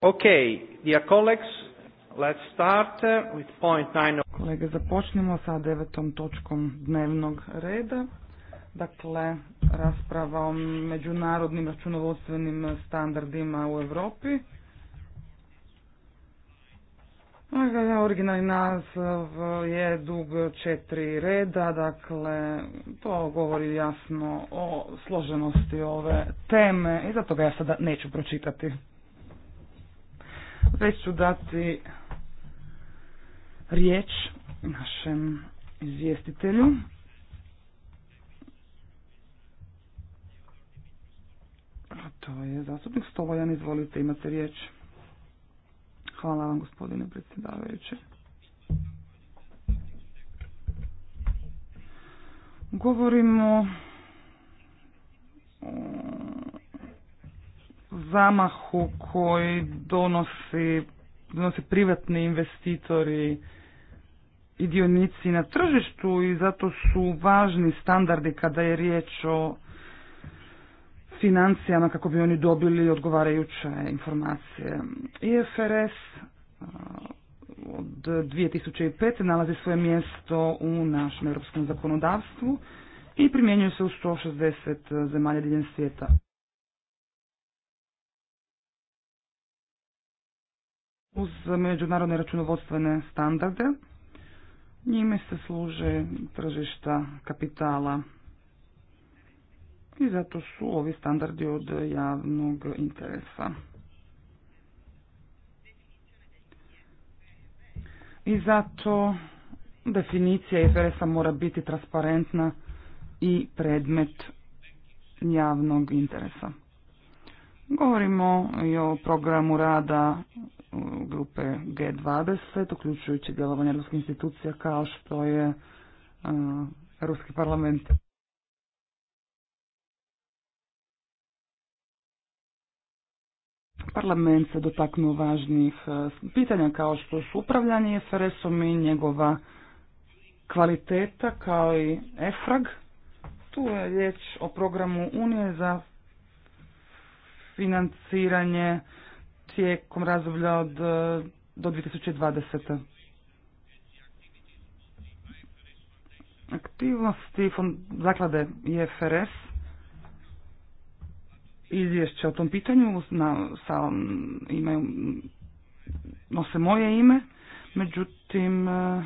Okay, dear colleagues, let's start uh, with point nine. Kolege, započnimo sa devetom točkom dnevnog reda. Dakle, rasprava o međunarodnim računovodstvenim standardima u Europi. Dakle, originalni nazav je dug četiri reda, dakle, to govori jasno o složenosti ove teme i zato ga ja sada neću pročitati. Već ću dati riječ našem izvjestitelju. to je zastupnik Stovojan. izvolite, imate riječ. Hvala vam gospodine predsjedavajući. Govorimo o zamahu koji donosi, donosi privatni investitori i dionici na tržištu i zato su važni standardi kada je riječ o financijama kako bi oni dobili odgovarajuće informacije. IFRS e, od 2005. nalazi svoje mjesto u našem europskom zakonodavstvu i primjenjuje se u 160 zemalja diljem svijeta. uz međunarodne računovodstvene standarde. Njime se služe tržišta kapitala i zato su ovi standardi od javnog interesa. I zato definicija interesa mora biti transparentna i predmet javnog interesa. Govorimo i o programu rada grupe G20, uključujući djelovanje ruskih institucija kao što je Europski parlament. Parlament se dotaknuo važnih e, pitanja kao što su upravljanje SRS-om i njegova kvaliteta kao i EFRAG. Tu je riječ o programu Unije za financiranje tijekom razdoblja od, e, do 2020. Aktivnosti fond, zaklade IFRS izvješće o tom pitanju na, sa, imaju, nose moje ime, međutim e,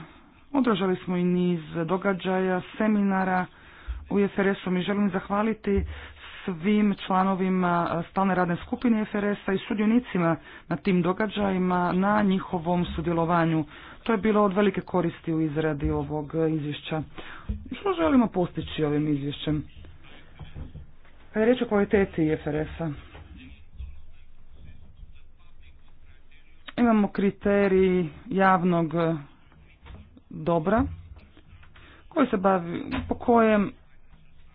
odražali smo i niz događaja, seminara u ifrs u mi želim zahvaliti svim članovima e, stalne radne skupine FRS-a i sudionicima na tim događajima, na njihovom sudjelovanju. To je bilo od velike koristi u izradi ovog izvješća. Što želimo postići ovim izvješćem? Kada je riječ o kvaliteti FRS-a, imamo kriterij javnog dobra koji se bavi, po kojem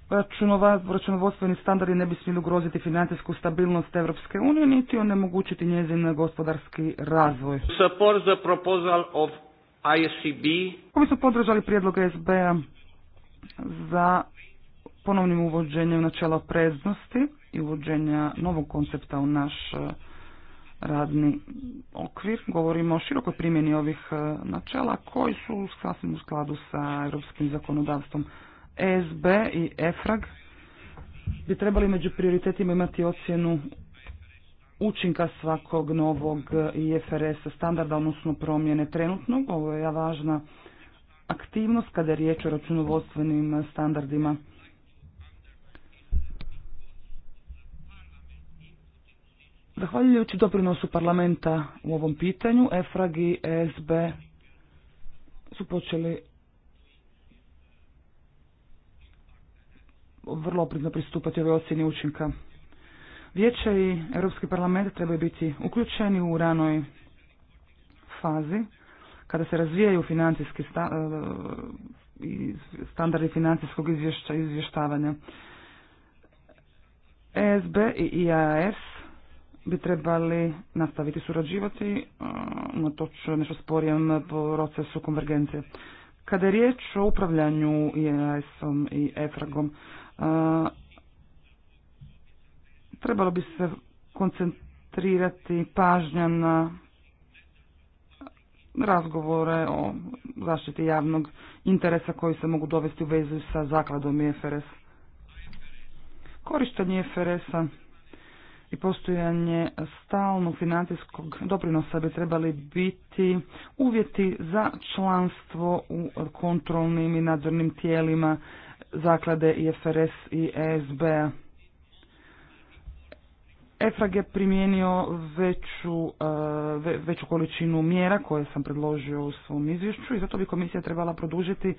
računovodstveni standardi ne bi smjeli ugroziti financijsku stabilnost Europske unije niti onemogućiti njezin gospodarski razvoj. Support the proposal of su podržali prijedlog SB-a za ponovnim uvođenjem načela preznosti i uvođenja novog koncepta u naš e, radni okvir. Govorimo o širokoj primjeni ovih e, načela koji su sasvim u skladu sa europskim zakonodavstvom. ESB i EFRAG bi trebali među prioritetima imati ocjenu učinka svakog novog IFRS standarda, odnosno promjene trenutnog. Ovo je važna aktivnost kada je riječ o računovodstvenim standardima. Zahvaljujući doprinosu parlamenta u ovom pitanju, EFRAG i ESB su počeli vrlo oprezno pristupati ovoj ocjeni učinka. Vijeće i Europski parlament trebaju biti uključeni u ranoj fazi kada se razvijaju financijski sta, e, standardi financijskog izvješća, izvještavanja. ESB i IAS bi trebali nastaviti surađivati e, na ću nešto sporijem procesu konvergencije. Kada je riječ o upravljanju IAS-om i EFRAG-om, trebalo bi se koncentrirati pažnja na razgovore o zaštiti javnog interesa koji se mogu dovesti u vezu sa zakladom IFRS. Korištenje IFRS-a i postojanje stalnog financijskog doprinosa bi trebali biti uvjeti za članstvo u kontrolnim i nadzornim tijelima zaklade IFRS i ESB-a. E EFRAG je primijenio veću, e, veću količinu mjera koje sam predložio u svom izvješću i zato bi komisija trebala produžiti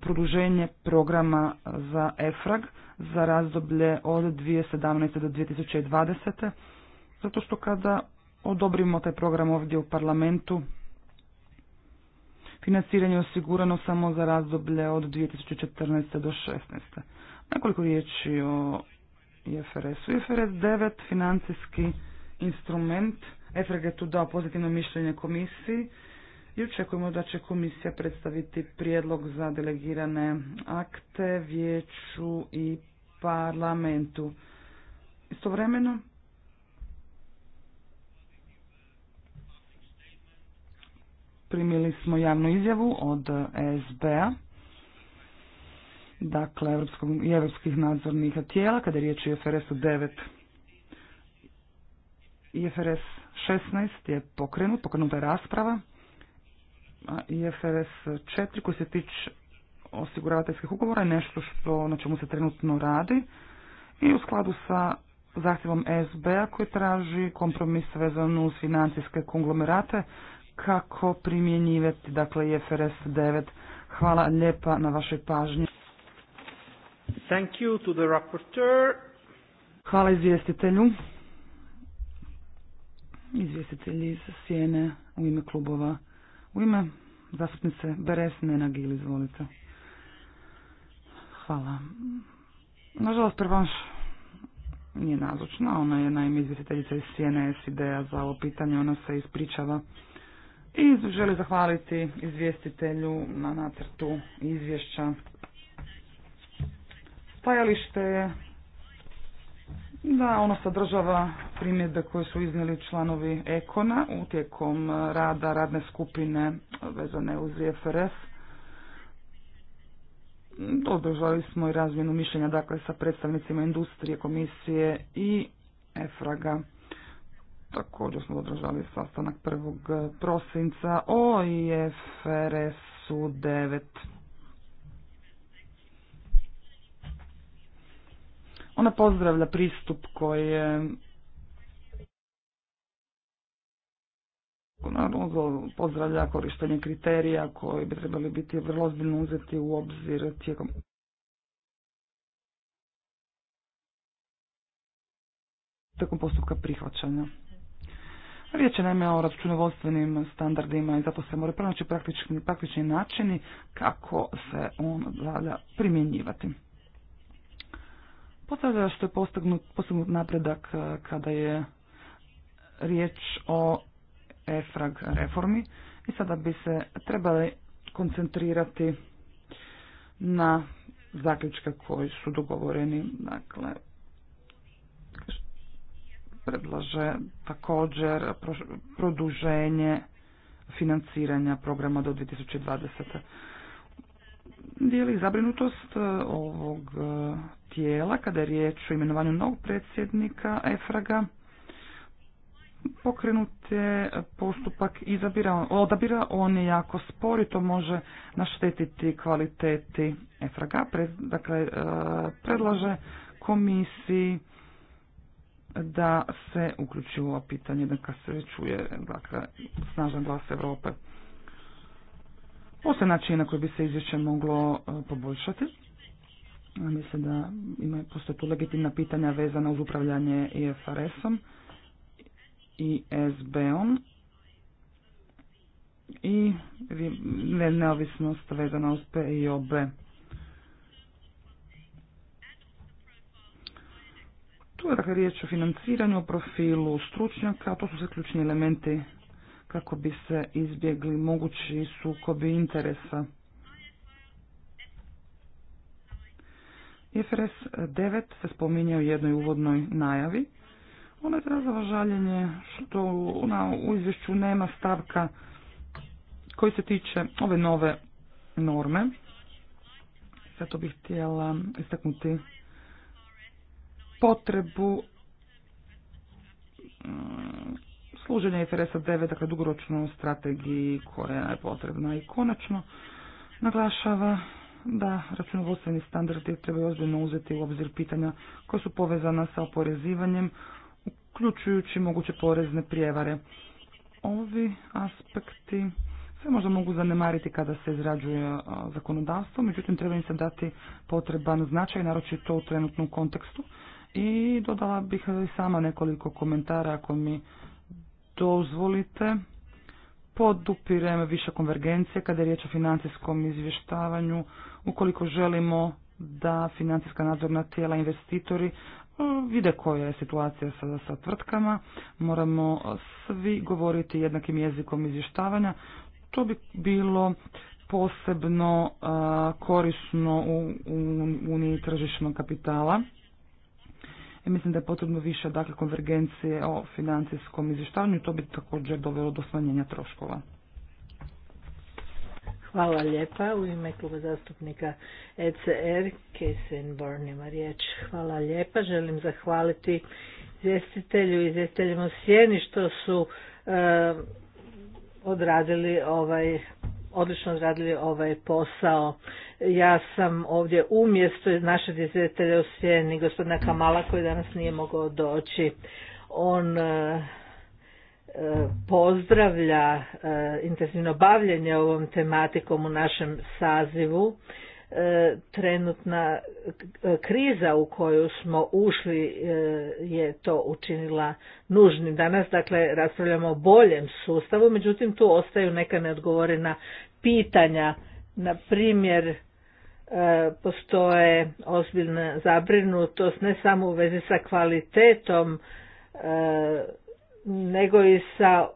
produženje programa za EFRAG za razdoblje od 2017. do 2020. Zato što kada odobrimo taj program ovdje u parlamentu, Finansiranje je osigurano samo za razdoblje od 2014. do 2016. Nekoliko riječi o IFRS-u. IFRS 9, financijski instrument. EFRG tu dao pozitivno mišljenje komisiji i očekujemo da će komisija predstaviti prijedlog za delegirane akte, vijeću i parlamentu. Istovremeno, primili smo javnu izjavu od e, sba a dakle Evropskog, Evropskih nadzornih tijela, kada je riječ o IFRS-u 9. IFRS 16 je pokrenut, pokrenuta je rasprava, a IFRS 4 koji se tiče osiguravateljskih ugovora je nešto što, na čemu se trenutno radi i u skladu sa zahtjevom SB-a koji traži kompromis vezan uz financijske konglomerate, kako primjenjivati dakle IFRS 9. Hvala lijepa na vašoj pažnji. Thank you to the rapporteur. Hvala izvjestitelju. Izvjestitelji iz Sjene u ime klubova. U ime zastupnice Beres Nenagil, izvolite. Hvala. Nažalost, prvanš nije nazočna. Ona je naime izvjestiteljica iz Sjene SID-a za ovo pitanje. Ona se ispričava i želim zahvaliti izvjestitelju na nacrtu izvješća. Stajalište je da ono sadržava primjedbe koje su iznijeli članovi Ekona u tijekom rada radne skupine vezane uz IFRS. Održali smo i razmjenu mišljenja dakle, sa predstavnicima industrije, komisije i EFRAGA. Također smo održali sastanak 1. Eh, prosinca o IFRS-u 9. Ona pozdravlja pristup koji je pozdravlja korištenje kriterija koji bi trebali biti vrlo ozbiljno uzeti u obzir tijekom tijekom postupka prihvaćanja. Riječ je naime o računovodstvenim standardima i zato se mora pronaći praktični, praktični načini kako se on valja primjenjivati. Postavlja što je postignut, postignut napredak eh, kada je riječ o EFRAG reformi i sada bi se trebali koncentrirati na zaključke koji su dogovoreni. Dakle, predlaže također produženje financiranja programa do 2020. Dijeli zabrinutost e, ovog e, tijela kada je riječ o imenovanju novog predsjednika EFRAGA pokrenut je postupak izabira, odabira, on je jako spor i to može naštetiti kvaliteti EFRAGA, dakle e, predlaže komisiji da se uključi u ovo pitanje, da se čuje dakle, snažan glas Europe. Postoje način na koji bi se izvješće moglo e, poboljšati. Mislim da ima, postoje tu legitimna pitanja vezana uz upravljanje IFRS-om i SB-om i neovisnost vezana uz PIOB. Tu je dakle riječ o financiranju, o profilu stručnjaka, to su sve ključni elementi kako bi se izbjegli mogući sukobi interesa. IFRS 9 se spominje u jednoj uvodnoj najavi. Ona je izrazila žaljenje što u izvješću nema stavka koji se tiče ove nove norme. Zato bih htjela istaknuti potrebu mm, služenja IFRS-a 9, dakle dugoročnu strategiji koja je potrebna i konačno naglašava da računovodstveni standardi trebaju ozbiljno uzeti u obzir pitanja koja su povezana sa oporezivanjem, uključujući moguće porezne prijevare. Ovi aspekti sve možda mogu zanemariti kada se izrađuje zakonodavstvo, međutim treba im se dati potreban značaj, naročito u trenutnom kontekstu. I dodala bih sama nekoliko komentara ako mi dozvolite. Podupirem više konvergencije kada je riječ o financijskom izvještavanju. Ukoliko želimo da financijska nadzorna tijela investitori e, vide koja je situacija sa, sa tvrtkama, moramo svi govoriti jednakim jezikom izvještavanja. To bi bilo posebno e, korisno u, u uniji tržišnog kapitala. I mislim da je potrebno više dakle, konvergencije o financijskom izvještavanju. To bi također dovelo do smanjenja troškova. Hvala lijepa. U ime kluba zastupnika ECR, Kesen Born ima riječ. Hvala lijepa. Želim zahvaliti izvjestitelju i izvjestiteljima Sjeni što su e, odradili ovaj odlično radili ovaj posao. Ja sam ovdje umjesto našeg izvjetelja u Sjeni, gospodina Kamala, koji danas nije mogao doći. On e, e, pozdravlja e, intenzivno bavljenje ovom tematikom u našem sazivu E, trenutna kriza u koju smo ušli e, je to učinila nužnim. Danas dakle raspravljamo o boljem sustavu, međutim tu ostaju neka neodgovorena pitanja. Na primjer, e, postoje ozbiljna zabrinutost ne samo u vezi sa kvalitetom nego i sa,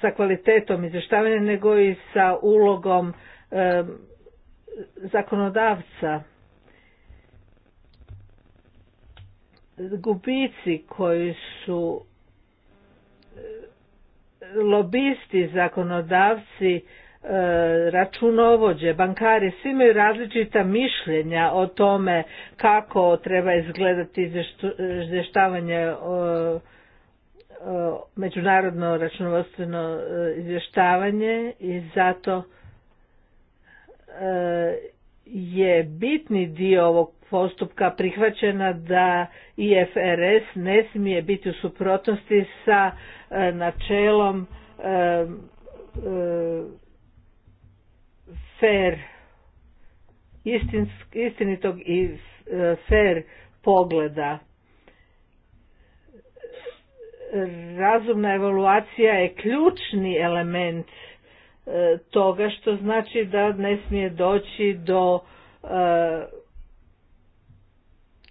sa kvalitetom izvještavanja nego i sa ulogom zakonodavca gubici koji su e, lobisti, zakonodavci, e, računovođe, bankari, svi imaju različita mišljenja o tome kako treba izgledati izvještavanje e, međunarodno računovodstveno izvještavanje i zato je bitni dio ovog postupka prihvaćena da IFRS ne smije biti u suprotnosti sa e, načelom e, e, fer istinitog i fer pogleda razumna evaluacija je ključni element toga što znači da ne smije doći do e,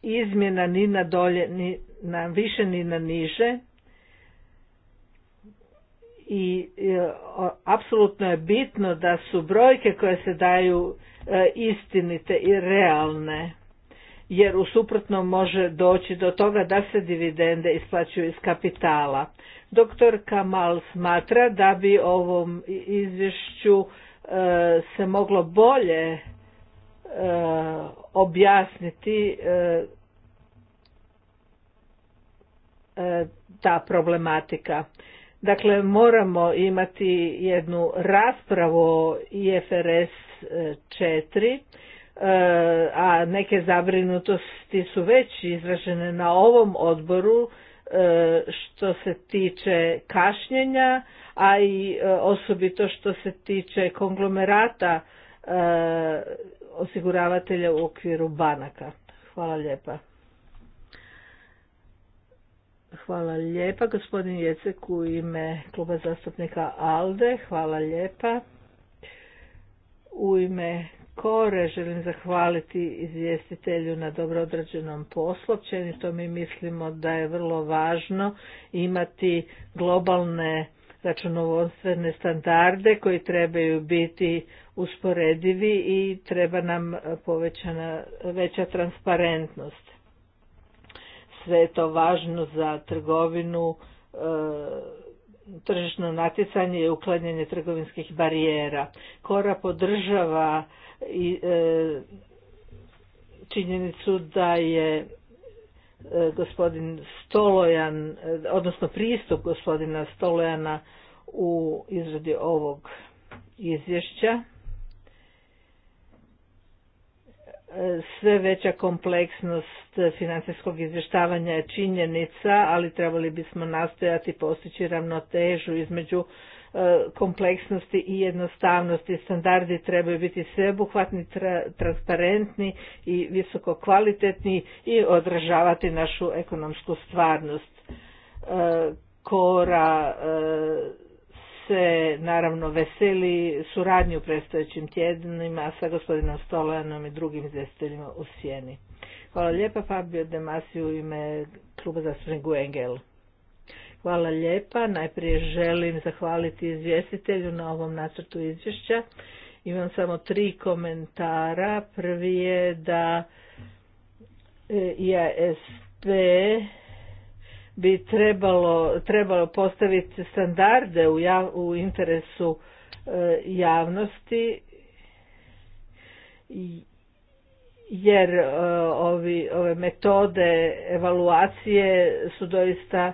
izmjena ni na dolje, ni na više, ni na niže. I e, apsolutno je bitno da su brojke koje se daju e, istinite i realne, jer u suprotnom može doći do toga da se dividende isplaćuju iz kapitala. Doktor Kamal smatra da bi ovom izvješću e, se moglo bolje e, objasniti e, ta problematika. Dakle, moramo imati jednu raspravu o IFRS 4, a neke zabrinutosti su već izražene na ovom odboru E, što se tiče kašnjenja, a i e, osobito što se tiče konglomerata e, osiguravatelja u okviru banaka. Hvala lijepa. Hvala lijepa gospodin Jecek u ime kluba zastupnika ALDE. Hvala lijepa. U ime Kore želim zahvaliti izvjestitelju na dobro odrađenom poslu. Općenito mi mislimo da je vrlo važno imati globalne računovodstvene standarde koji trebaju biti usporedivi i treba nam povećana veća transparentnost. Sve je to važno za trgovinu e, tržišno natjecanje i uklanjanje trgovinskih barijera. Kora podržava i e, činjenicu da je e, gospodin Stolojan, e, odnosno pristup gospodina Stolojana u izradi ovog izvješća. sve veća kompleksnost financijskog izvještavanja je činjenica, ali trebali bismo nastojati postići ravnotežu između e, kompleksnosti i jednostavnosti. Standardi trebaju biti sveobuhvatni, tra, transparentni i visoko kvalitetni i odražavati našu ekonomsku stvarnost. E, kora e, se naravno veseli suradnju u predstojećim tjednima sa gospodinom Stolanom i drugim izvjestiteljima u Sjeni. Hvala lijepa Fabio Masi u ime kluba zastupnika Engel. Hvala lijepa. Najprije želim zahvaliti izvjestitelju na ovom nacrtu izvješća. Imam samo tri komentara. Prvi je da e, IASP bi trebalo, trebalo postaviti standarde u, ja u interesu e, javnosti jer e, ovi, ove metode evaluacije su doista e,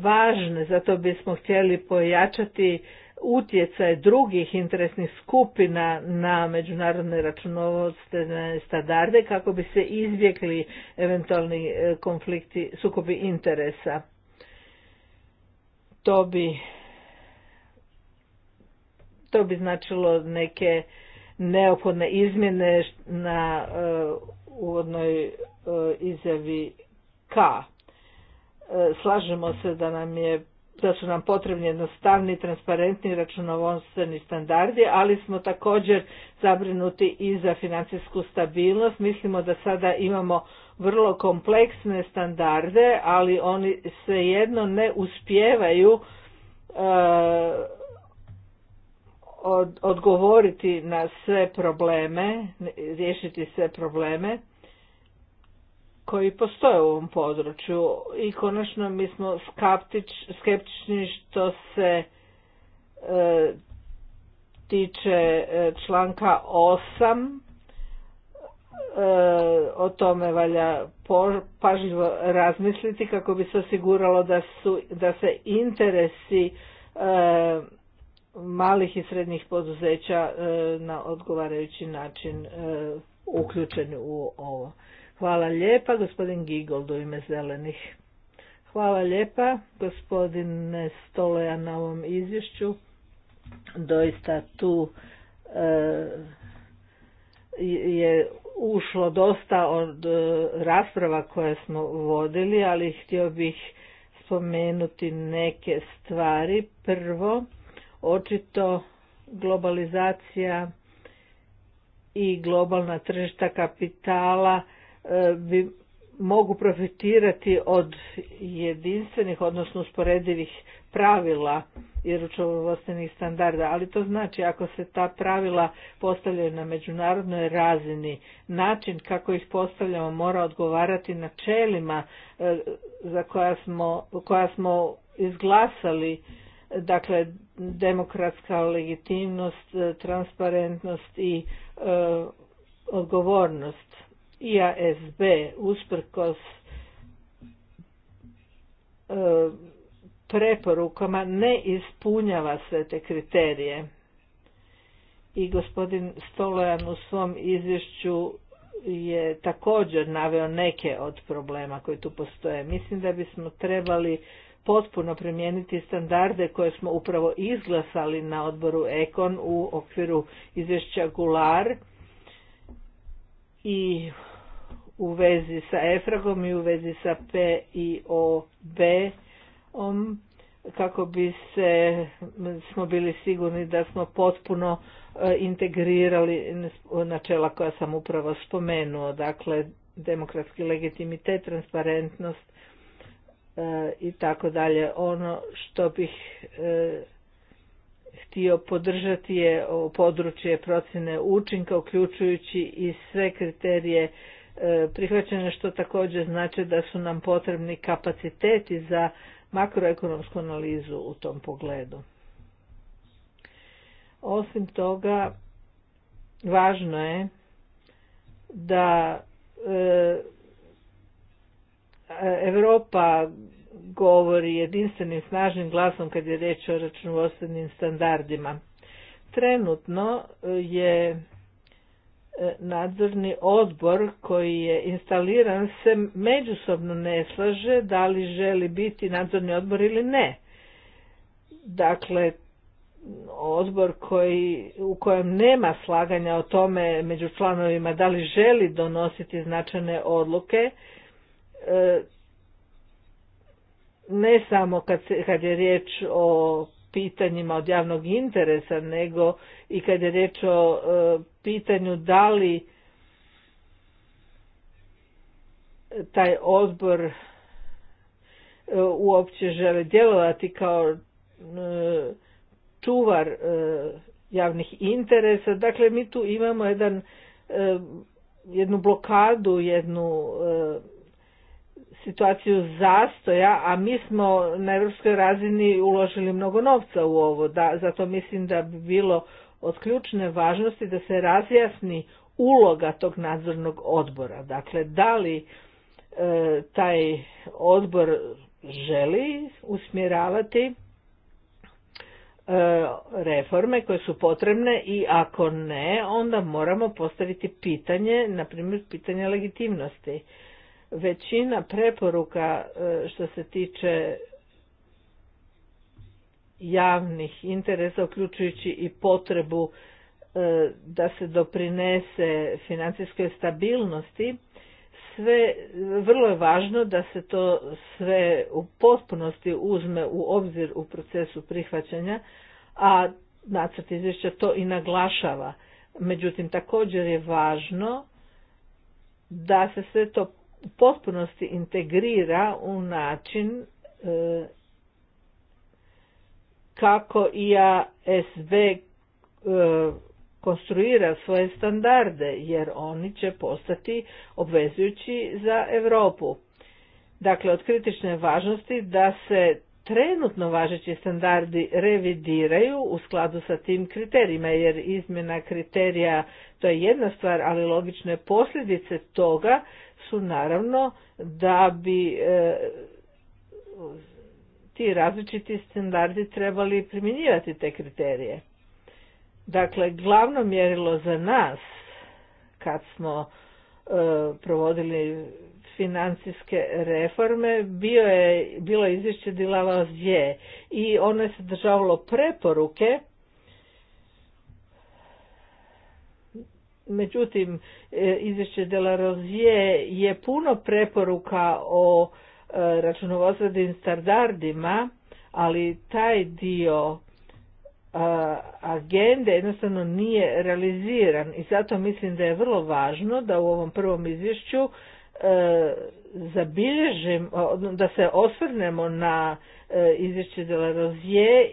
važne, zato bismo htjeli pojačati utjecaj drugih interesnih skupina na međunarodne računovodstvene standarde kako bi se izbjegli eventualni e, konflikti, sukobi interesa. To bi to bi značilo neke neophodne izmjene na e, uvodnoj e, izjavi K. Slažemo se da nam je da su nam potrebni jednostavni, transparentni računovodstveni standardi, ali smo također zabrinuti i za financijsku stabilnost. Mislimo da sada imamo vrlo kompleksne standarde, ali oni svejedno ne uspijevaju e, odgovoriti na sve probleme, riješiti sve probleme koji postoje u ovom području i konačno mi smo skeptični što se e, tiče e, članka 8 e, o tome valja pažljivo razmisliti kako bi se osiguralo da, su, da se interesi e, malih i srednjih poduzeća e, na odgovarajući način e, uključeni u ovo. Hvala lijepa, gospodin Gigold u ime zelenih. Hvala lijepa, gospodine Stoleja na ovom izvješću. Doista tu e, je ušlo dosta od e, rasprava koje smo vodili, ali htio bih spomenuti neke stvari. Prvo, očito globalizacija i globalna tržišta kapitala E, bi mogu profitirati od jedinstvenih, odnosno usporedivih pravila i ručovodstvenih standarda, ali to znači ako se ta pravila postavljaju na međunarodnoj razini, način kako ih postavljamo mora odgovarati načelima e, za koja smo, smo izglasali, dakle demokratska legitimnost, e, transparentnost i odgovornost IASB usprkos e, preporukama ne ispunjava sve te kriterije. I gospodin Stolojan u svom izvješću je također naveo neke od problema koji tu postoje. Mislim da bismo trebali potpuno primijeniti standarde koje smo upravo izglasali na odboru Ekon u okviru izvješća Gular i u vezi sa EFRAGom i u vezi sa PIOB-om kako bi se, smo bili sigurni da smo potpuno e, integrirali načela koja sam upravo spomenuo, dakle demokratski legitimitet, transparentnost e, i tako dalje. Ono što bih e, htio podržati je područje procjene učinka uključujući i sve kriterije e, prihvaćene što također znači da su nam potrebni kapaciteti za makroekonomsku analizu u tom pogledu. Osim toga, važno je da e, Europa govori jedinstvenim snažnim glasom kad je reč o računovodstvenim standardima. Trenutno e, je e, nadzorni odbor koji je instaliran se međusobno ne slaže da li želi biti nadzorni odbor ili ne. Dakle, odbor koji, u kojem nema slaganja o tome među članovima da li želi donositi značajne odluke, e, ne samo kad, kad je riječ o pitanjima od javnog interesa, nego i kad je riječ o e, pitanju da li taj odbor e, uopće žele djelovati kao e, čuvar javnih interesa. Dakle, mi tu imamo jedan jednu blokadu, jednu situaciju zastoja, a mi smo na europskoj razini uložili mnogo novca u ovo, da, zato mislim da bi bilo od ključne važnosti da se razjasni uloga tog nadzornog odbora. Dakle, da li e, taj odbor želi usmjeravati e, reforme koje su potrebne i ako ne, onda moramo postaviti pitanje, na primjer pitanje legitimnosti većina preporuka e, što se tiče javnih interesa, uključujući i potrebu e, da se doprinese financijskoj stabilnosti, sve, vrlo je važno da se to sve u potpunosti uzme u obzir u procesu prihvaćanja, a nacrt izvješća to i naglašava. Međutim, također je važno da se sve to u potpunosti integrira u način e, kako IASB e, konstruira svoje standarde jer oni će postati obvezujući za Europu. Dakle, od kritične važnosti da se trenutno važeći standardi revidiraju u skladu sa tim kriterijima, jer izmjena kriterija to je jedna stvar, ali logične posljedice toga su naravno da bi e, ti različiti standardi trebali primjenjivati te kriterije. Dakle, glavno mjerilo za nas kad smo e, provodili financijske reforme bio je, bilo je izvješće Dilavaz je i ono je sadržavalo preporuke Međutim, e, izvješće de la je puno preporuka o e, računovodstvenim standardima, ali taj dio e, agende jednostavno nije realiziran i zato mislim da je vrlo važno da u ovom prvom izvješću zabilježim, da se osvrnemo na E, izvješće de la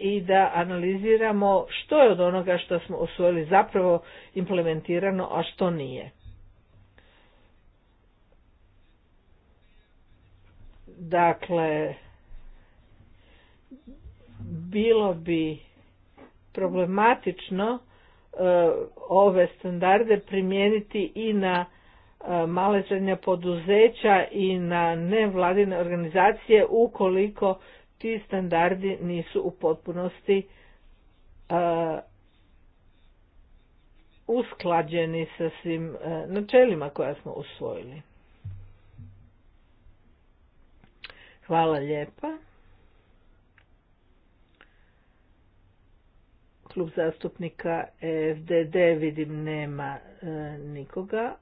i da analiziramo što je od onoga što smo osvojili zapravo implementirano, a što nije. Dakle, bilo bi problematično e, ove standarde primijeniti i na e, male srednja poduzeća i na nevladine organizacije ukoliko ti standardi nisu u potpunosti usklađeni sa svim načelima koja smo usvojili. Hvala lijepa. Klub zastupnika e FDD vidim nema e, nikoga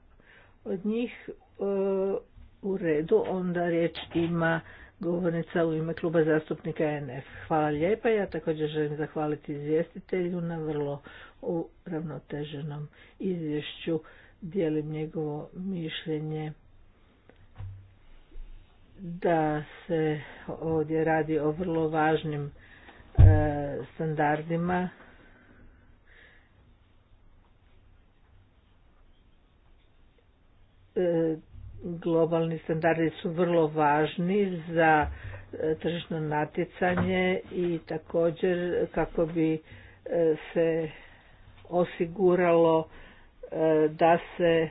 od njih e, u redu. Onda riječ ima govornica u ime kluba zastupnika NF. Hvala lijepa, ja također želim zahvaliti izvjestitelju na vrlo uravnoteženom izvješću. Dijelim njegovo mišljenje da se ovdje radi o vrlo važnim e, standardima e, globalni standardi su vrlo važni za e, tržišno natjecanje i također kako bi e, se osiguralo e, da se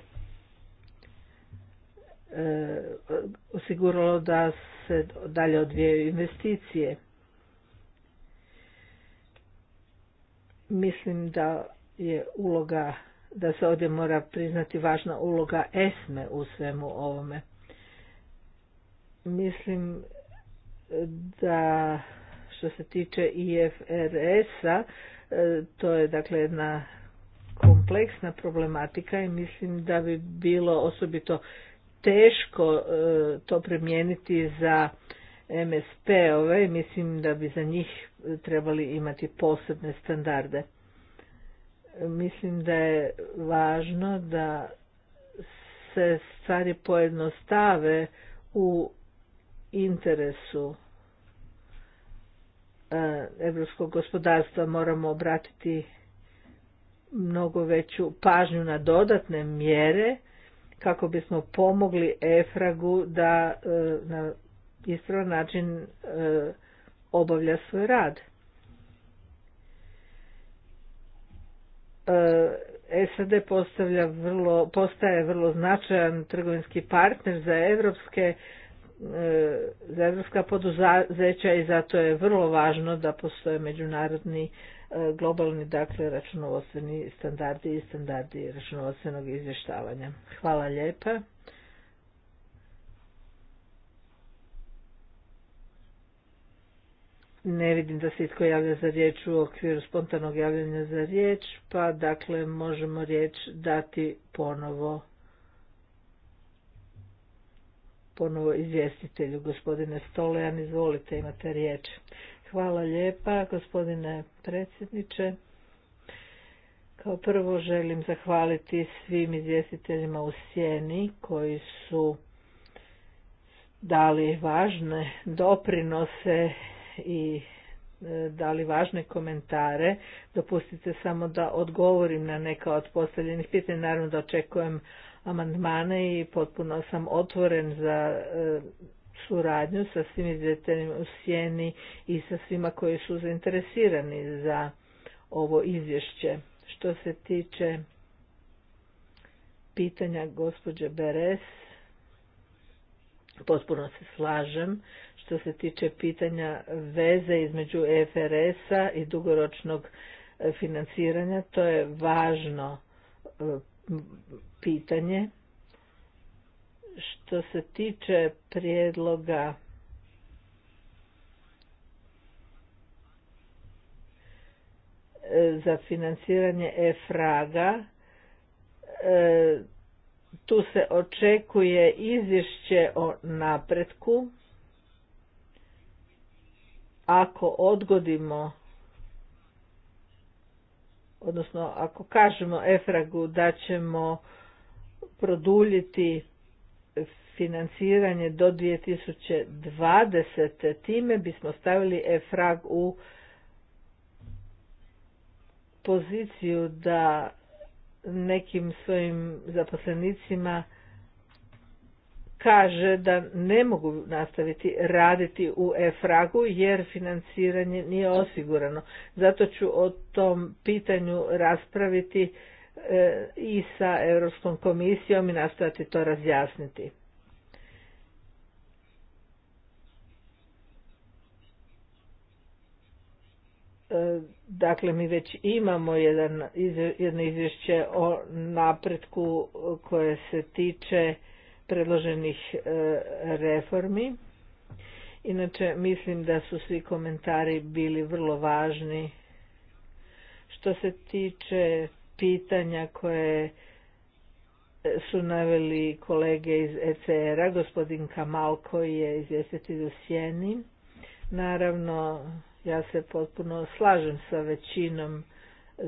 osiguralo da se dalje odvijaju investicije. Mislim da je uloga da se ovdje mora priznati važna uloga esme u svemu ovome. Mislim da što se tiče IFRS-a, to je dakle jedna kompleksna problematika i mislim da bi bilo osobito teško e, to primijeniti za MSP-ove, mislim da bi za njih trebali imati posebne standarde mislim da je važno da se stvari pojednostave u interesu europskog gospodarstva moramo obratiti mnogo veću pažnju na dodatne mjere kako bismo pomogli efragu da e, na ispravan način e, obavlja svoj rad E, SAD postavlja vrlo, postaje vrlo značajan trgovinski partner za evropske e, za evropska poduzeća i zato je vrlo važno da postoje međunarodni e, globalni dakle računovodstveni standardi i standardi računovodstvenog izvještavanja. Hvala lijepa. Ne vidim da se itko javlja za riječ u okviru spontanog javljanja za riječ, pa dakle možemo riječ dati ponovo ponovo izvjestitelju. Gospodine Stolejan, izvolite, imate riječ. Hvala lijepa, gospodine predsjedniče. Kao prvo želim zahvaliti svim izvjestiteljima u Sjeni koji su dali važne doprinose i e, dali važne komentare. Dopustite samo da odgovorim na neka od postavljenih pitanja. Naravno da očekujem amandmane i potpuno sam otvoren za e, suradnju sa svim izvjeteljima u Sjeni i sa svima koji su zainteresirani za ovo izvješće. Što se tiče pitanja gospođe Beres, potpuno se slažem što se tiče pitanja veze između EFRS-a i dugoročnog e, financiranja. To je važno e, pitanje. Što se tiče prijedloga e, za financiranje EFRAGA, tu se očekuje izvješće o napretku ako odgodimo odnosno ako kažemo Efragu da ćemo produljiti financiranje do 2020. time bismo stavili Efrag u poziciju da nekim svojim zaposlenicima kaže da ne mogu nastaviti raditi u EFRAG-u jer financiranje nije osigurano. Zato ću o tom pitanju raspraviti e, i sa Europskom komisijom i nastojati to razjasniti. E, dakle, mi već imamo jedan, jedno izvješće o napretku koje se tiče predloženih e, reformi. Inače, mislim da su svi komentari bili vrlo važni. Što se tiče pitanja koje su naveli kolege iz ECR-a, gospodin Kamal koji je izvjestitelj u Sjeni. Naravno, ja se potpuno slažem sa većinom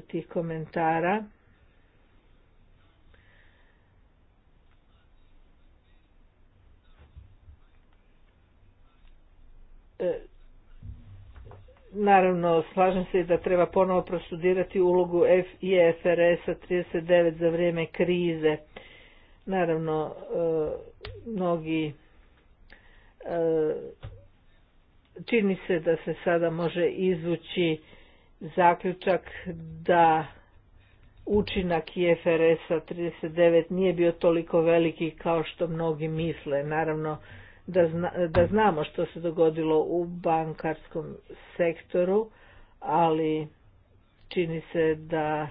tih komentara. Naravno, slažem se i da treba ponovo prostudirati ulogu IFRS-a 39 za vrijeme krize. Naravno, e, mnogi e, čini se da se sada može izvući zaključak da učinak IFRS-a 39 nije bio toliko veliki kao što mnogi misle. Naravno, da, zna, da znamo što se dogodilo u bankarskom sektoru, ali čini se da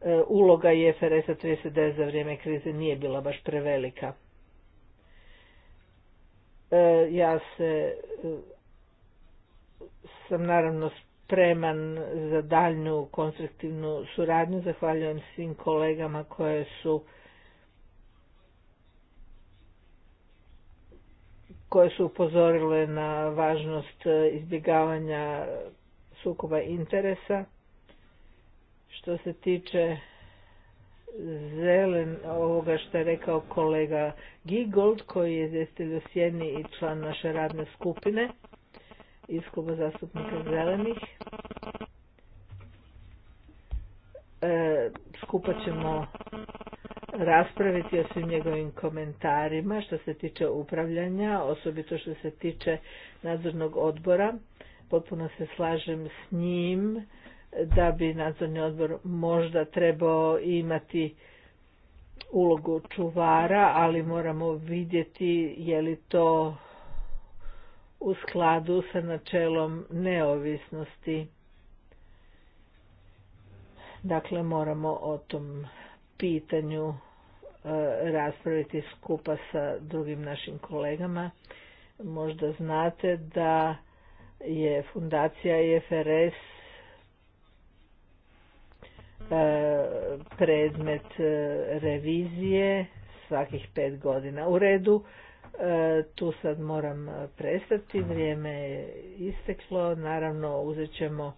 e, uloga IFRS-a 39 za vrijeme krize nije bila baš prevelika. E, ja se e, sam naravno spreman za daljnju konstruktivnu suradnju. Zahvaljujem svim kolegama koje su koje su upozorile na važnost e, izbjegavanja sukoba interesa. Što se tiče zelen ovoga što je rekao kolega Gigold koji je izvjestilj i član naše radne skupine iz kluba zastupnika zelenih. E, skupa ćemo raspraviti o svim njegovim komentarima što se tiče upravljanja, osobito što se tiče nadzornog odbora. Potpuno se slažem s njim da bi nadzorni odbor možda trebao imati ulogu čuvara, ali moramo vidjeti je li to u skladu sa načelom neovisnosti. Dakle, moramo o tom pitanju e, raspraviti skupa sa drugim našim kolegama. Možda znate da je fundacija IFRS e e, predmet revizije svakih pet godina. U redu, tu sad moram prestati, vrijeme je isteklo, naravno uzet ćemo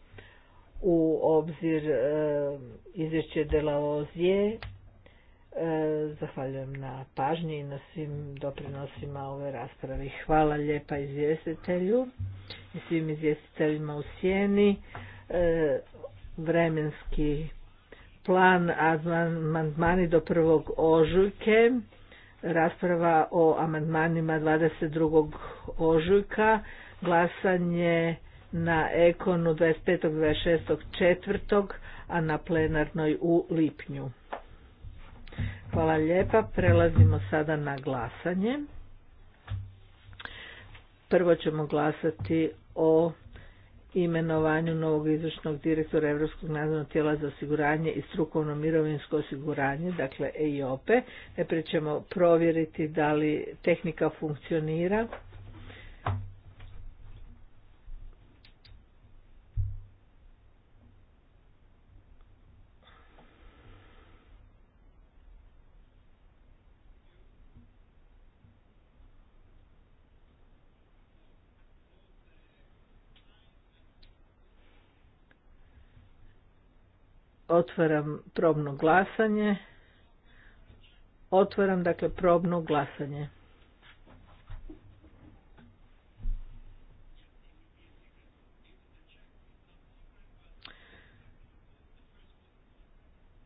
u obzir e, izvješće Dela Ozije. zahvaljujem na pažnji i na svim doprinosima ove raspravi. Hvala lijepa izvjestitelju i svim izvjestiteljima u sjeni. E, vremenski plan amandmani do prvog ožujke. Rasprava o amandmanima 22. ožujka. Glasanje na Ekonu 25. 26. a na plenarnoj u lipnju. Hvala lijepa. Prelazimo sada na glasanje. Prvo ćemo glasati o imenovanju novog izvršnog direktora Europskog nadzornog tijela za osiguranje i strukovno mirovinsko osiguranje, dakle EIOPE. E. Najprije ćemo provjeriti da li tehnika funkcionira. Otvaram probno glasanje. Otvaram dakle probno glasanje.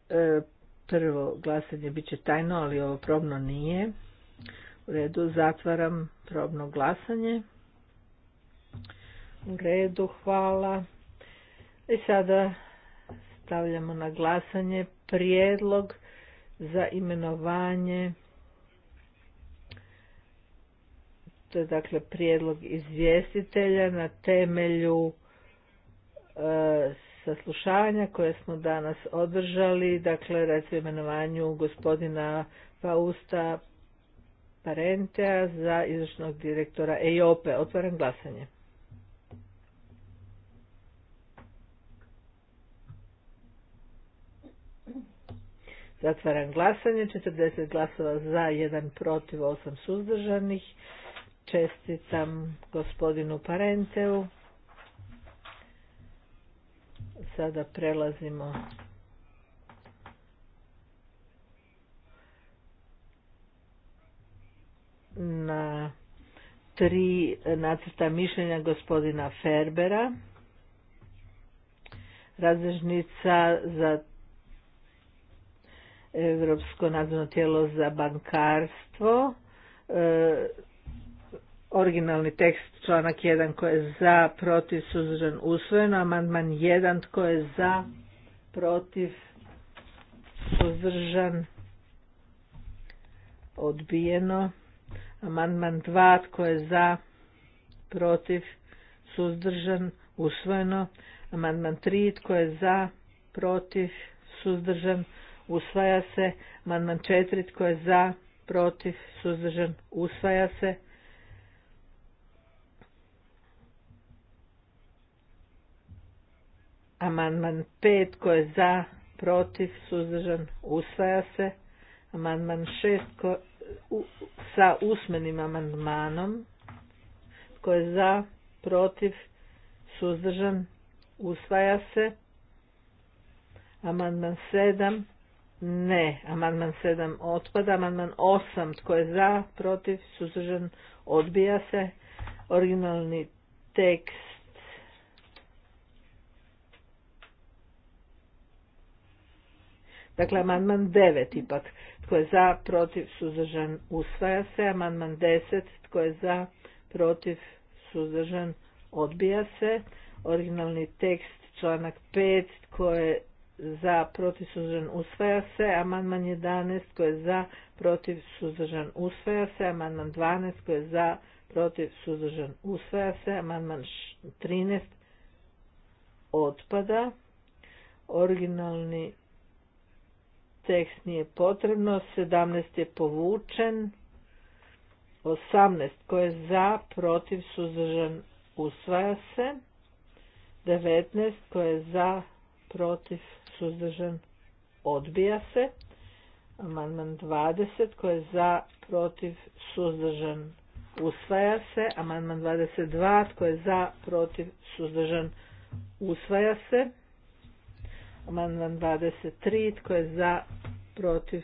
E, prvo glasanje bit će tajno, ali ovo probno nije. U redu zatvaram probno glasanje. U redu, hvala. I sada stavljamo na glasanje prijedlog za imenovanje to je dakle prijedlog izvjestitelja na temelju e, saslušanja koje smo danas održali, dakle recimo imenovanju gospodina Pausta Parentea za izvršnog direktora EJOP-e. Otvaram glasanje. Zatvaram glasanje, 40 glasova za, 1 protiv, 8 suzdržanih. Čestitam gospodinu Parenteu. Sada prelazimo na tri nacrta mišljenja gospodina Ferbera. Razrežnica za Europsko nadzorno tijelo za bankarstvo. E, originalni tekst članak 1 koji je za, protiv, suzdržan, usvojeno. Amandman 1 tko je za, protiv, suzdržan, odbijeno. Amandman 2 tko je za, protiv, suzdržan, usvojeno. Amandman 3 tko je za, protiv, suzdržan, usvojeno usvaja se. Amandman četiri tko je za, protiv, suzdržan, usvaja se. Amandman 5 tko je za, protiv, suzdržan, usvaja se. Amandman 6 u, sa usmenim amandmanom tko je za, protiv, suzdržan, usvaja se. Amandman 7 ne. Amandman 7 otpada. Amandman 8 tko je za, protiv, suzdržan, odbija se. Originalni tekst Dakle, amandman 9 ipak. Tko je za, protiv, suzdržan, usvaja se. Amandman 10. Tko je za, protiv, suzdržan, odbija se. Originalni tekst, članak 5. Tko je za, protiv, suzdržan, usvaja se. Amandman 11 koji je za, protiv, suzdržan, usvaja se. Amandman 12 koji je za, protiv, suzdržan, usvaja se. Amandman 13 otpada. Originalni tekst nije potrebno. 17 je povučen. 18 koji je za, protiv, suzdržan, usvaja se. 19 koje je za, protiv, suzdržan, odbija se. Amandman 20 koji je za, protiv, suzdržan, usvaja se. Amandman 22 tko je za, protiv, suzdržan, usvaja se. Amandman 23 tko je za, protiv,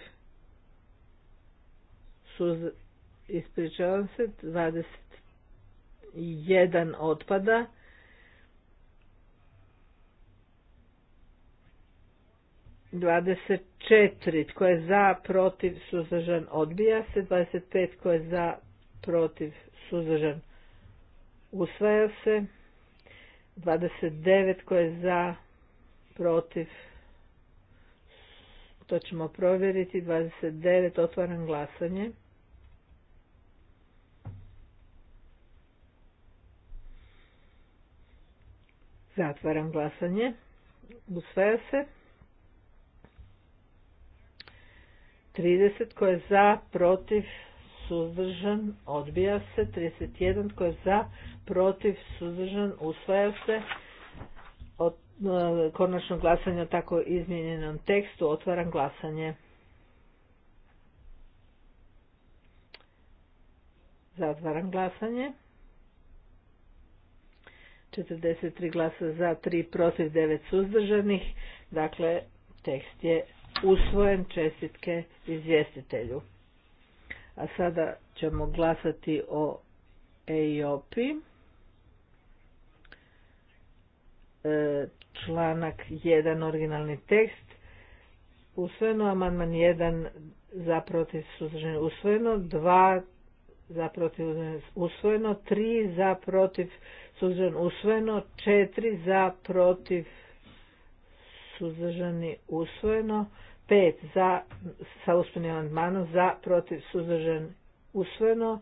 suzdržan, ispričavam se, 21 otpada. 24 tko je za, protiv, suzdržan, odbija se. 25 tko je za, protiv, suzdržan, usvaja se. 29 tko je za, protiv, to ćemo provjeriti. 29 otvaram glasanje. Zatvaram glasanje. Usvaja se. 30 tko je za, protiv, suzdržan, odbija se. 31 tko je za, protiv, suzdržan, usvaja se. Od, e, konačno glasanje o tako izmijenjenom tekstu. Otvaram glasanje. Zatvaram glasanje. 43 glasa za, 3 protiv, 9 suzdržanih. Dakle, tekst je usvojen čestitke izvjestitelju. A sada ćemo glasati o EIOPI. E, članak 1, originalni tekst. Usvojeno, amandman 1 za protiv suzdržanje usvojeno, 2 za protiv usvojeno, 3 za protiv suzdržan usvojeno, 4 za protiv suzdržani usvojeno, Pet za, sa uspunim amandmanom za, protiv, suzdržan, usvojeno,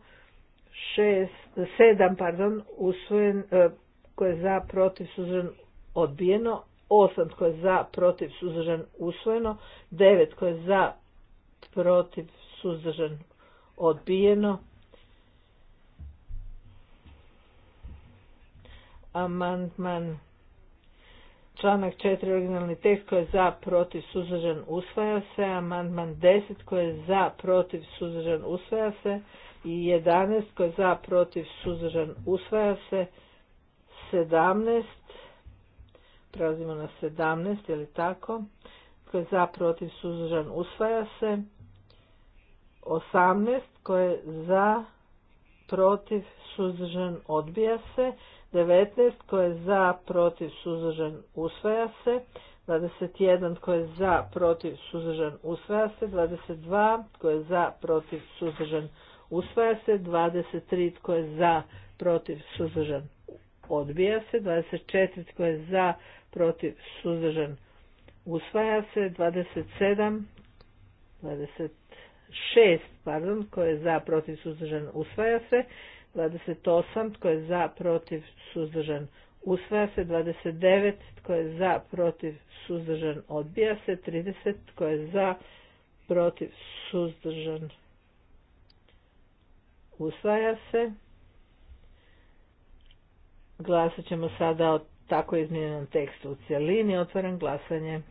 šest 7, pardon, usvojen, e, koje je za, protiv, suzdržan, odbijeno, Osam koje je za, protiv, suzdržan, usvojeno, devet koje je za, protiv, suzdržan, odbijeno, amandman Članak 4. originalni tekst koji je za, protiv, suzdržan, usvaja se. Amandman 10 koji je za, protiv, suzdržan, usvaja se. I 11 koji je za, protiv, suzdržan, usvaja se. 17. Prelazimo na 17, je li tako? Koji je za, protiv, suzdržan, usvaja se. 18 koji je za, protiv, suzdržan, odbija se. 19 tko je za, protiv, suzdržan, usvaja se. 21 tko je za, protiv, suzdržan, usvaja se. 22 tko je za, protiv, suzdržan, usvaja se. 23 tko je za, protiv, suzdržan, odbija se. 24 tko je za, protiv, suzdržan, usvaja se. 27, 26, pardon, tko je za, protiv, suzdržan, usvaja se. 28. Tko je za, protiv, suzdržan, usvaja se. 29. Tko je za, protiv, suzdržan, odbija se. 30. Tko je za, protiv, suzdržan, usvaja se. Glasat ćemo sada o tako izmijenjenom tekstu u cjelini. Otvoren glasanje.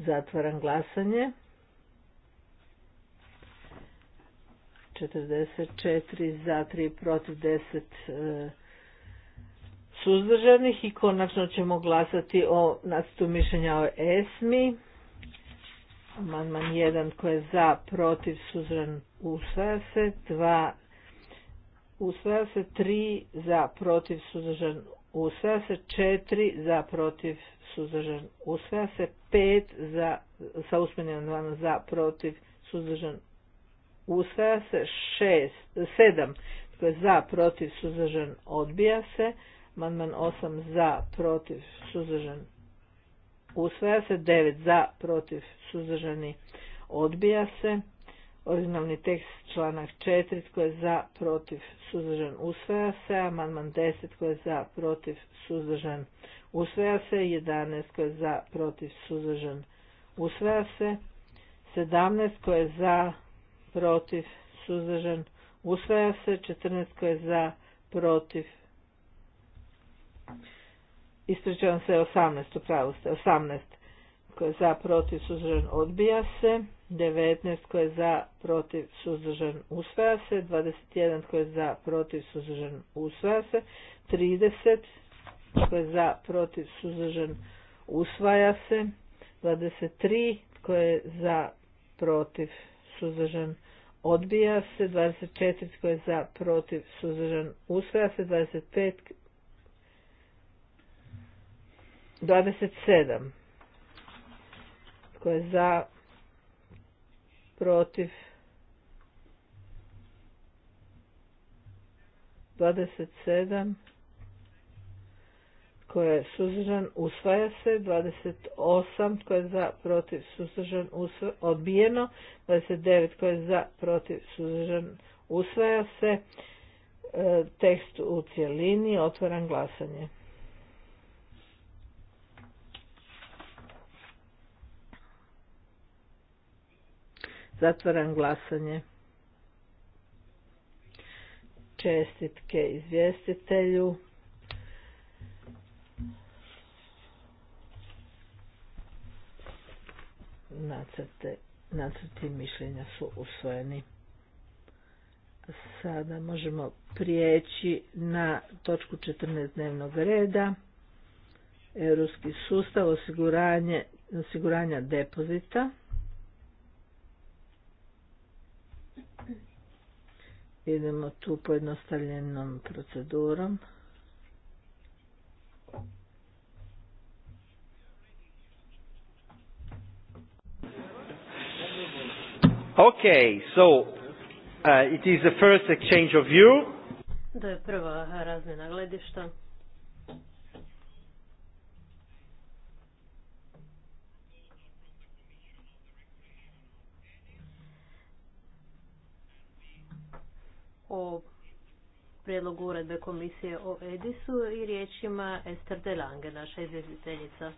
Zatvaram glasanje. 44 za 3 protiv 10 e, suzdržanih i konačno ćemo glasati o nacrtu mišljenja o ESMI. Amandman 1 koji je za protiv suzdržan usvaja se, 2 usvaja se, 3 za protiv suzdržan usvaja se 4 za protiv suzdržan usvaja se 5 za sa usmenim amandmanom za protiv suzdržan usvaja se 6 7 tko je za protiv suzdržan odbija se man 8 za protiv suzdržan usvaja se 9 za protiv suzdržani odbija se Originalni tekst članak 4 tko je za protiv suzdržan usvaja se, amandman 10 tko je za protiv suzdržan usvaja se, 11 tko je za protiv suzdržan usvaja se, 17 tko je za protiv suzdržan usvaja se, 14 tko je za protiv Ispričavam se 18, u pravu ste, 18 tko je za protiv suzdržan odbija se. 19 tko je za, protiv, suzdržan, usvaja se. 21 tko je za, protiv, suzdržan, usvaja se. 30 tko je za, protiv, suzdržan, usvaja se. 23 tko je za, protiv, suzdržan, odbija se. 24 tko je za, protiv, suzdržan, usvaja se. 25 27 tko je za, protiv 27 tko je suzdržan usvaja se 28 tko je za protiv suzdržan odbijeno 29 tko je za protiv suzdržan usvaja se e, tekst u cjelini otvaram glasanje Zatvaram glasanje. Čestitke izvjestitelju. Nacrte, nacrti mišljenja su usvojeni. Sada možemo prijeći na točku 14 dnevnog reda. Europski sustav osiguranje, osiguranja depozita. Idemo tu pojednostavljenom procedurom. ok so uh, it is the first exchange of view. To je prva razmjena gledišta. o prijedlogu uredbe komisije o Edisu i riječima Ester Delange, naša izvjestiteljica.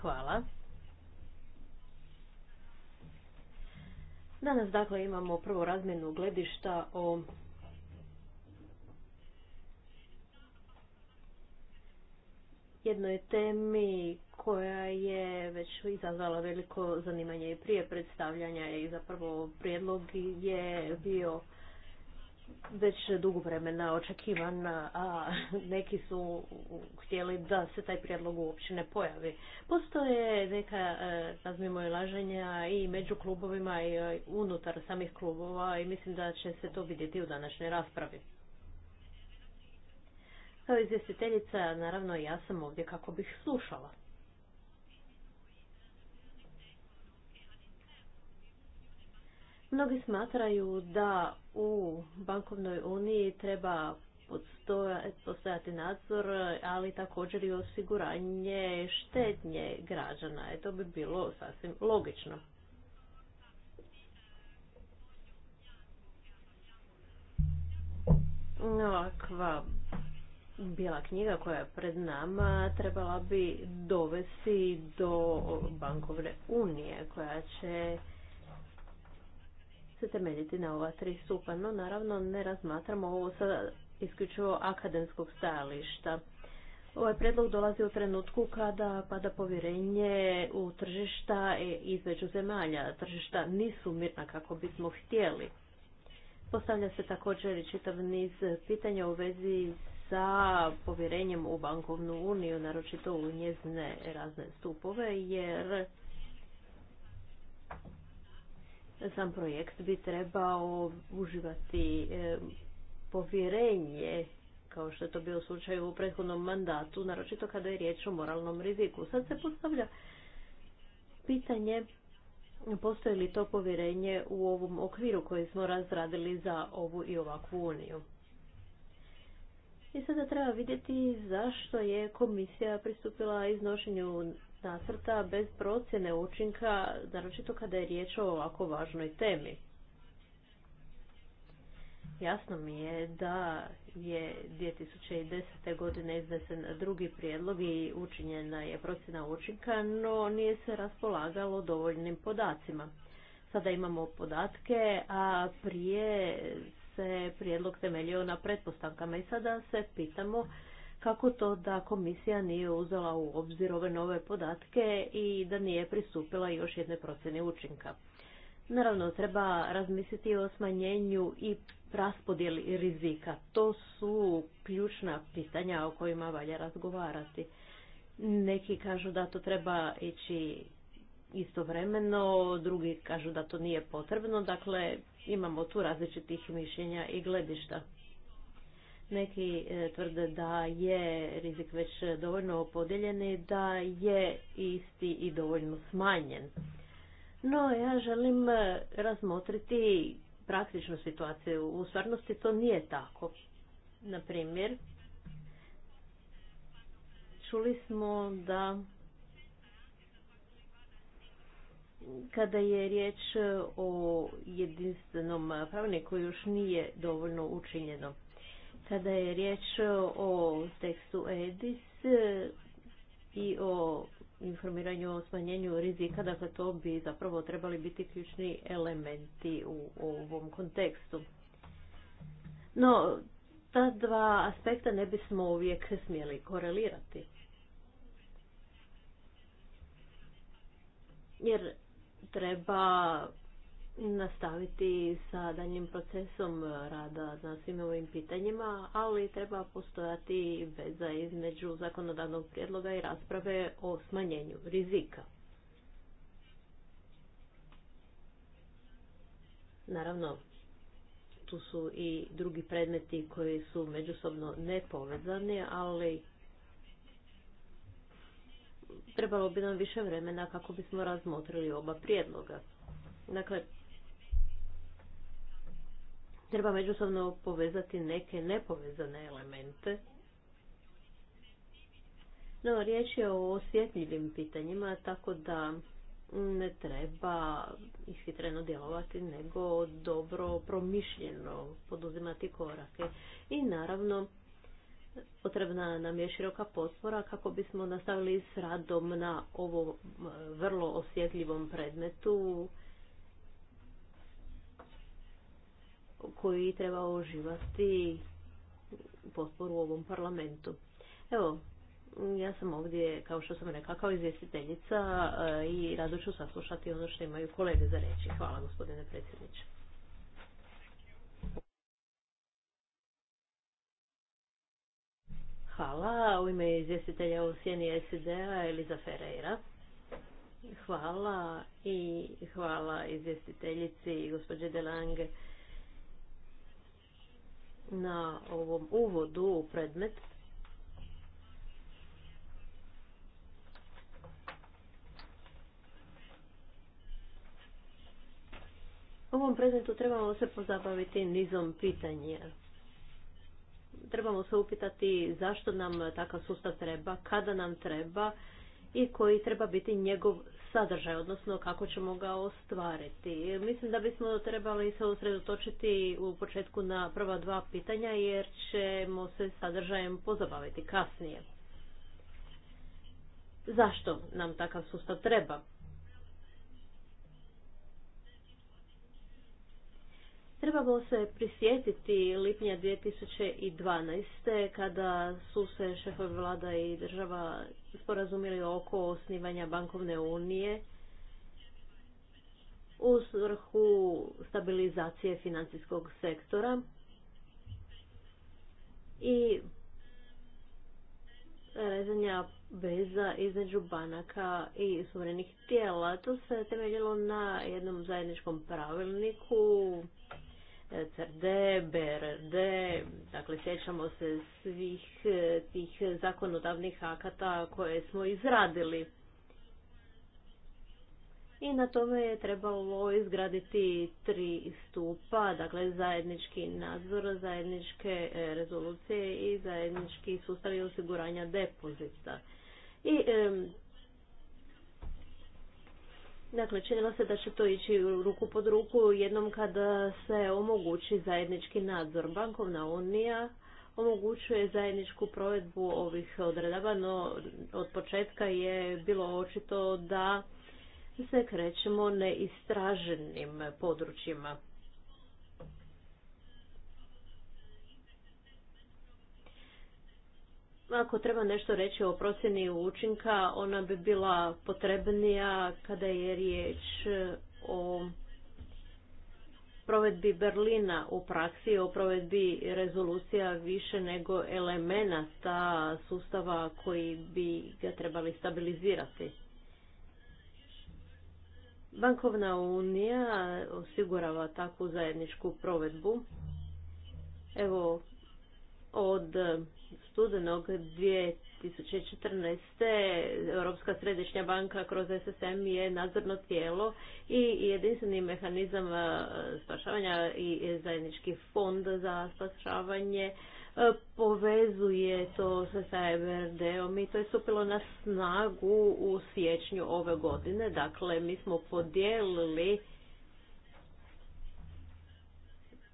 Hvala. Danas dakle imamo prvo razmjenu gledišta o jednoj temi koja je već izazvala veliko zanimanje i prije predstavljanja i zapravo prijedlog je bio već dugo vremena očekivan, a neki su htjeli da se taj prijedlog uopće ne pojavi. Postoje neka razmimo e, i laženja i među klubovima i e, unutar samih klubova i mislim da će se to vidjeti u današnjoj raspravi. Kao izvjestiteljica, naravno ja sam ovdje kako bih slušala. Mnogi smatraju da u bankovnoj uniji treba postojati nadzor, ali također i osiguranje štednje građana. E, to bi bilo sasvim logično. Ovakva bila knjiga koja je pred nama trebala bi dovesti do bankovne unije koja će se temeljiti na ova tri stupa. No, naravno, ne razmatramo ovo sa isključivo akademskog stajališta. Ovaj predlog dolazi u trenutku kada pada povjerenje u tržišta e, između zemalja. Tržišta nisu mirna kako bismo htjeli. Postavlja se također i čitav niz pitanja u vezi sa povjerenjem u bankovnu uniju, naročito u njezne razne stupove, jer sam projekt bi trebao uživati e, povjerenje kao što je to bio slučaj u prethodnom mandatu, naročito kada je riječ o moralnom riziku. Sad se postavlja pitanje postoji li to povjerenje u ovom okviru koji smo razradili za ovu i ovakvu uniju. I sada treba vidjeti zašto je komisija pristupila iznošenju nasrta bez procjene učinka, naročito kada je riječ o ovako važnoj temi. Jasno mi je da je 2010. godine iznesen drugi prijedlog i učinjena je procjena učinka, no nije se raspolagalo dovoljnim podacima. Sada imamo podatke, a prije se prijedlog temeljio na pretpostavkama i sada se pitamo kako to da komisija nije uzela u obzir ove nove podatke i da nije pristupila još jedne procjene učinka. Naravno, treba razmisliti o smanjenju i raspodjeli rizika. To su ključna pitanja o kojima valja razgovarati. Neki kažu da to treba ići istovremeno, drugi kažu da to nije potrebno, dakle imamo tu različitih mišljenja i gledišta. Neki e, tvrde da je rizik već dovoljno podijeljen i da je isti i dovoljno smanjen. No, ja želim e, razmotriti praktičnu situaciju. U stvarnosti to nije tako. Na čuli smo da kada je riječ o jedinstvenom koji još nije dovoljno učinjeno. Kada je riječ o tekstu EDIS e, i o informiranju o smanjenju rizika, dakle to bi zapravo trebali biti ključni elementi u ovom kontekstu. No, ta dva aspekta ne bismo uvijek smjeli korelirati. Jer treba nastaviti sa daljnjim procesom rada na svim ovim pitanjima, ali treba postojati veza između zakonodavnog prijedloga i rasprave o smanjenju rizika. Naravno, tu su i drugi predmeti koji su međusobno nepovezani, ali trebalo bi nam više vremena kako bismo razmotrili oba prijedloga. Dakle, treba međusobno povezati neke nepovezane elemente. No, riječ je o osjetljivim pitanjima, tako da ne treba ishitreno djelovati, nego dobro promišljeno poduzimati korake. I naravno, potrebna nam je široka potpora kako bismo nastavili s radom na ovom e, vrlo osjetljivom predmetu koji treba uživati potporu u ovom parlamentu. Evo, ja sam ovdje, kao što sam rekla, kao izvjestiteljica e, i rado ću saslušati ono što imaju kolege za reći. Hvala gospodine predsjedniče. Hvala. U ime izvjestitelja u sjeni sed a Eliza Ferreira. Hvala i hvala izvjestiteljici gospođe Delange na ovom uvodu u predmet. U ovom predmetu trebamo se pozabaviti nizom pitanja. Trebamo se upitati zašto nam takav sustav treba, kada nam treba i koji treba biti njegov sadržaj, odnosno kako ćemo ga ostvariti. Mislim da bismo trebali se usredotočiti u početku na prva dva pitanja jer ćemo se sadržajem pozabaviti kasnije. Zašto nam takav sustav treba? Trebamo se prisjetiti lipnja 2012. kada su se šefovi vlada i država sporazumili oko osnivanja bankovne unije u svrhu stabilizacije financijskog sektora i rezanja veza između banaka i suverenih tijela. To se temeljilo na jednom zajedničkom pravilniku CRD, BRD, dakle sjećamo se svih e, tih zakonodavnih akata koje smo izradili. I na tome je trebalo izgraditi tri stupa, dakle zajednički nadzor, zajedničke e, rezolucije i zajednički sustavi osiguranja depozita. I Dakle, činilo se da će to ići ruku pod ruku jednom kada se omogući zajednički nadzor. Bankovna unija omogućuje zajedničku provedbu ovih odredaba, no od početka je bilo očito da se krećemo neistraženim područjima. Ako treba nešto reći o procjeni učinka, ona bi bila potrebnija kada je riječ eh, o provedbi Berlina u praksi, o provedbi rezolucija više nego elemenata sustava koji bi ga trebali stabilizirati. Bankovna unija osigurava takvu zajedničku provedbu. Evo, od studenog 2014. Europska središnja banka kroz SSM je nadzorno tijelo i jedinstveni mehanizam e, spašavanja i zajednički fond za spašavanje e, povezuje to sa EBRD-om i to je stupilo na snagu u siječnju ove godine. Dakle, mi smo podijelili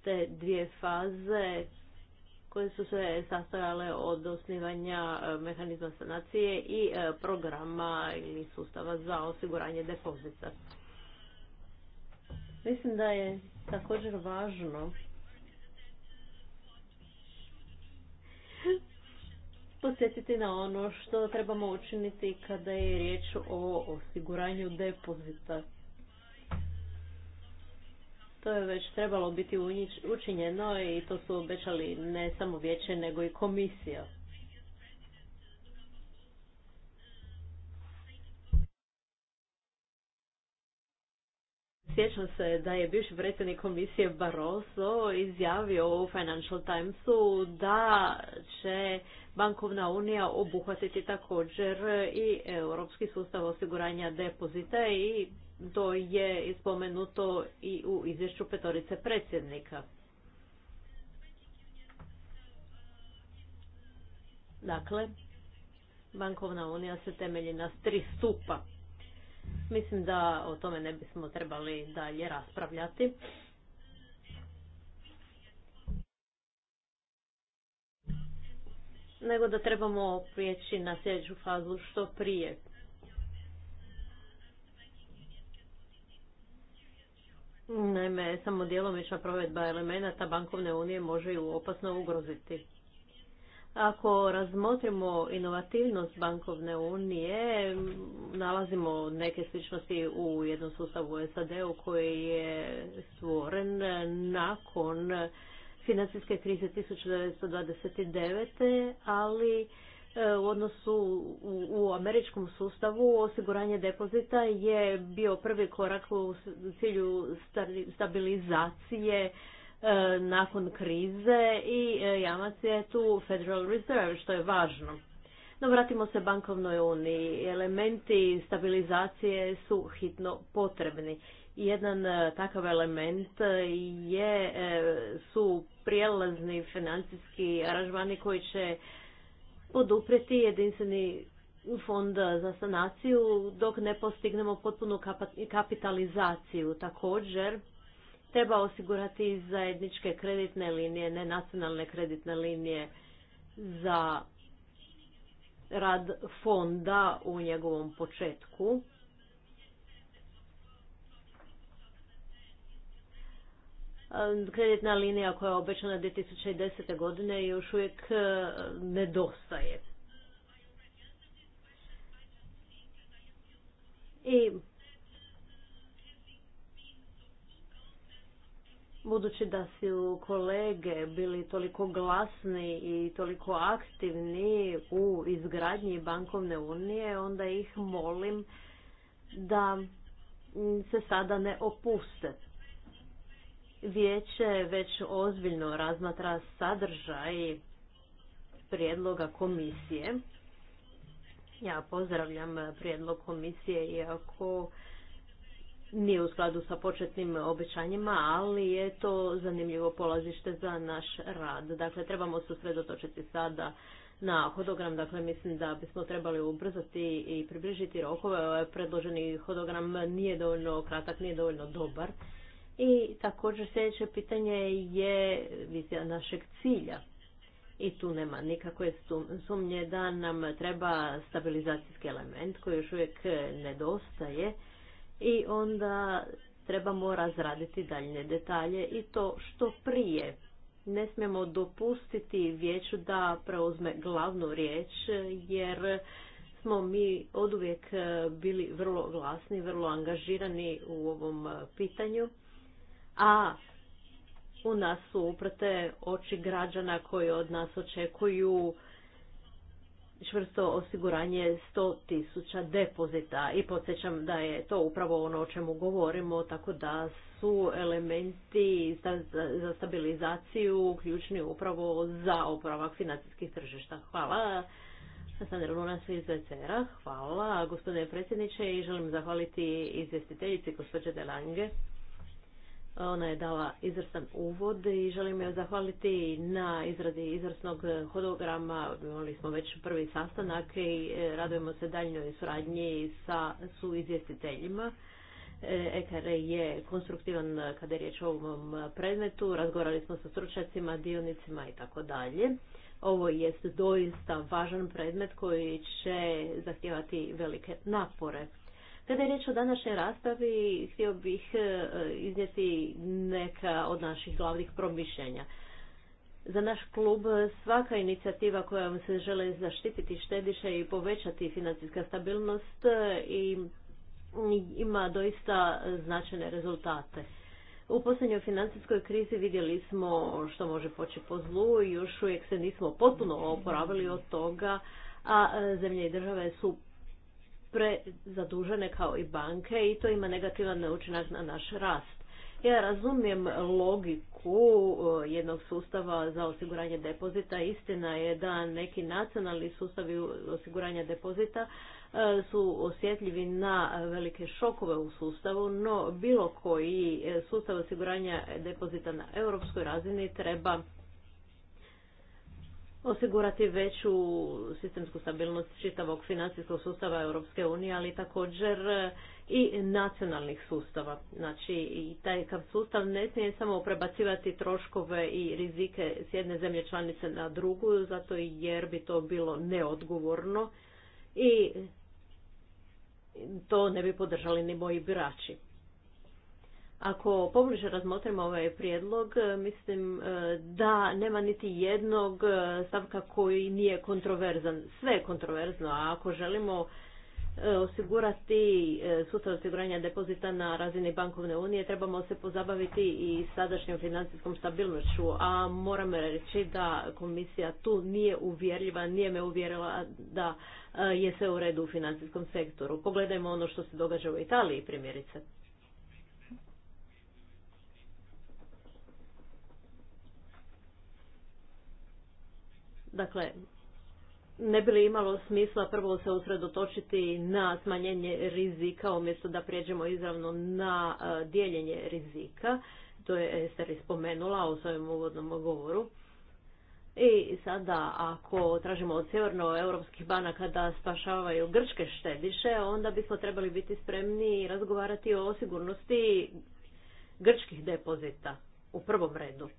te dvije faze koje su se sastojale od osnivanja e, mehanizma sanacije i e, programa ili sustava za osiguranje depozita. Mislim da je također važno podsjetiti na ono što trebamo učiniti kada je riječ o osiguranju depozita. To je već trebalo biti učinjeno i to su obećali ne samo vijeće nego i komisija. Sjećam se da je bivši predsjednik komisije Barroso izjavio u Financial Timesu da će bankovna unija obuhvatiti također i europski sustav osiguranja depozita i to je ispomenuto i u izvješću petorice predsjednika. Dakle, bankovna unija se temelji na tri stupa. Mislim da o tome ne bismo trebali dalje raspravljati. Nego da trebamo prijeći na sljedeću fazu što prije. Naime, samo djelomična provedba elemenata bankovne unije može ju opasno ugroziti. Ako razmotrimo inovativnost bankovne unije, nalazimo neke sličnosti u jednom sustavu SAD-u koji je stvoren nakon financijske krize 1929. ali E, u odnosu u, američkom sustavu osiguranje depozita je bio prvi korak u cilju stabilizacije e, nakon krize i e, jamac je tu Federal Reserve, što je važno. No vratimo se bankovnoj uniji. Elementi stabilizacije su hitno potrebni. Jedan takav element je, su prijelazni financijski aranžmani koji će poduprijeti jedinstveni fond za sanaciju dok ne postignemo potpunu kapitalizaciju. Također, treba osigurati zajedničke kreditne linije, ne nacionalne kreditne linije za rad fonda u njegovom početku. kreditna linija koja je obećana 2010. godine još uvijek e, nedostaje. I budući da su kolege bili toliko glasni i toliko aktivni u izgradnji bankovne unije, onda ih molim da se sada ne opuste vijeće već ozbiljno razmatra sadržaj prijedloga komisije. Ja pozdravljam prijedlog komisije iako nije u skladu sa početnim obećanjima, ali je to zanimljivo polazište za naš rad. Dakle, trebamo se usredotočiti sada na hodogram, dakle mislim da bismo trebali ubrzati i približiti rokove. Ovaj predloženi hodogram nije dovoljno kratak, nije dovoljno dobar i također sljedeće pitanje je vizija našeg cilja. I tu nema nikakve sumnje da nam treba stabilizacijski element koji još uvijek nedostaje i onda trebamo razraditi daljne detalje i to što prije. Ne smijemo dopustiti vijeću da preuzme glavnu riječ jer smo mi oduvijek bili vrlo glasni, vrlo angažirani u ovom pitanju a u nas su uprte oči građana koji od nas očekuju čvrsto osiguranje 100.000 depozita i podsjećam da je to upravo ono o čemu govorimo, tako da su elementi za stabilizaciju ključni upravo za opravak financijskih tržišta. Hvala. Sandra svi iz vcr Hvala gospodine predsjedniče i želim zahvaliti izvjestiteljici gospođe Delange ona je dala izvrstan uvod i želim joj zahvaliti na izradi izvrsnog hodograma. Imali smo već prvi sastanak i e, radujemo se daljnjoj suradnji sa suizvjestiteljima. EKR je konstruktivan kada je riječ o ovom predmetu, razgovarali smo sa stručnjacima, dionicima i tako dalje. Ovo jest doista važan predmet koji će zahtijevati velike napore. Kada je riječ o današnjoj raspravi, htio bih e, iznijeti neka od naših glavnih promišljenja. Za naš klub svaka inicijativa kojom se žele zaštititi štediše i povećati financijska stabilnost e, ima doista značajne rezultate. U posljednjoj financijskoj krizi vidjeli smo što može poći po zlu i još uvijek se nismo potpuno oporavili od toga, a e, zemlje i države su prezadužene kao i banke i to ima negativan učinak na naš rast. Ja razumijem logiku e, jednog sustava za osiguranje depozita. Istina je da neki nacionalni sustavi osiguranja depozita e, su osjetljivi na velike šokove u sustavu, no bilo koji sustav osiguranja depozita na europskoj razini treba osigurati veću sistemsku stabilnost čitavog financijskog sustava Europske unije, ali također i nacionalnih sustava. Znači, i taj sustav ne smije samo prebacivati troškove i rizike s jedne zemlje članice na drugu, zato jer bi to bilo neodgovorno i to ne bi podržali ni moji birači. Ako pobliže razmotrimo ovaj prijedlog, e, mislim e, da nema niti jednog e, stavka koji nije kontroverzan. Sve je kontroverzno, a ako želimo osigurati sustav osiguranja depozita na razini bankovne unije, trebamo se pozabaviti i sadašnjom financijskom stabilnošću, a moram reći da komisija tu nije uvjerljiva, nije me uvjerila da je sve u redu u financijskom sektoru. Pogledajmo ono što se događa u Italiji primjerice. Dakle, ne bi li imalo smisla prvo se usredotočiti na smanjenje rizika umjesto da prijeđemo izravno na e, dijeljenje rizika, to je Ester spomenula u svojem uvodnom govoru. I sada ako tražimo od sjeverno europskih banaka da spašavaju grčke štediše, onda bismo trebali biti spremni razgovarati o sigurnosti grčkih depozita u prvom redu.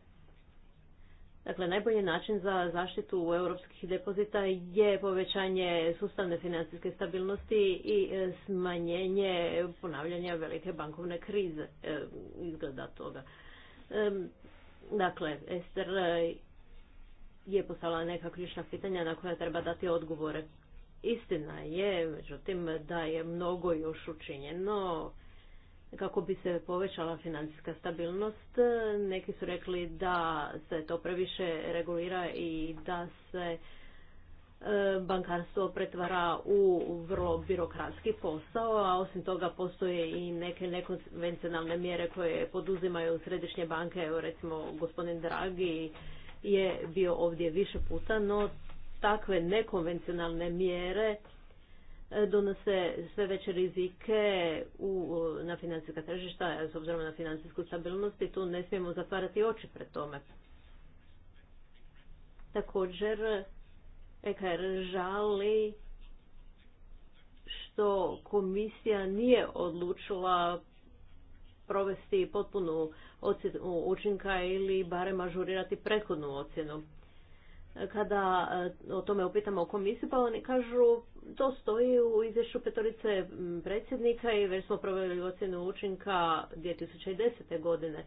Dakle, najbolji način za zaštitu europskih depozita je povećanje sustavne financijske stabilnosti i e, smanjenje ponavljanja velike bankovne krize e, izgleda toga. Dakle, Ester e, je postavila neka ključna pitanja na koja treba dati odgovore. Istina je, međutim, da je mnogo još učinjeno kako bi se povećala financijska stabilnost. Neki su rekli da se to previše regulira i da se e, bankarstvo pretvara u vrlo birokratski posao, a osim toga postoje i neke nekonvencionalne mjere koje poduzimaju središnje banke, evo recimo gospodin Dragi je bio ovdje više puta, no takve nekonvencionalne mjere E, donose sve veće rizike na financijska tržišta, s obzirom na financijsku stabilnost i tu ne smijemo zatvarati oči pred tome. Također, EKR žali što komisija nije odlučila provesti potpunu ocjenu učinka ili barem ažurirati prethodnu ocjenu kada e, o tome upitamo komisiju, pa oni kažu to stoji u izvješću petorice predsjednika i već smo proveli ocjenu učinka 2010. godine.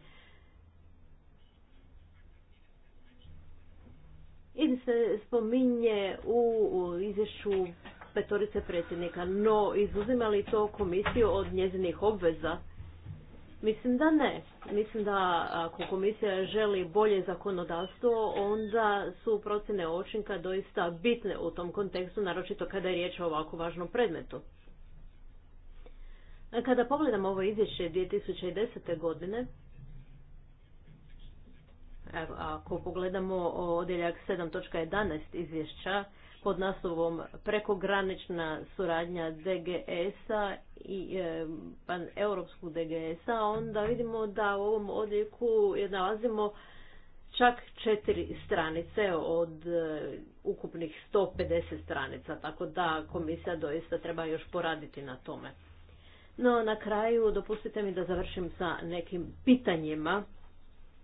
Ili se spominje u izvješću petorice predsjednika, no izuzima li to komisiju od njezinih obveza? Mislim da ne. Mislim da ako komisija želi bolje zakonodavstvo, onda su procjene očinka doista bitne u tom kontekstu, naročito kada je riječ o ovako važnom predmetu. Kada pogledamo ovo izvješće 2010. godine, ako pogledamo odjeljak 7.11 izvješća, pod naslovom prekogranična suradnja DGS-a i e, pan europskog DGS-a, onda vidimo da u ovom odjeku nalazimo čak četiri stranice od e, ukupnih 150 stranica, tako da komisija doista treba još poraditi na tome. No, na kraju dopustite mi da završim sa nekim pitanjima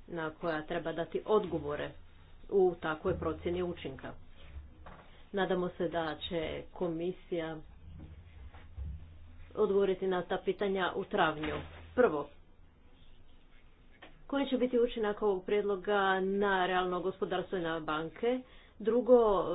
na koja treba dati odgovore u takvoj procjeni učinka. Nadamo se da će komisija odgovoriti na ta pitanja u travnju. Prvo, koji će biti učinak ovog prijedloga na realno gospodarstvo i na banke? Drugo,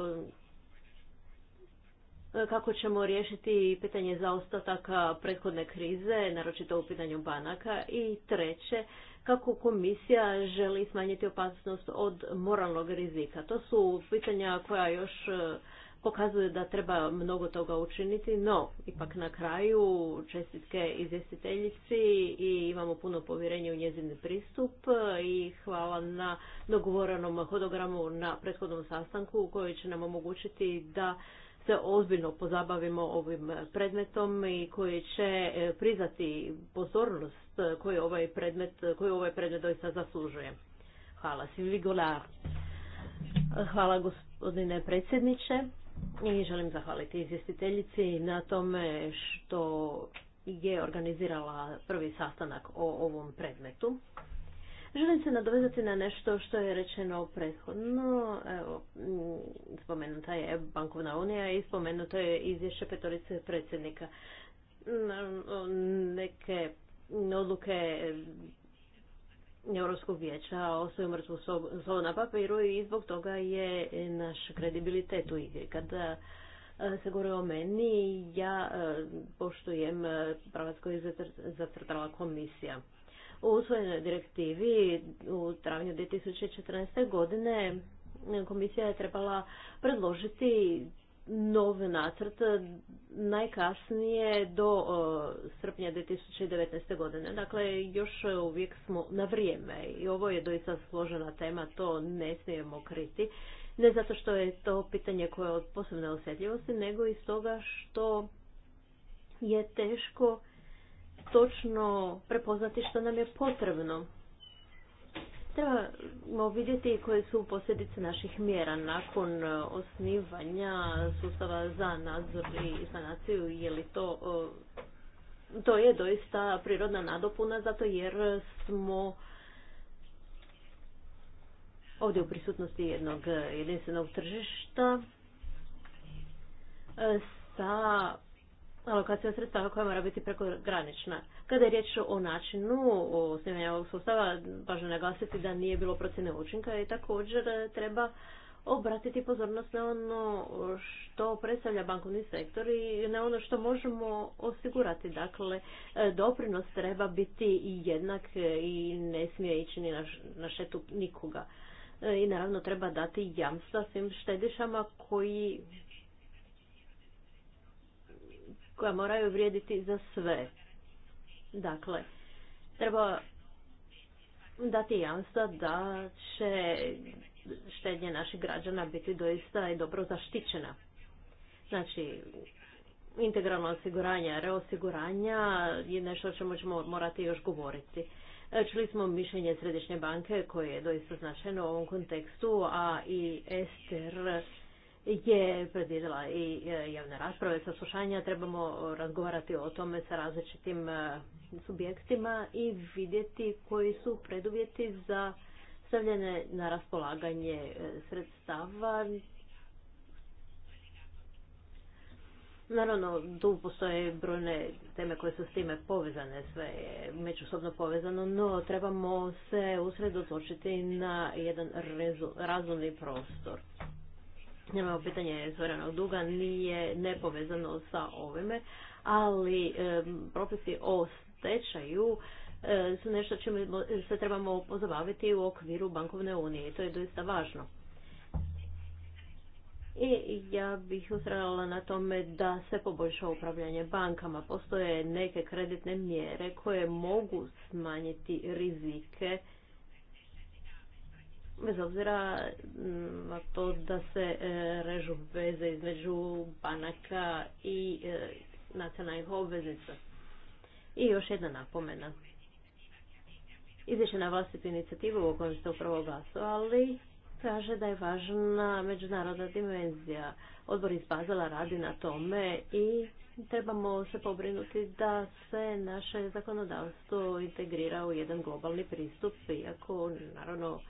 e, kako ćemo riješiti pitanje zaostataka prethodne krize, naročito u pitanju banaka? I treće, kako komisija želi smanjiti opasnost od moralnog rizika. To su pitanja koja još e, pokazuje da treba mnogo toga učiniti, no ipak na kraju čestitke izvjestiteljici i imamo puno povjerenja u njezin pristup i hvala na dogovorenom hodogramu na prethodnom sastanku koji će nam omogućiti da se ozbiljno pozabavimo ovim predmetom i koji će e, prizati pozornost koji ovaj predmet, koji ovaj predmet doista zaslužuje. Hvala Silvi Hvala gospodine predsjedniče i želim zahvaliti izvjestiteljici na tome što je organizirala prvi sastanak o ovom predmetu. Želim se nadovezati na nešto što je rečeno prethodno. Evo, mm, spomenuta je bankovna unija i spomenuto je izvješće petorice predsjednika. Neke odluke Europskog vijeća o ostaju mrtvu slovo na papiru i zbog toga je naš kredibilitet u igri. Kada e, se govori o meni, ja e, poštujem e, pravac koji je zacrtala komisija. U usvojenoj direktivi u travnju 2014. godine komisija je trebala predložiti nov nacrt najkasnije do srpnja 2019. godine. Dakle, još uvijek smo na vrijeme i ovo je doista složena tema, to ne smijemo kriti. Ne zato što je to pitanje koje je od posebne osjetljivosti, nego i toga što je teško točno prepoznati što nam je potrebno. Trebamo vidjeti koje su posljedice naših mjera nakon e, osnivanja sustava za nadzor i sanaciju. Je li to, e, to je doista prirodna nadopuna zato jer smo ovdje u prisutnosti jednog jedinstvenog tržišta e, sa alokacija sredstava koja mora biti prekogranična. Kada je riječ o načinu osnivanja ovog sustava, važno naglasiti da nije bilo procjene učinka i također treba obratiti pozornost na ono što predstavlja bankovni sektor i na ono što možemo osigurati. Dakle, doprinos treba biti jednak i ne smije ići ni na šetu nikoga. E, I naravno treba dati jamstva svim štedišama koji koja moraju vrijediti za sve. Dakle, treba dati jamstva da će štednje naših građana biti doista i dobro zaštićena. Znači, integralno osiguranje, reosiguranja je nešto o čemu ćemo morati još govoriti. E, čuli smo mišljenje Središnje banke koje je doista značajno u ovom kontekstu, a i Ester je predvidjela i e, javne rasprave, saslušanja, trebamo razgovarati o tome sa različitim e, subjektima i vidjeti koji su preduvjeti za stavljene na raspolaganje e, sredstava. Naravno, tu postoje brojne teme koje su s time povezane, sve je međusobno povezano, no trebamo se usredotočiti na jedan razumni prostor. Nema pitanje Zoranog duga nije nepovezano sa ovime, ali propisi o stečaju e, su nešto čime se trebamo pozabaviti u okviru bankovne unije i to je doista važno. I ja bih ustrajala na tome da se poboljša upravljanje bankama. Postoje neke kreditne mjere koje mogu smanjiti rizike bez obzira mm, na to da se e, režu veze između banaka i e, nacionalnih obveznica. I još jedna napomena. Izvješće na vlastitu inicijativu o kojoj ste upravo glasovali kaže da je važna međunarodna dimenzija. Odbor iz Bazela radi na tome i trebamo se pobrinuti da se naše zakonodavstvo integrira u jedan globalni pristup, iako naravno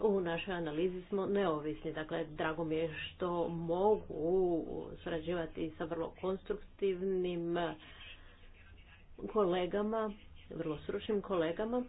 u našoj analizi smo neovisni. Dakle, drago mi je što mogu surađivati sa vrlo konstruktivnim kolegama, vrlo stručnim kolegama.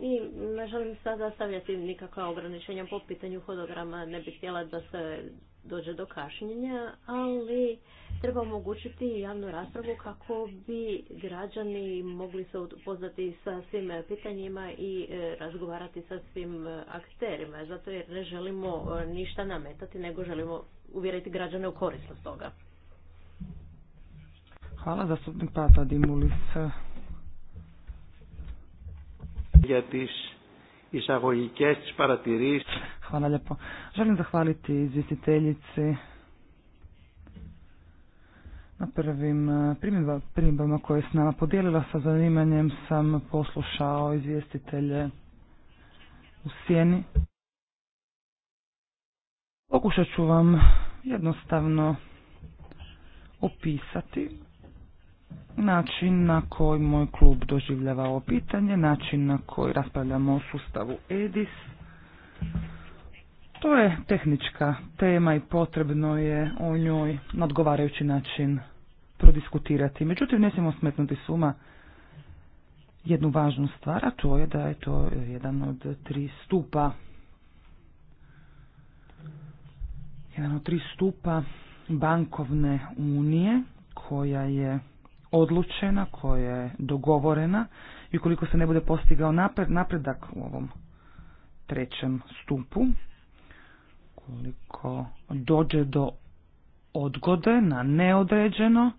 I ne želim sada stavljati nikakva ograničenja po pitanju hodograma. Ne bih htjela da se dođe do kašnjenja, ali treba omogućiti javnu raspravu kako bi građani mogli se upoznati sa svim pitanjima i e, razgovarati sa svim e, akterima, zato jer ne želimo e, ništa nametati, nego želimo uvjeriti građane u korisnost toga. Hvala zastupnik Pata Dimulis. Ja tiš παρατηρήσει. Hvala lijepo. Želim zahvaliti izvjestiteljici na prvim eh, primjerima koje sam nama podijelila. Sa zanimanjem sam poslušao izvjestitelje u sjeni. Pokušat ću vam jednostavno opisati način na koji moj klub doživljava ovo pitanje, način na koji raspravljamo o sustavu EDIS. To je tehnička tema i potrebno je o njoj na odgovarajući način prodiskutirati. Međutim, ne smijemo smetnuti suma jednu važnu stvar, a to je da je to jedan od tri stupa. Jedan od tri stupa bankovne unije koja je odlučena, koja je dogovorena i ukoliko se ne bude postigao napredak u ovom trećem stupu, Koliko dođe do odgode na neodređeno,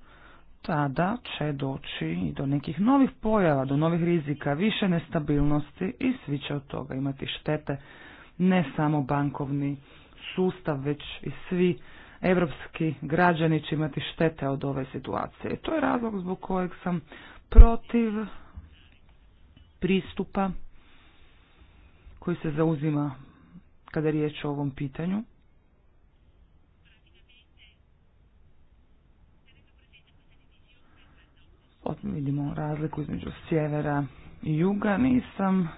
tada će doći i do nekih novih pojava, do novih rizika, više nestabilnosti i svi će od toga imati štete, ne samo bankovni sustav, već i svi evropski građani će imati štete od ove situacije. To je razlog zbog kojeg sam protiv pristupa koji se zauzima kada je riječ o ovom pitanju. vidimo razliku između sjevera i juga. Nisam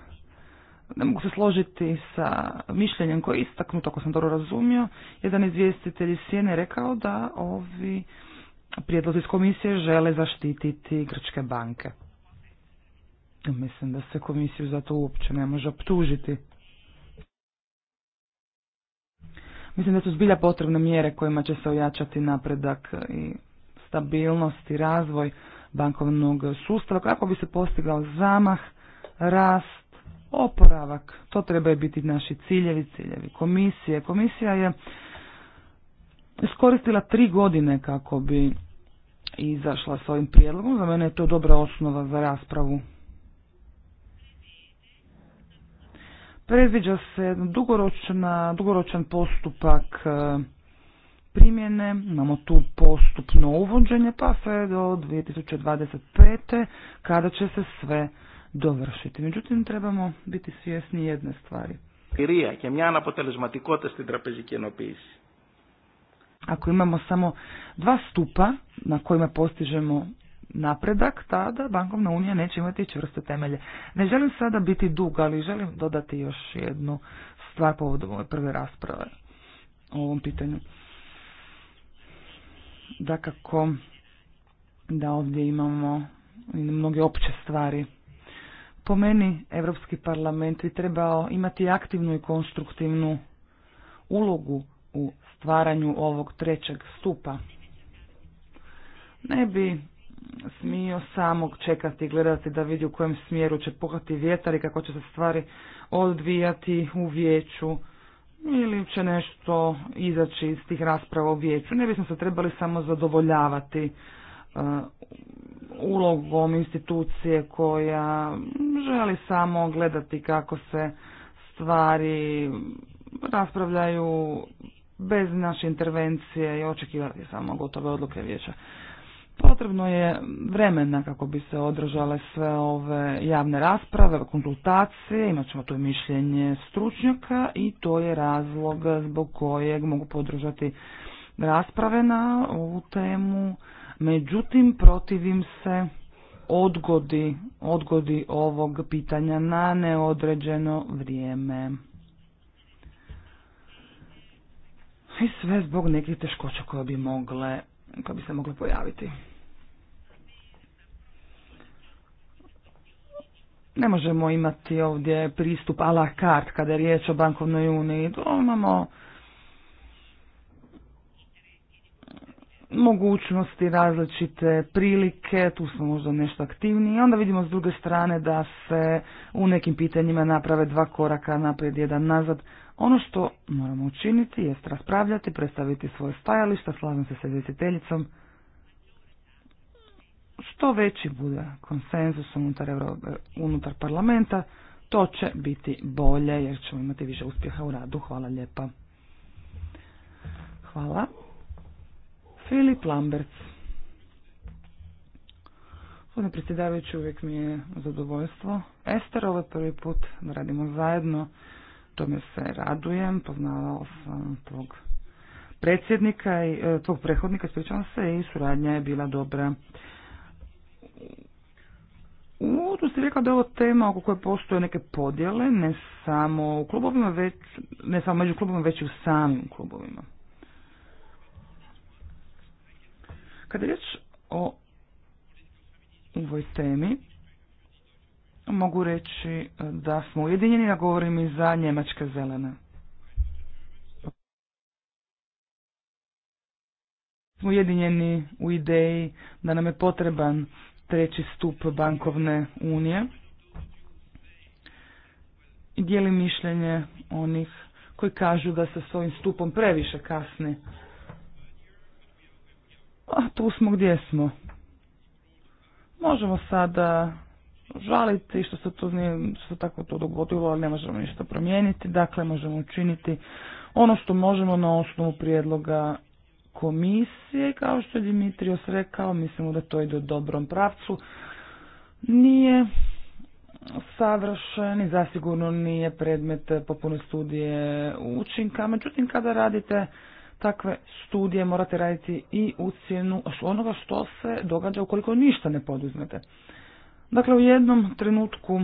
ne mogu se složiti sa mišljenjem koje je istaknuto, ako sam dobro razumio, jedan izvjestitelj iz je rekao da ovi prijedlozi iz komisije žele zaštititi grčke banke. Mislim da se komisiju za to uopće ne može optužiti. Mislim da su zbilja potrebne mjere kojima će se ojačati napredak i stabilnost i razvoj bankovnog sustava kako bi se postigao zamah, rast oporavak. To trebaju biti naši ciljevi, ciljevi komisije. Komisija je iskoristila tri godine kako bi izašla s ovim prijedlogom. Za mene je to dobra osnova za raspravu. Predviđa se dugoročna, dugoročan postupak e, primjene, imamo tu postupno uvođenje, pa sve do 2025. kada će se sve dovršiti. Međutim, trebamo biti svjesni jedne stvari. και μια αναποτελεσματικότητα Ako imamo samo dva stupa na kojima postižemo napredak, tada bankovna unija neće imati čvrste temelje. Ne želim sada biti dug, ali želim dodati još jednu stvar povodom ove prve rasprave o ovom pitanju. Dakako, da ovdje imamo mnoge opće stvari po meni Europski parlament bi trebao imati aktivnu i konstruktivnu ulogu u stvaranju ovog trećeg stupa. Ne bi smio samog čekati i gledati da vidi u kojem smjeru će puhati vjetar i kako će se stvari odvijati u vijeću ili će nešto izaći iz tih rasprava u vijeću. Ne bismo se trebali samo zadovoljavati ulogom institucije koja želi samo gledati kako se stvari raspravljaju bez naše intervencije i očekivati samo gotove odluke vijeća. Potrebno je vremena kako bi se održale sve ove javne rasprave, konsultacije, imat ćemo tu mišljenje stručnjaka i to je razlog zbog kojeg mogu podržati rasprave na ovu temu. Međutim, protivim se odgodi, odgodi ovog pitanja na neodređeno vrijeme. I sve zbog nekih teškoća koje bi mogle, koje bi se mogle pojaviti. Ne možemo imati ovdje pristup a la carte kada je riječ o bankovnoj uniji. To imamo mogućnosti, različite prilike, tu smo možda nešto aktivniji. I onda vidimo s druge strane da se u nekim pitanjima naprave dva koraka naprijed, jedan nazad. Ono što moramo učiniti jest raspravljati, predstaviti svoje stajališta, slažem se sa izvjestiteljicom. Što veći bude konsenzus unutar, Euro, unutar parlamenta, to će biti bolje jer ćemo imati više uspjeha u radu. Hvala lijepa. Hvala. Filip Lamberts. predsjedavajući, uvijek mi je zadovoljstvo. Ester, ovo je prvi put da radimo zajedno. To mi se radujem, poznavao sam tog predsjednika i e, tog prethodnika, ispričavam se, i suradnja je bila dobra. U uvodu ste rekla da je ovo tema oko koje postoje neke podjele, ne samo u klubovima, već, ne samo među klubovima, već i u samim klubovima. Kada je riječ o ovoj temi, mogu reći e, da smo ujedinjeni, ja govorim i za njemačke zelene. Smo ujedinjeni u ideji da nam je potreban treći stup bankovne unije. i dijelim mišljenje onih koji kažu da se s ovim stupom previše kasni. A tu smo gdje smo. Možemo sada žaliti što se to nije, što tako to dogodilo, ali ne možemo ništa promijeniti. Dakle, možemo učiniti ono što možemo na osnovu prijedloga komisije, kao što je Dimitrios rekao, mislimo da to ide u dobrom pravcu. Nije savršen i zasigurno nije predmet popune studije učinka, međutim kada radite takve studije morate raditi i u cijenu onoga što se događa ukoliko ništa ne poduzmete. Dakle, u jednom trenutku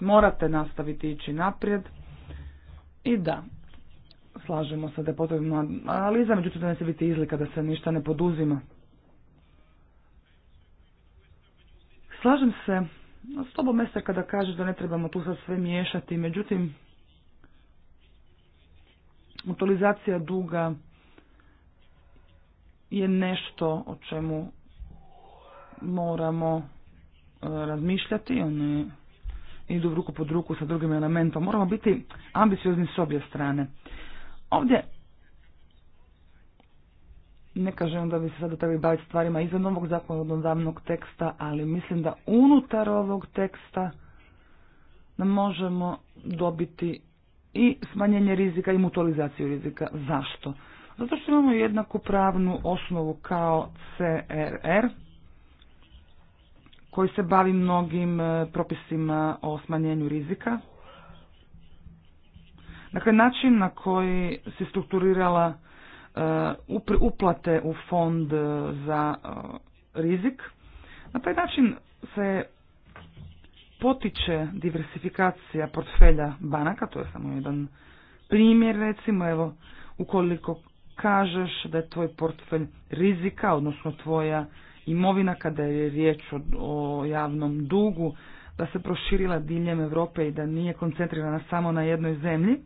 morate nastaviti ići naprijed i da, slažemo se da je potrebna analiza, međutim da ne se biti izlika da se ništa ne poduzima. Slažem se s tobom, mjesta kada kažeš da ne trebamo tu sad sve miješati, međutim, mutualizacija duga je nešto o čemu moramo e, razmišljati, oni idu ruku pod ruku sa drugim elementom. Moramo biti ambiciozni s obje strane. Ovdje ne kažem da bi se sada trebali baviti stvarima izvan ovog zakonodavnog teksta, ali mislim da unutar ovog teksta nam možemo dobiti i smanjenje rizika i mutualizaciju rizika. Zašto? Zato što imamo jednaku pravnu osnovu kao CRR koji se bavi mnogim e, propisima o smanjenju rizika. Dakle, način na koji se strukturirala e, uplate u fond e, za rizik, na taj način se potiče diversifikacija portfelja banaka, to je samo jedan primjer recimo, evo ukoliko kažeš da je tvoj portfelj rizika, odnosno tvoja imovina kada je riječ o, o javnom dugu, da se proširila diljem Europe i da nije koncentrirana samo na jednoj zemlji,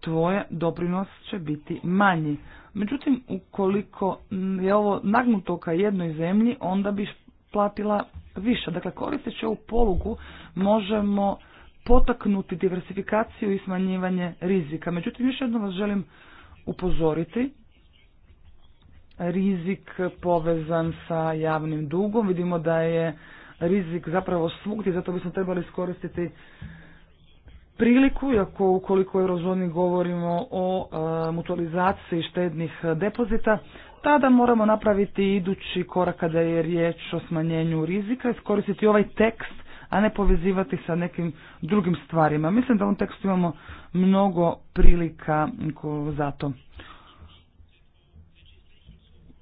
tvoj doprinos će biti manji. Međutim, ukoliko je ovo nagnuto ka jednoj zemlji, onda bi platila više. Dakle, koristeći ovu polugu možemo potaknuti diversifikaciju i smanjivanje rizika. Međutim, još jednom vas želim upozoriti. Rizik povezan sa javnim dugom. Vidimo da je rizik zapravo svugdje, zato bismo trebali iskoristiti priliku, iako ukoliko u eurozoni govorimo o e, mutualizaciji štednih depozita, tada moramo napraviti idući korak kada je riječ o smanjenju rizika, iskoristiti ovaj tekst, a ne povezivati sa nekim drugim stvarima. Mislim da u ovom tekstu imamo mnogo prilika za to.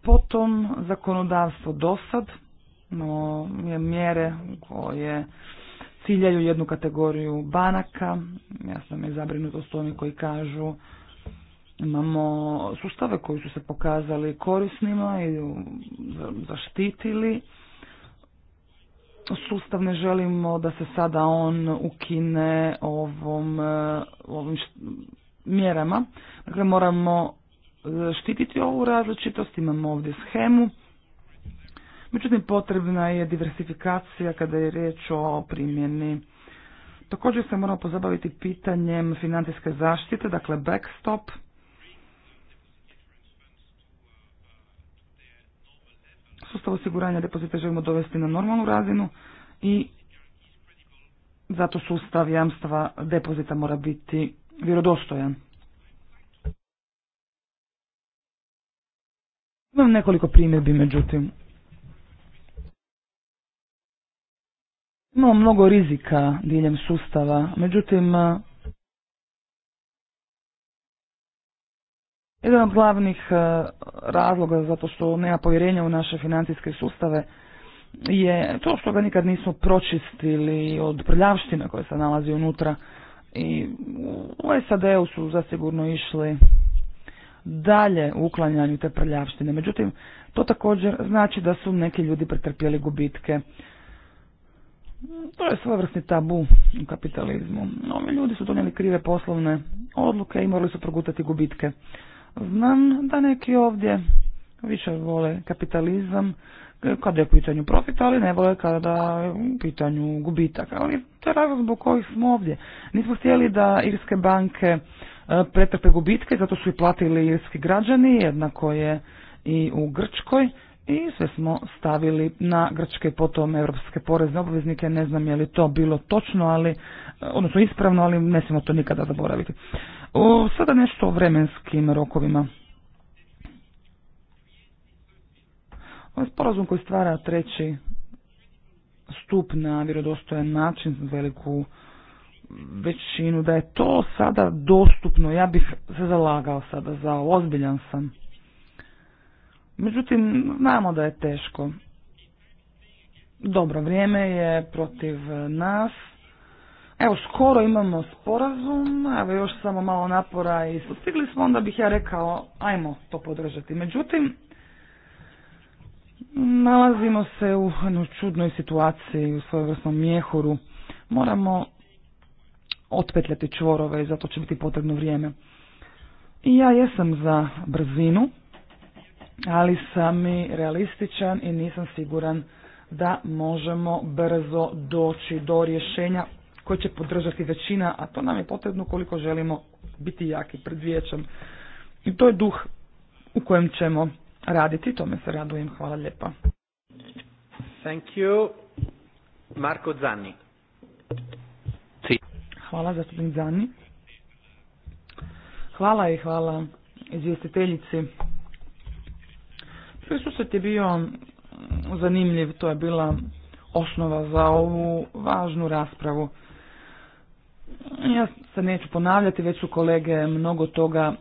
Potom zakonodavstvo dosad, no, mjere koje ciljaju jednu kategoriju banaka, ja sam je zabrinutost oni koji kažu Imamo sustave koji su se pokazali korisnima i zaštitili sustav ne želimo da se sada on ukine ovom, e, ovim mjerama. Dakle, moramo štititi ovu različitost, imamo ovdje schemu. Međutim, potrebna je diversifikacija kada je riječ o primjeni. Također se moramo pozabaviti pitanjem financijske zaštite, dakle backstop. Sustav osiguranja depozita želimo dovesti na normalnu razinu i zato sustav jamstva depozita mora biti vjerodostojan. Imam nekoliko primjedbi, međutim. Imamo mnogo rizika diljem sustava, međutim, Jedan od glavnih e, razloga zato što nema povjerenja u naše financijske sustave je to što ga nikad nismo pročistili od prljavština koja se nalazi unutra. I u SAD-u su zasigurno išli dalje u uklanjanju te prljavštine. Međutim, to također znači da su neki ljudi pretrpjeli gubitke. To je svojevrsni tabu u kapitalizmu. Ovi ljudi su donijeli krive poslovne odluke i morali su progutati gubitke. Znam da neki ovdje više vole kapitalizam kada je u pitanju profita, ali ne vole kada je u pitanju gubitaka. Ali to je razlog zbog kojih smo ovdje. Nismo htjeli da irske banke e, pretrpe gubitke, zato su i platili irski građani, jednako je i u Grčkoj i sve smo stavili na grčke potom evropske porezne obveznike, ne znam je li to bilo točno, ali, e, odnosno ispravno, ali ne smijemo to nikada zaboraviti. O, sada nešto o vremenskim rokovima. Ovo je sporazum koji stvara treći stup na vjerodostojan način veliku većinu, da je to sada dostupno, ja bih se zalagao sada za ozbiljan sam. Međutim, znamo da je teško. Dobro, vrijeme je protiv nas. Evo, skoro imamo sporazum, evo još samo malo napora i sustigli smo, onda bih ja rekao, ajmo to podržati. Međutim, nalazimo se u jednoj čudnoj situaciji, u svojevrsnom mjehuru. Moramo otpetljati čvorove i zato će biti potrebno vrijeme. I ja jesam za brzinu, ali sam i realističan i nisam siguran da možemo brzo doći do rješenja koji će podržati većina, a to nam je potrebno koliko želimo biti jaki pred vijećem. I to je duh u kojem ćemo raditi, tome se radujem. Hvala lijepa. Thank you. Marko Hvala, za Zani. Hvala i hvala izvjestiteljici. se je bio zanimljiv, to je bila osnova za ovu važnu raspravu. Ja se neću ponavljati, već su kolege mnogo toga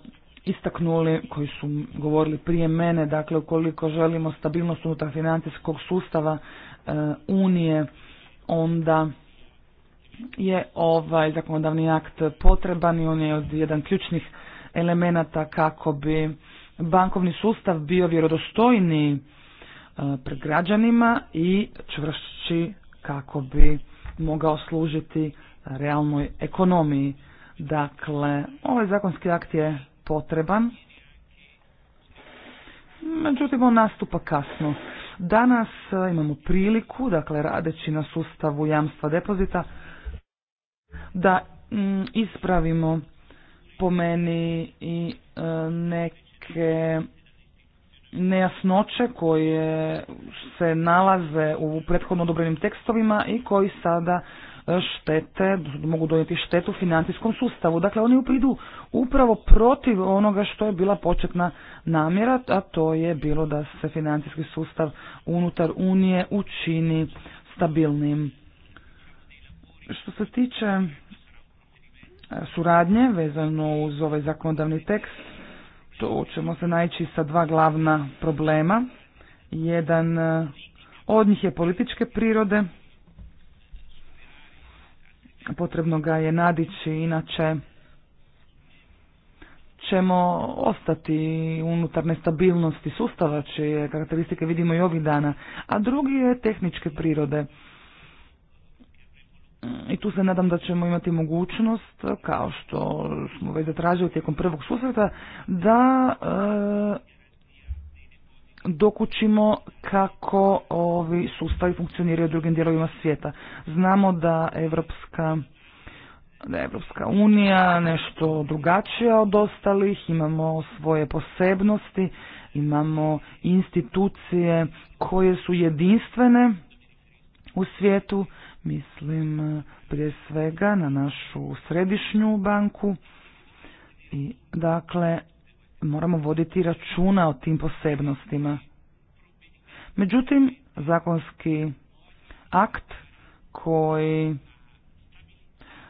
istaknuli koji su govorili prije mene, dakle ukoliko želimo stabilnost unutar financijskog sustava e, Unije, onda je ovaj zakonodavni akt potreban i on je od jedan ključnih elemenata kako bi bankovni sustav bio vjerodostojni e, pred građanima i čvršći kako bi mogao služiti realnoj ekonomiji. Dakle, ovaj zakonski akt je potreban, međutim on nastupa kasno. Danas e, imamo priliku, dakle radeći na sustavu jamstva depozita, da mm, ispravimo po meni i e, neke nejasnoće koje se nalaze u prethodno odobrenim tekstovima i koji sada štete, mogu donijeti štetu financijskom sustavu. Dakle, oni upridu upravo protiv onoga što je bila početna namjera, a to je bilo da se financijski sustav unutar Unije učini stabilnim. Što se tiče e, suradnje vezano uz ovaj zakonodavni tekst, to ćemo se najći sa dva glavna problema. Jedan e, od njih je političke prirode, potrebno ga je nadići, inače ćemo ostati unutar nestabilnosti sustava, čije karakteristike vidimo i ovih dana, a drugi je tehničke prirode. I tu se nadam da ćemo imati mogućnost, kao što smo već zatražili tijekom prvog susreta, da e, dok kako ovi sustavi funkcioniraju u drugim dijelovima svijeta. Znamo da Evropska da je Evropska unija nešto drugačija od ostalih, imamo svoje posebnosti, imamo institucije koje su jedinstvene u svijetu, mislim prije svega na našu središnju banku i dakle moramo voditi računa o tim posebnostima. Međutim, zakonski akt koji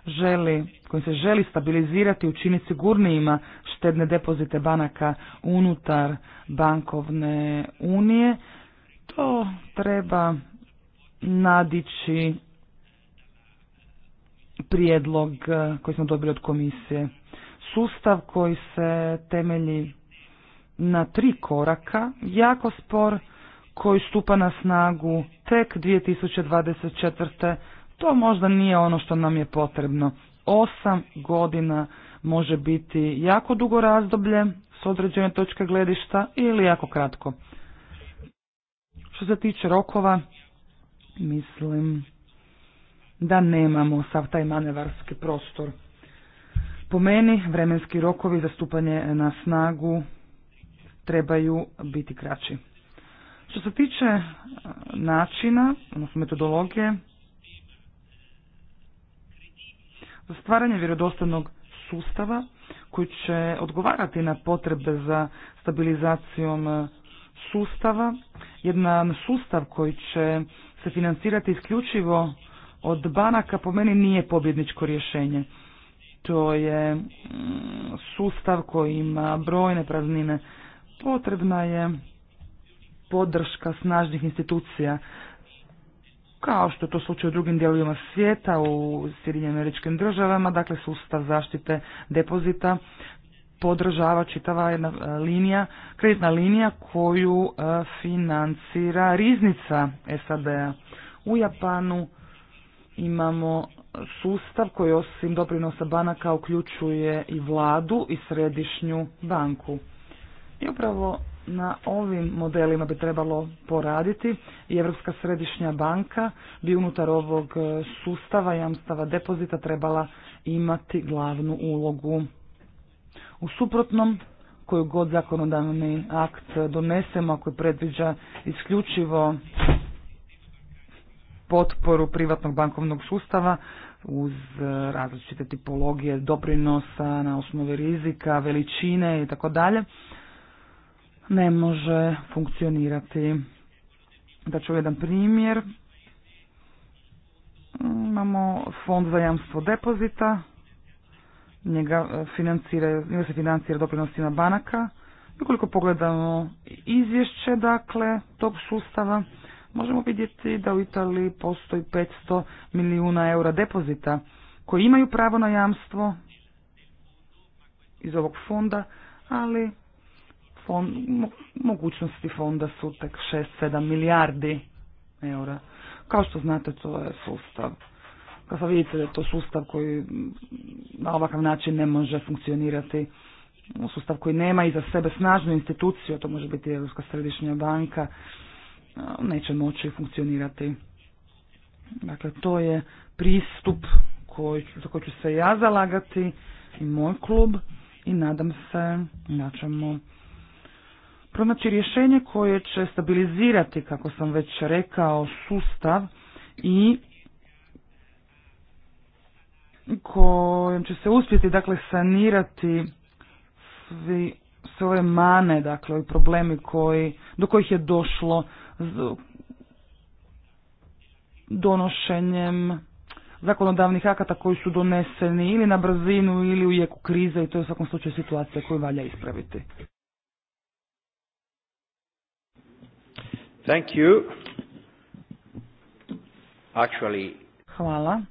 želi, koji se želi stabilizirati učiniti sigurnijima štedne depozite banaka unutar bankovne unije, to treba nadići prijedlog koji smo dobili od komisije sustav koji se temelji na tri koraka, jako spor koji stupa na snagu tek 2024. To možda nije ono što nam je potrebno. Osam godina može biti jako dugo razdoblje s određene točke gledišta ili jako kratko. Što se tiče rokova, mislim da nemamo sav taj manevarski prostor. Po meni vremenski rokovi za stupanje na snagu trebaju biti kraći. Što se tiče e, načina, odnosno metodologije, za stvaranje vjerodostojnog sustava koji će odgovarati na potrebe za stabilizacijom e, sustava, jedan sustav koji će se financirati isključivo od banaka po meni nije pobjedničko rješenje. To je mm, sustav koji ima brojne praznine. Potrebna je podrška snažnih institucija kao što je to slučaj u drugim dijelovima svijeta, u Sjedinjenim državama, dakle sustav zaštite depozita podržava čitava jedna e, linija, kreditna linija koju e, financira riznica SAD-a. U Japanu imamo sustav koji osim doprinosa banaka uključuje i vladu i središnju banku. I upravo na ovim modelima bi trebalo poraditi i Europska središnja banka bi unutar ovog sustava jamstava depozita trebala imati glavnu ulogu. U suprotnom, koju god zakonodavni akt donesemo, ako predviđa isključivo potporu privatnog bankovnog sustava uz e, različite tipologije doprinosa na osnovi rizika, veličine i tako dalje, ne može funkcionirati. Da ću jedan primjer. Imamo fond za jamstvo depozita, njega, e, financira, njega se financira doprinosima banaka. Ukoliko pogledamo izvješće dakle tog sustava, možemo vidjeti da u Italiji postoji 500 milijuna eura depozita koji imaju pravo na jamstvo iz ovog fonda, ali fond, mogućnosti fonda su tek 6-7 milijardi eura. Kao što znate, to je sustav. Kao što vidite, da je to sustav koji na ovakav način ne može funkcionirati. Sustav koji nema iza sebe snažnu instituciju, to može biti Europska središnja banka, neće moći funkcionirati. Dakle, to je pristup koji, za koji ću se ja zalagati i moj klub i nadam se da ćemo pronaći rješenje koje će stabilizirati, kako sam već rekao, sustav i kojem će se uspjeti dakle sanirati sve ove mane, dakle, ovi problemi koji, do kojih je došlo donošenjem zakonodavnih akata koji su doneseni ili na brzinu ili u jeku krize i to je u svakom slučaju situacija koju valja ispraviti. Thank you. Actually... Hvala.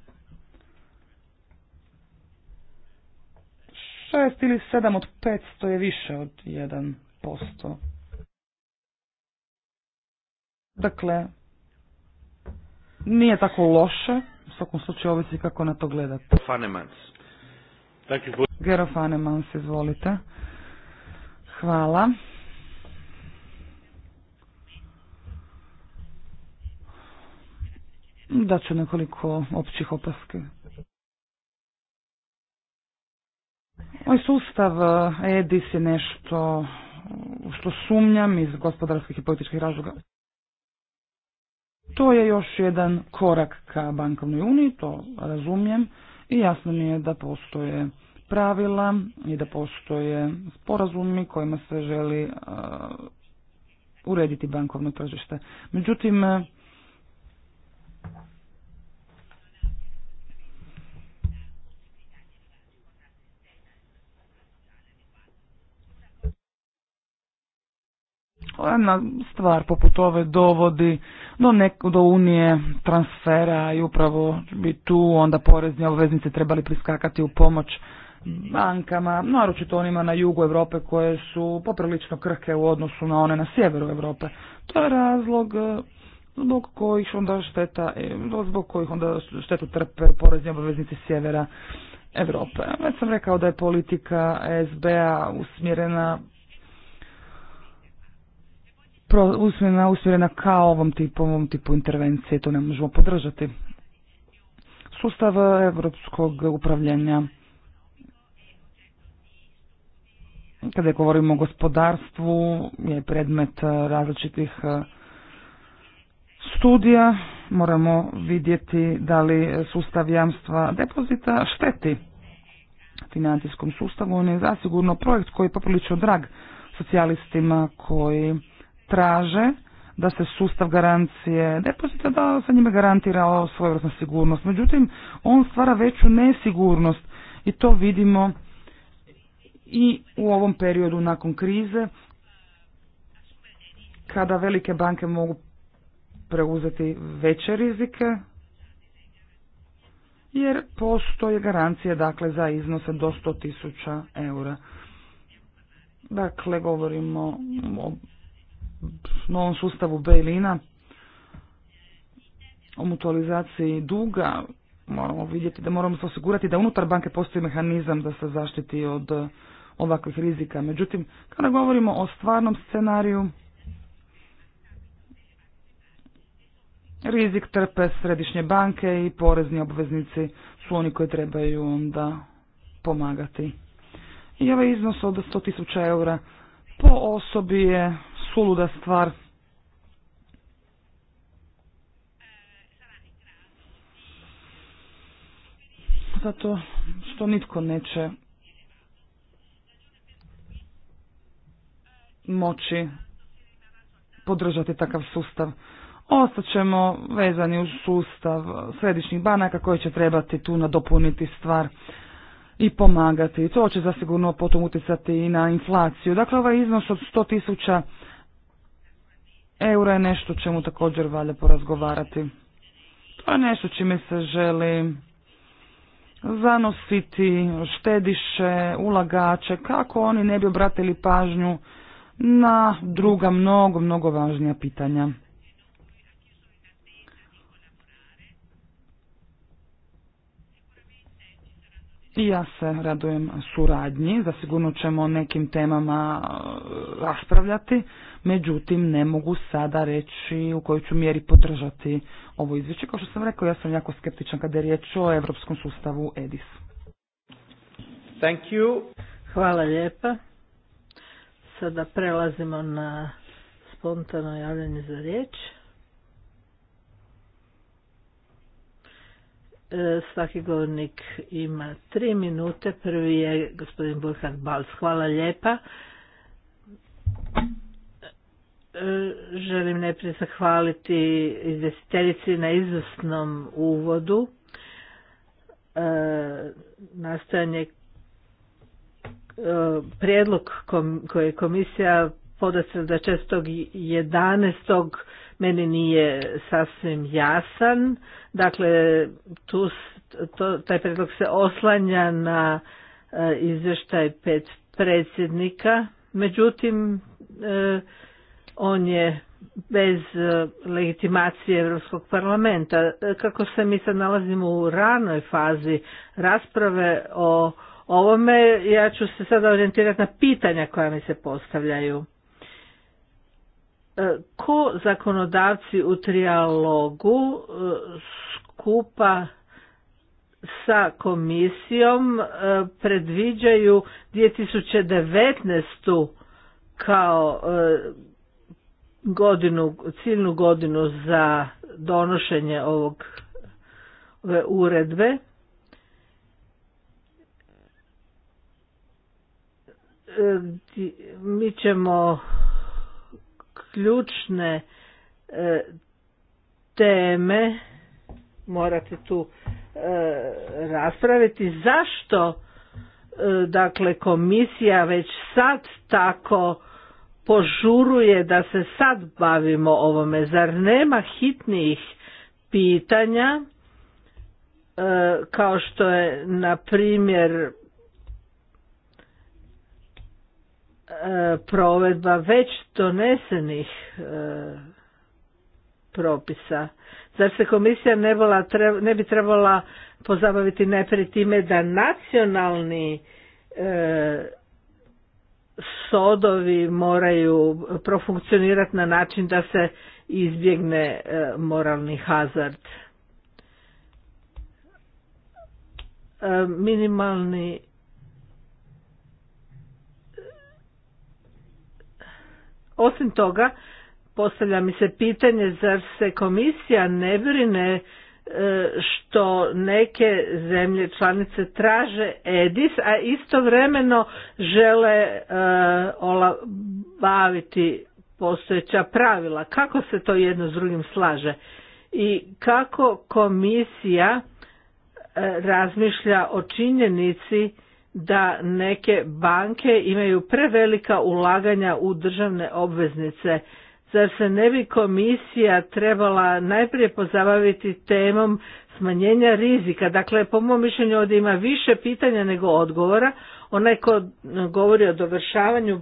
Šest ili sedam od petsto je više od jedan posto. Dakle, nije tako loše, u svakom slučaju ovisi kako na to gledate. Fanemans. Gero Fanemans, izvolite. Hvala. Daću nekoliko općih opaske. Ovaj sustav e, EDIS je nešto što sumnjam iz gospodarskih i političkih razloga. To je još jedan korak ka bankovnoj uniji, to razumijem i jasno mi je da postoje pravila i da postoje sporazumi kojima se želi urediti bankovno tržište. Međutim, jedna stvar poput ove dovodi do, nek, do unije transfera i upravo bi tu onda porezni obveznice trebali priskakati u pomoć bankama, naročito onima na jugu Europe koje su poprilično krhke u odnosu na one na sjeveru Europe. To je razlog e, zbog kojih onda šteta, e, zbog kojih onda štetu trpe porezni obveznici sjevera Europe. Ja sam rekao da je politika SBA usmjerena usmjena usmjerena ka ovom tipu, ovom tipu intervencije, to ne možemo podržati. Sustav europskog upravljanja kada govorimo o gospodarstvu je predmet eh, različitih eh, studija. Moramo vidjeti da li sustav jamstva depozita šteti financijskom sustavu. On je zasigurno projekt koji je poprilično drag socijalistima koji traže da se sustav garancije depozita, da sa njime garantira svojevrsna sigurnost. Međutim, on stvara veću nesigurnost i to vidimo i u ovom periodu nakon krize kada velike banke mogu preuzeti veće rizike jer postoje garancije dakle za iznose do 100.000 eura. Dakle, govorimo o novom sustavu Bejlina, o mutualizaciji duga, moramo vidjeti da moramo se osigurati da unutar banke postoji mehanizam da se zaštiti od ovakvih rizika. Međutim, kada govorimo o stvarnom scenariju, rizik trpe središnje banke i porezni obveznici su oni koji trebaju onda pomagati. I ovaj iznos od 100.000 eura po osobi je suluda stvar. Zato što nitko neće moći podržati takav sustav. Ostaćemo vezani u sustav središnjih banaka koji će trebati tu nadopuniti stvar i pomagati. To će zasigurno potom utjecati i na inflaciju. Dakle, ovaj iznos od 100 tisuća Euro je nešto čemu također valja porazgovarati. To je nešto čime se želi zanositi štediše, ulagače, kako oni ne bi obratili pažnju na druga mnogo, mnogo važnija pitanja. I ja se radujem suradnji, zasigurno ćemo o nekim temama e, raspravljati, međutim ne mogu sada reći u kojoj ću mjeri podržati ovo izvješće. Kao što sam rekao, ja sam jako skeptičan kada je riječ o evropskom sustavu EDIS. Thank you. Hvala lijepa. Sada prelazimo na spontano javljanje za riječ. E, svaki govornik ima tri minute. Prvi je gospodin Burkhard Balc. Hvala lijepa. E, želim najprije zahvaliti izvjestiteljici na izvrsnom uvodu. E, nastojanje prijedlog koji je komisija podasila da jedanaest meni nije sasvim jasan. Dakle, tu, to, taj predlog se oslanja na e, izvještaj pet predsjednika, međutim, e, on je bez e, legitimacije Europskog parlamenta. Kako se mi sad nalazimo u ranoj fazi rasprave o ovome, ja ću se sada orijentirati na pitanja koja mi se postavljaju. E, ko zakonodavci u trijalogu e, skupa sa komisijom e, predviđaju 2019. kao godinu, ciljnu godinu za donošenje ovog ove uredbe. Mi ćemo ključne e, teme morate tu e, raspraviti zašto e, dakle komisija već sad tako požuruje da se sad bavimo ovome zar nema hitnijih pitanja kao što je na primjer provedba već donesenih e, propisa. Zar se komisija ne, ne bi trebala pozabaviti najprije time da nacionalni e, sodovi moraju profunkcionirati na način da se izbjegne e, moralni hazard. Minimalni Osim toga, postavlja mi se pitanje zar se komisija ne brine e, što neke zemlje članice traže EDIS, a istovremeno žele e, baviti postojeća pravila. Kako se to jedno s drugim slaže? I kako komisija e, razmišlja o činjenici da neke banke imaju prevelika ulaganja u državne obveznice. Zar se ne bi komisija trebala najprije pozabaviti temom smanjenja rizika? Dakle, po mom mišljenju ovdje ima više pitanja nego odgovora. Onaj ko govori o dovršavanju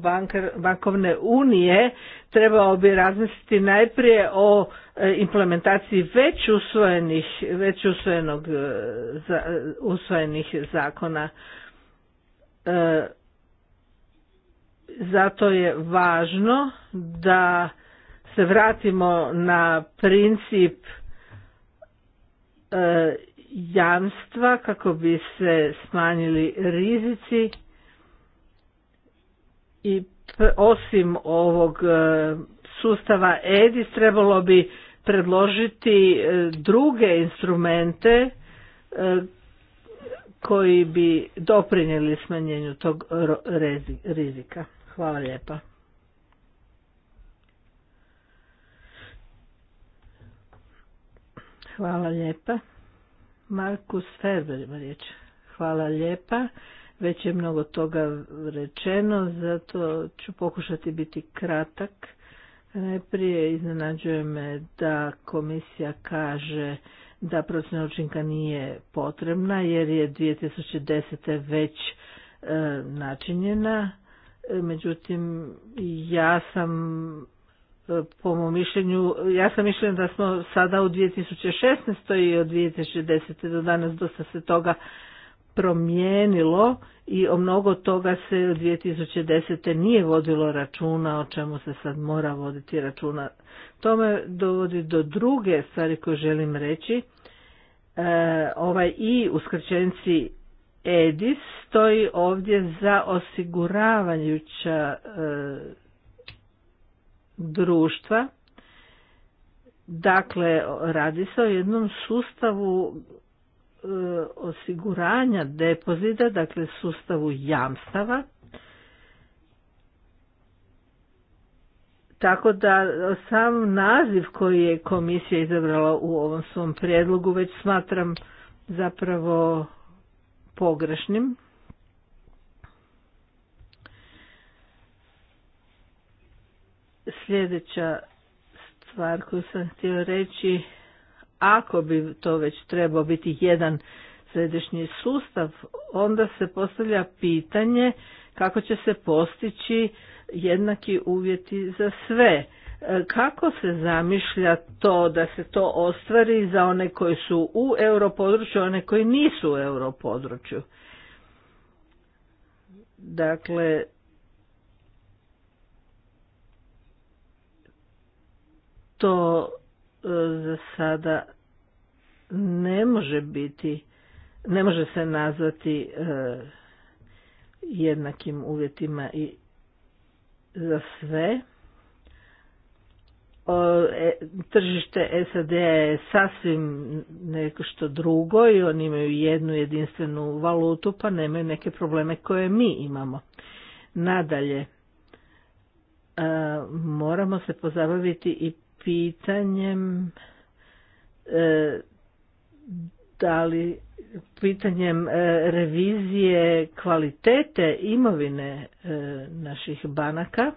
bankovne unije trebao bi razmisliti najprije o e, implementaciji već usvojenih, već usvojenog, e, e, usvojenih zakona E, zato je važno da se vratimo na princip e, jamstva kako bi se smanjili rizici i osim ovog e, sustava EDIS trebalo bi predložiti druge instrumente koji bi doprinijeli smanjenju tog rizika. Hvala lijepa. Hvala lijepa. Markus Ferber ima riječ. Hvala lijepa. Već je mnogo toga rečeno, zato ću pokušati biti kratak. Najprije iznenađuje me da komisija kaže da procjena učinka nije potrebna jer je 2010. već e, načinjena. E, međutim, ja sam e, po mom mišljenju, ja sam mišljen da smo sada u 2016. i od 2010. do danas dosta se toga promijenilo i o mnogo toga se u 2010. nije vodilo računa o čemu se sad mora voditi računa. To me dovodi do druge stvari koje želim reći. E, ovaj i u skraćenici EDIS stoji ovdje za osiguravajuća e, društva. Dakle, radi se o jednom sustavu e, osiguranja depozita, dakle sustavu jamstava Tako da sam naziv koji je komisija izabrala u ovom svom prijedlogu već smatram zapravo pogrešnim. Sljedeća stvar koju sam htio reći, ako bi to već trebao biti jedan središnji sustav, onda se postavlja pitanje kako će se postići jednaki uvjeti za sve. E, kako se zamišlja to da se to ostvari za one koji su u europodručju, one koji nisu u europodručju? Dakle, to e, za sada ne može biti, ne može se nazvati e, jednakim uvjetima i za sve. O, e, tržište SAD je sasvim neko što drugo i oni imaju jednu jedinstvenu valutu pa nemaju neke probleme koje mi imamo. Nadalje, e, moramo se pozabaviti i pitanjem e, ali pitanjem e, revizije kvalitete imovine e, naših banaka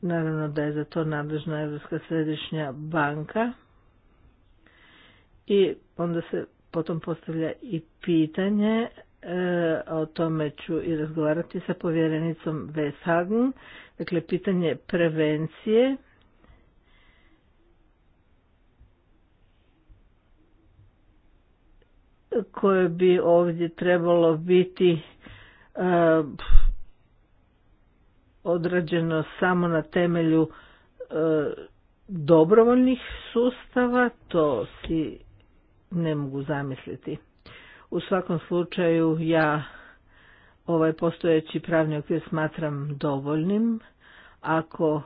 Naravno da je za to nadležna Europska središnja banka. I onda se potom postavlja i pitanje E, o tome ću i razgovarati sa povjerenicom Veshagen, dakle pitanje prevencije. koje bi ovdje trebalo biti e, odrađeno samo na temelju e, dobrovoljnih sustava, to si ne mogu zamisliti. U svakom slučaju ja ovaj postojeći pravni okvir smatram dovoljnim. Ako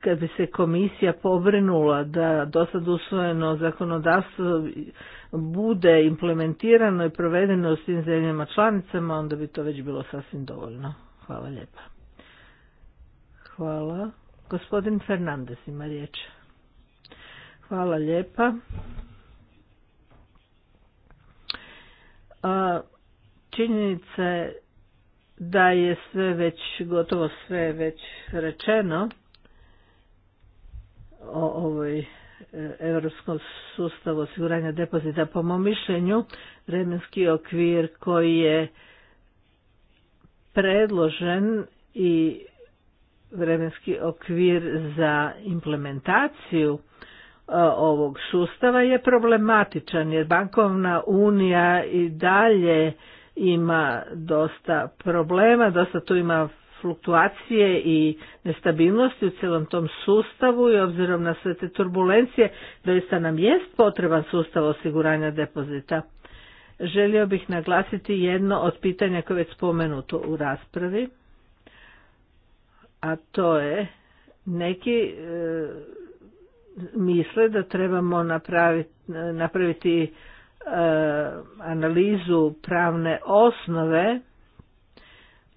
kad bi se komisija pobrinula da dosad usvojeno zakonodavstvo bude implementirano i provedeno u svim zemljama članicama, onda bi to već bilo sasvim dovoljno. Hvala lijepa. Hvala. Gospodin Fernandez ima riječ. Hvala lijepa. Činjenica je da je sve već, gotovo sve već rečeno o ovoj e, europskom sustavu osiguranja depozita. Po mom mišljenju, vremenski okvir koji je predložen i vremenski okvir za implementaciju E, ovog sustava je problematičan jer bankovna unija i dalje ima dosta problema, dosta tu ima fluktuacije i nestabilnosti u cijelom tom sustavu i obzirom na sve te turbulencije, doista nam jest potreban sustav osiguranja depozita. Želio bih naglasiti jedno od pitanja koje je već spomenuto u raspravi, a to je neki e, misle da trebamo napraviti, napraviti e, analizu pravne osnove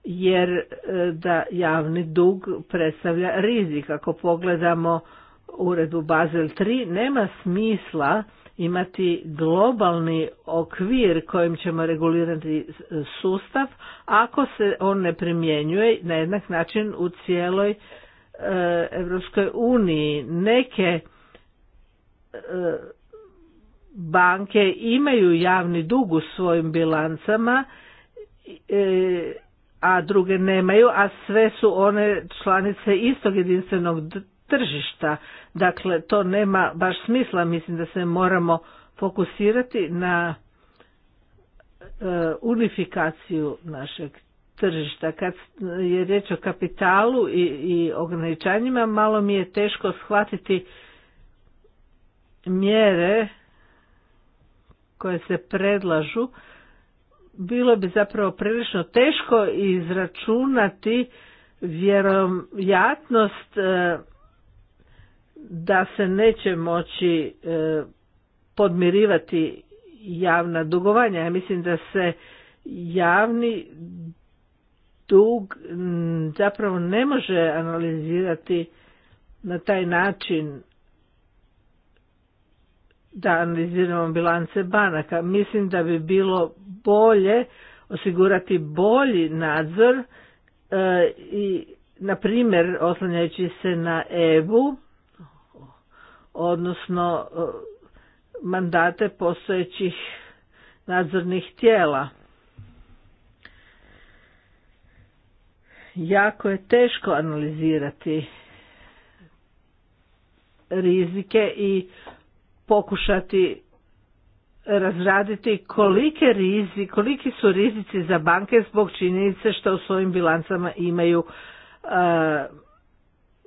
jer e, da javni dug predstavlja rizik. Ako pogledamo uredbu Basel 3 nema smisla imati globalni okvir kojim ćemo regulirati sustav ako se on ne primjenjuje na jednak način u cijeloj Europskoj uniji. Neke e, banke imaju javni dug u svojim bilancama, e, a druge nemaju, a sve su one članice istog jedinstvenog tržišta. Dakle, to nema baš smisla, mislim da se moramo fokusirati na e, unifikaciju našeg tržišta. Kad je riječ o kapitalu i, i ograničanjima, malo mi je teško shvatiti mjere koje se predlažu. Bilo bi zapravo prilično teško izračunati vjerojatnost e, da se neće moći e, podmirivati javna dugovanja. Ja mislim da se javni dug zapravo ne može analizirati na taj način da analiziramo bilance banaka. Mislim da bi bilo bolje osigurati bolji nadzor e, i na primjer oslanjajući se na EBU odnosno e, mandate postojećih nadzornih tijela. jako je teško analizirati rizike i pokušati razraditi kolike rizi, koliki su rizici za banke zbog činjenice što u svojim bilancama imaju e,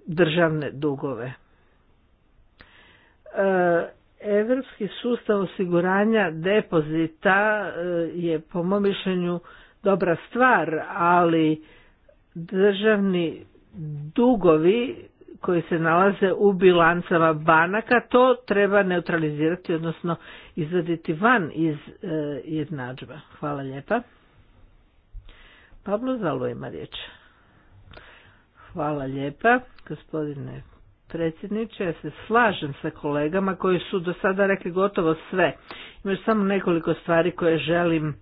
državne dugove. E, Europski sustav osiguranja depozita e, je po mom mišljenju dobra stvar, ali državni dugovi koji se nalaze u bilancama banaka, to treba neutralizirati, odnosno izvaditi van iz e, jednadžba. Hvala lijepa. Pablo Zalo ima riječ. Hvala lijepa, gospodine predsjedniče. Ja se slažem sa kolegama koji su do sada rekli gotovo sve. Ima samo nekoliko stvari koje želim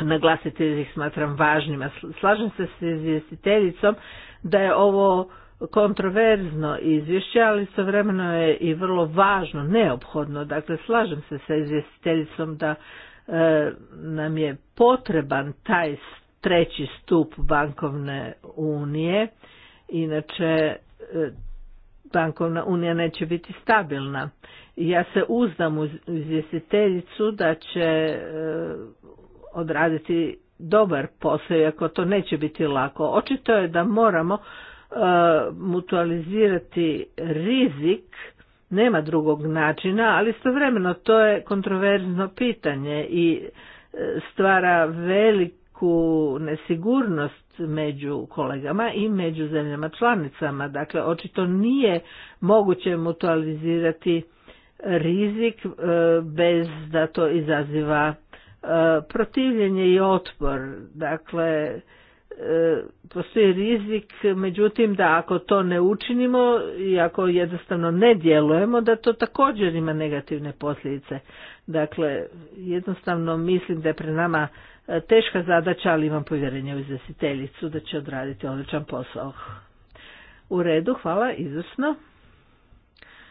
naglasiti ih smatram važnima. Slažem se s izvjestiteljicom da je ovo kontroverzno izvješće, ali istovremeno je i vrlo važno, neophodno. Dakle, slažem se sa izvjestiteljicom da e, nam je potreban taj treći stup bankovne unije, inače e, bankovna unija neće biti stabilna. Ja se uzdam u izvjestiteljicu da će e, odraditi dobar posao, iako to neće biti lako. Očito je da moramo e, mutualizirati rizik, nema drugog načina, ali istovremeno to je kontroverzno pitanje i e, stvara veliku nesigurnost među kolegama i među zemljama članicama. Dakle, očito nije moguće mutualizirati rizik e, bez da to izaziva protivljenje i otpor. Dakle, e, postoji rizik, međutim da ako to ne učinimo i ako jednostavno ne djelujemo, da to također ima negativne posljedice. Dakle, jednostavno mislim da je pre nama e, teška zadaća, ali imam povjerenje u izvjestiteljicu da će odraditi odličan posao. U redu, hvala, izvrsno.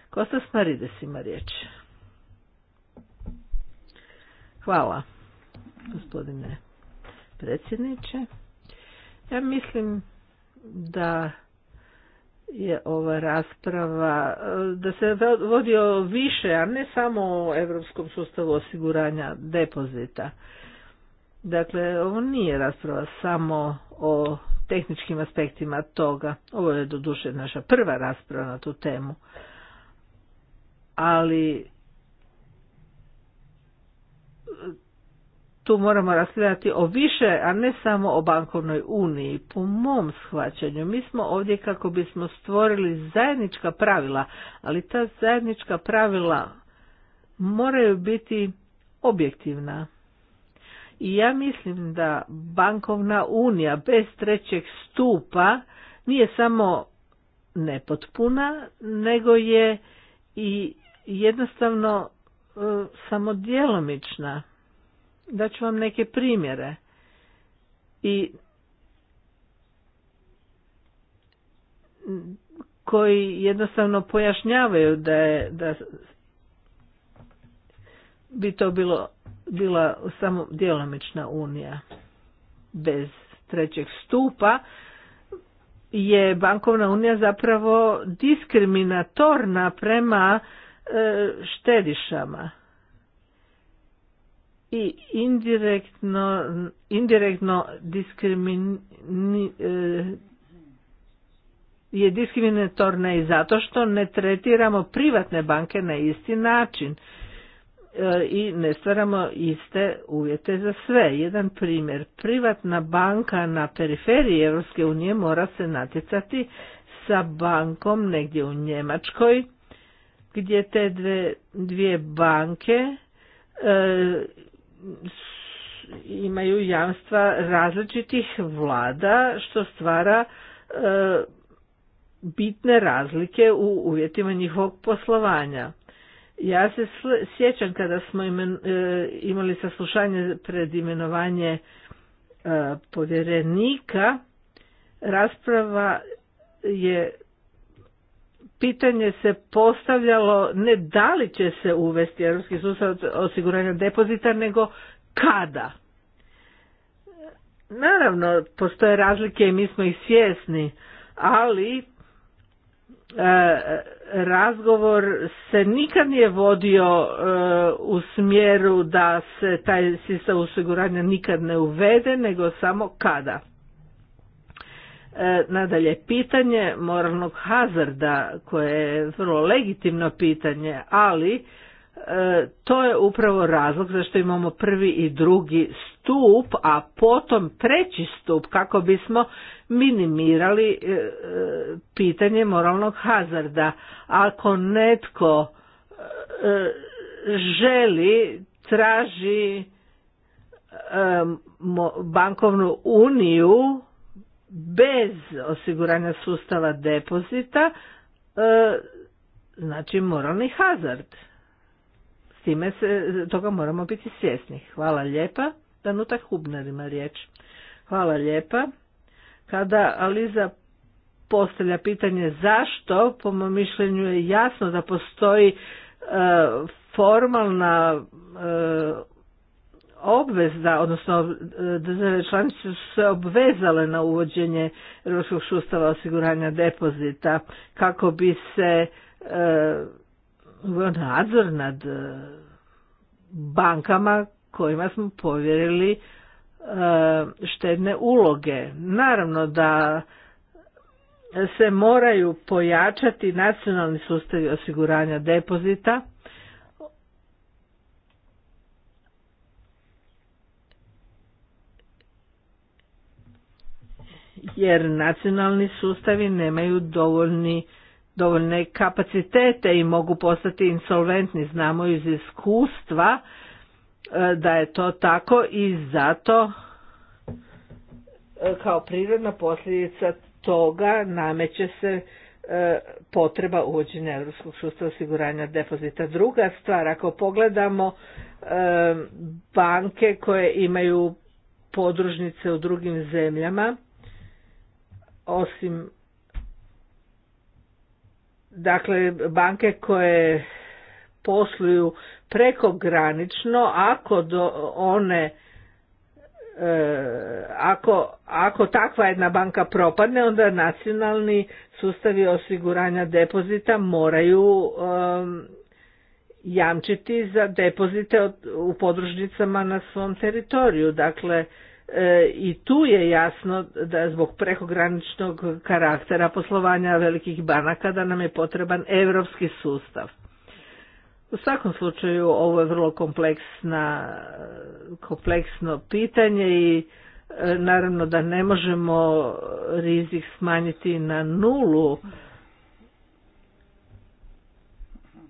Kostas Marides ima riječ. Hvala gospodine predsjedniče. Ja mislim da je ova rasprava, da se vodi o više, a ne samo o europskom sustavu osiguranja depozita. Dakle, ovo nije rasprava samo o tehničkim aspektima toga. Ovo je doduše naša prva rasprava na tu temu. Ali tu moramo raspravljati o više, a ne samo o bankovnoj uniji. Po mom shvaćanju, mi smo ovdje kako bismo stvorili zajednička pravila, ali ta zajednička pravila moraju biti objektivna. I ja mislim da bankovna unija bez trećeg stupa nije samo nepotpuna, nego je i jednostavno e, samo djelomična da ću vam neke primjere. I koji jednostavno pojašnjavaju da je da bi to bilo bila samo djelomična unija bez trećeg stupa je bankovna unija zapravo diskriminatorna prema e, štedišama i indirektno, indirektno diskrimin, e, je diskriminatorna i zato što ne tretiramo privatne banke na isti način e, i ne stvaramo iste uvjete za sve. Jedan primjer, privatna banka na periferiji Europske unije mora se natjecati sa bankom negdje u Njemačkoj, gdje te dve, dvije banke e, imaju jamstva različitih vlada što stvara e, bitne razlike u uvjetima njihovog poslovanja. Ja se sjećam kada smo e, imali saslušanje pred imenovanje e, povjerenika, rasprava je pitanje se postavljalo ne da li će se uvesti europski sustav osiguranja depozita, nego kada. Naravno, postoje razlike i mi smo ih svjesni, ali e, razgovor se nikad nije vodio e, u smjeru da se taj sustav osiguranja nikad ne uvede, nego samo kada. E, nadalje, pitanje moralnog hazarda koje je vrlo legitimno pitanje, ali e, to je upravo razlog zašto imamo prvi i drugi stup, a potom treći stup kako bismo minimirali e, pitanje moralnog hazarda. Ako netko želi, traži bankovnu uniju, bez osiguranja sustava depozita e, znači moralni hazard. S time se, toga moramo biti svjesni. Hvala lijepa. Danuta Hubner ima riječ. Hvala lijepa. Kada Aliza postavlja pitanje zašto, po mom mišljenju je jasno da postoji e, formalna e, obveza, odnosno e, države članice su se obvezale na uvođenje europskog sustava osiguranja depozita kako bi se e, nadzor nad e, bankama kojima smo povjerili e, štedne uloge. Naravno da se moraju pojačati nacionalni sustavi osiguranja depozita jer nacionalni sustavi nemaju dovoljni dovoljne kapacitete i mogu postati insolventni. Znamo iz iskustva e, da je to tako i zato e, kao prirodna posljedica toga nameće se e, potreba uvođenja europskog sustava osiguranja depozita. Druga stvar, ako pogledamo banke koje imaju podružnice u drugim zemljama, osim dakle banke koje posluju prekogranično ako do one e, ako, ako takva jedna banka propadne onda nacionalni sustavi osiguranja depozita moraju jamčiti za depozite u podružnicama na svom teritoriju dakle E, i tu je jasno da zbog prekograničnog karaktera poslovanja velikih banaka da nam je potreban europski sustav. U svakom slučaju ovo je vrlo kompleksna, kompleksno pitanje i e, naravno da ne možemo rizik smanjiti na nulu.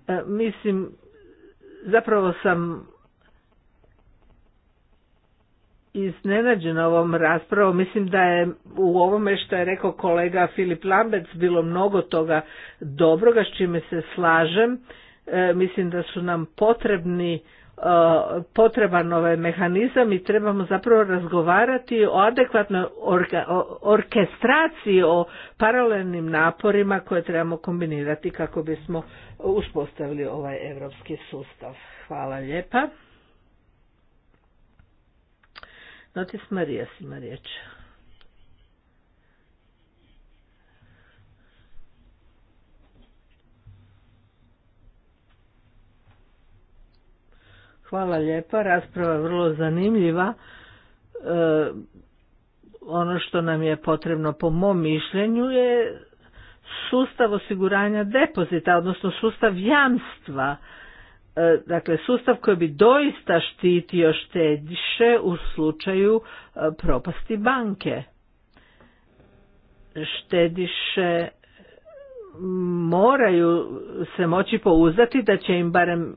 E, mislim, zapravo sam iznenađena ovom raspravom. Mislim da je u ovome što je rekao kolega Filip Lambec bilo mnogo toga dobroga s čime se slažem. E, mislim da su nam potrebni e, potreban ovaj mehanizam i trebamo zapravo razgovarati o adekvatnoj orkestraciji, o paralelnim naporima koje trebamo kombinirati kako bismo uspostavili ovaj europski sustav. Hvala lijepa. Notis si ima riječ. Hvala lijepa, rasprava je vrlo zanimljiva. E, ono što nam je potrebno po mom mišljenju je sustav osiguranja depozita, odnosno sustav jamstva. E, dakle sustav koji bi doista štitio štediše u slučaju e, propasti banke. Štediše moraju se moći pouzdati da će im barem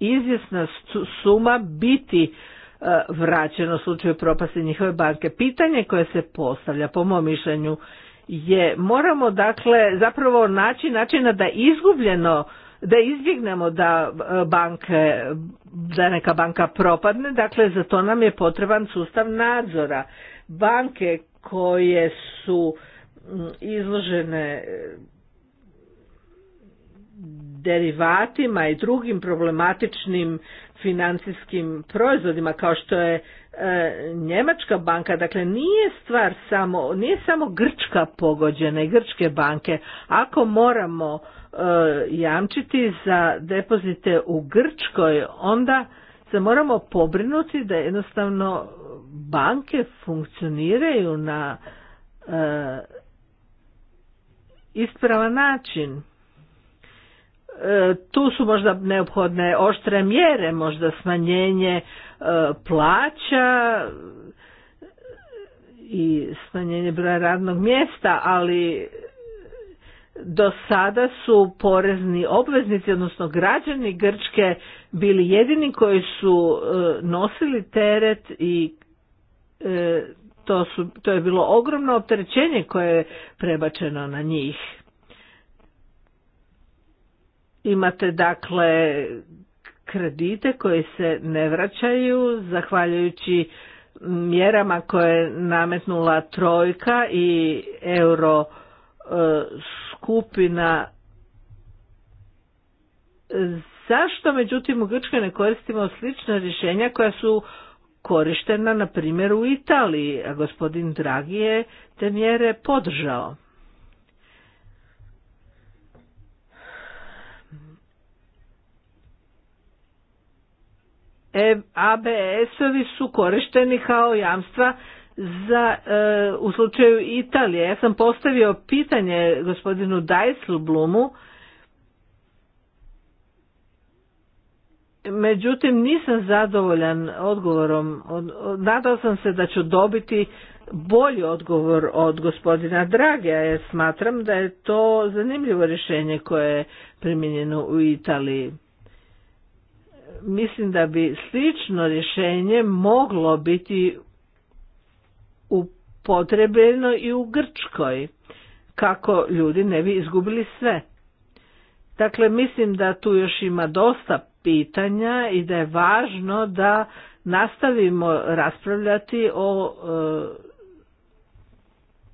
izvjesna suma biti e, vraćeno u slučaju propasti njihove banke. Pitanje koje se postavlja po mom mišljenju je moramo dakle zapravo naći načina da izgubljeno da izbjegnemo da e, banke, da neka banka propadne, dakle za to nam je potreban sustav nadzora. Banke koje su izložene e, derivatima i drugim problematičnim financijskim proizvodima kao što je e, njemačka banka dakle nije stvar samo nije samo grčka pogođena i grčke banke ako moramo E, jamčiti za depozite u Grčkoj, onda se moramo pobrinuti da jednostavno banke funkcioniraju na e, ispravan način. E, tu su možda neophodne oštre mjere, možda smanjenje plaća i smanjenje broja radnog mjesta, ali do sada su porezni obveznici, odnosno građani Grčke bili jedini koji su e, nosili teret i e, to, su, to je bilo ogromno opterećenje koje je prebačeno na njih. Imate dakle kredite koji se ne vraćaju zahvaljujući mjerama koje je nametnula trojka i euro e, skupina. Zašto međutim u Grčkoj ne koristimo slična rješenja koja su korištena na primjer u Italiji, a gospodin Draghi je te mjere podržao. E, ABS-ovi su korišteni kao jamstva za, e, u slučaju Italije. Ja sam postavio pitanje gospodinu Dajslu Blumu, međutim nisam zadovoljan odgovorom. Nadao sam se da ću dobiti bolji odgovor od gospodina a jer smatram da je to zanimljivo rješenje koje je primijenjeno u Italiji. Mislim da bi slično rješenje moglo biti upotrebljeno i u Grčkoj, kako ljudi ne bi izgubili sve. Dakle, mislim da tu još ima dosta pitanja i da je važno da nastavimo raspravljati o e,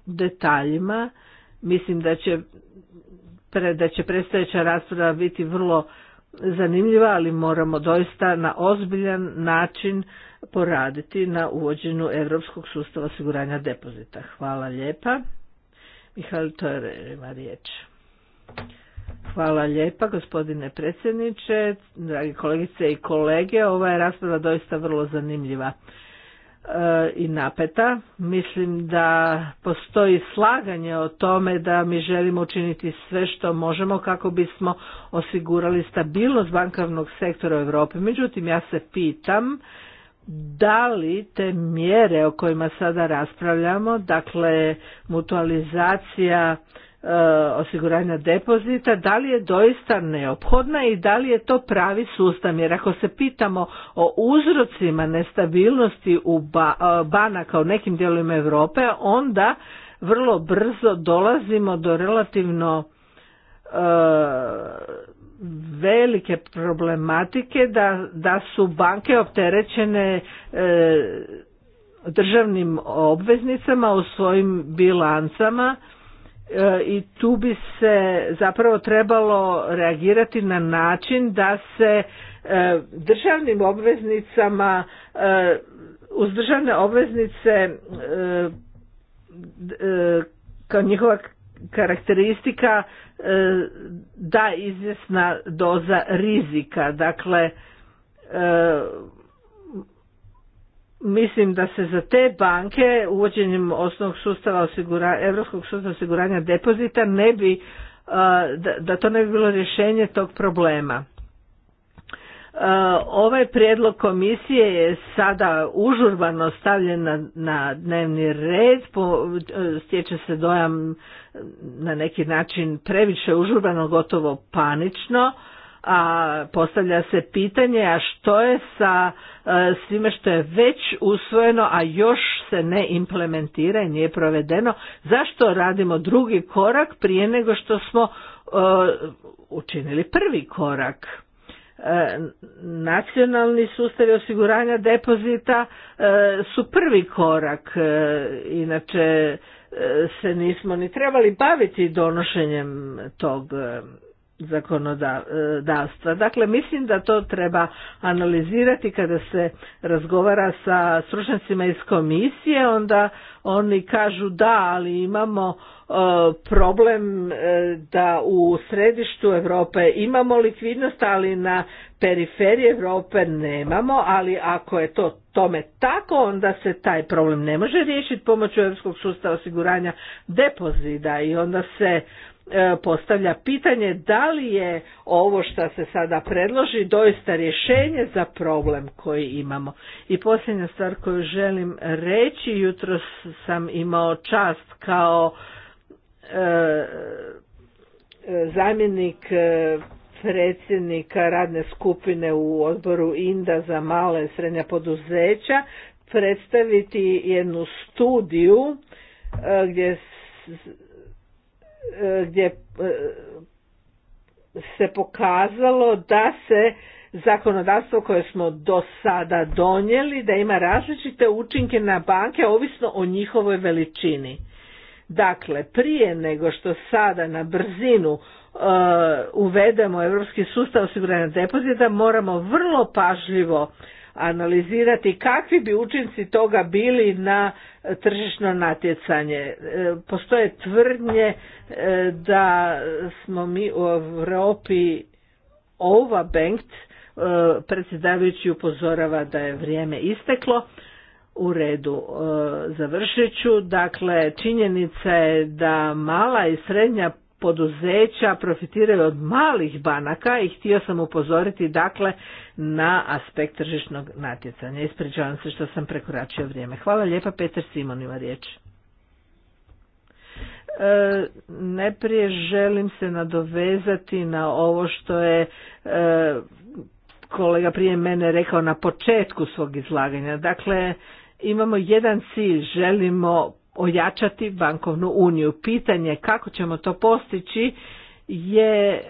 detaljima. Mislim da će, pre, da će predstojeća rasprava biti vrlo zanimljiva, ali moramo doista na ozbiljan način poraditi na uvođenju Europskog sustava osiguranja depozita. Hvala lijepa. Mihajl to ima riječ. Hvala lijepa gospodine predsjedniče, dragi kolegice i kolege. Ova je rasprava doista vrlo zanimljiva e, i napeta. Mislim da postoji slaganje o tome da mi želimo učiniti sve što možemo kako bismo osigurali stabilnost bankavnog sektora u Europi. Međutim, ja se pitam da li te mjere o kojima sada raspravljamo, dakle mutualizacija e, osiguranja depozita, da li je doista neophodna i da li je to pravi sustav. Jer ako se pitamo o uzrocima nestabilnosti u e, banaka u nekim dijelovima Europe, onda vrlo brzo dolazimo do relativno e, velike problematike da, da su banke opterećene e, državnim obveznicama u svojim bilancama e, i tu bi se zapravo trebalo reagirati na način da se e, državnim obveznicama uz državne obveznice kao njihova karakteristika e, da izvjesna doza rizika. Dakle, e, mislim da se za te banke uvođenjem osnovnog sustava osigura, Europskog sustava osiguranja depozita ne bi, e, da to ne bi bilo rješenje tog problema. Ovaj prijedlog komisije je sada užurbano stavljen na, na dnevni red, po, stječe se dojam na neki način previše užurbano, gotovo panično, a postavlja se pitanje a što je sa e, svime što je već usvojeno, a još se ne implementira i nije provedeno, zašto radimo drugi korak prije nego što smo e, učinili prvi korak? E, nacionalni sustavi osiguranja depozita su prvi korak. Inače, se nismo ni trebali baviti donošenjem tog zakonodavstva. Dakle, mislim da to treba analizirati kada se razgovara sa stručnjacima iz komisije, onda oni kažu da, ali imamo e, problem e, da u središtu Europe imamo likvidnost, ali na periferiji Europe nemamo, ali ako je to tome tako, onda se taj problem ne može riješiti pomoću Europskog sustava osiguranja depozita i onda se E, postavlja pitanje da li je ovo što se sada predloži doista rješenje za problem koji imamo. I posljednja stvar koju želim reći, jutros sam imao čast kao e, zamjenik e, predsjednika radne skupine u odboru Inda za male i srednja poduzeća predstaviti jednu studiju e, gdje gdje e, se pokazalo da se zakonodavstvo koje smo do sada donijeli da ima različite učinke na banke ovisno o njihovoj veličini. Dakle, prije nego što sada na brzinu e, uvedemo europski sustav osiguranja depozita, moramo vrlo pažljivo analizirati kakvi bi učinci toga bili na tržišno natjecanje. E, postoje tvrdnje e, da smo mi u Europi ova overbanked, e, predsjedavajući upozorava da je vrijeme isteklo. U redu završit ću. Dakle, činjenica je da mala i srednja poduzeća profitiraju od malih banaka i htio sam upozoriti dakle na aspekt tržišnog natjecanja. Ispričavam se što sam prekoračio vrijeme. Hvala lijepa, Peter Simon ima riječ. E, neprije želim se nadovezati na ovo što je e, kolega prije mene rekao na početku svog izlaganja. Dakle, imamo jedan cilj, želimo ojačati bankovnu uniju. Pitanje kako ćemo to postići je e,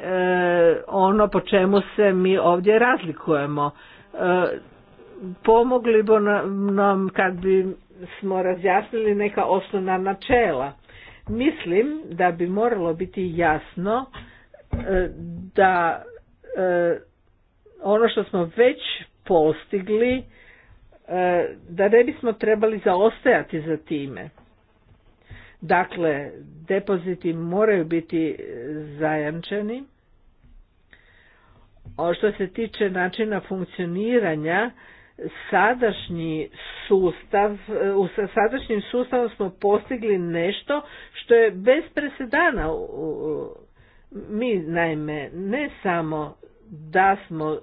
ono po čemu se mi ovdje razlikujemo. E, pomogli bi nam kad bi smo razjasnili neka osnovna načela. Mislim da bi moralo biti jasno e, da ono što smo već postigli da ne bismo trebali zaostajati za time. Dakle, depoziti moraju biti zajamčeni. O što se tiče načina funkcioniranja, sadašnji sustav, u sadašnjim sustavom smo postigli nešto što je bez presedana. Mi, naime, ne samo da smo e,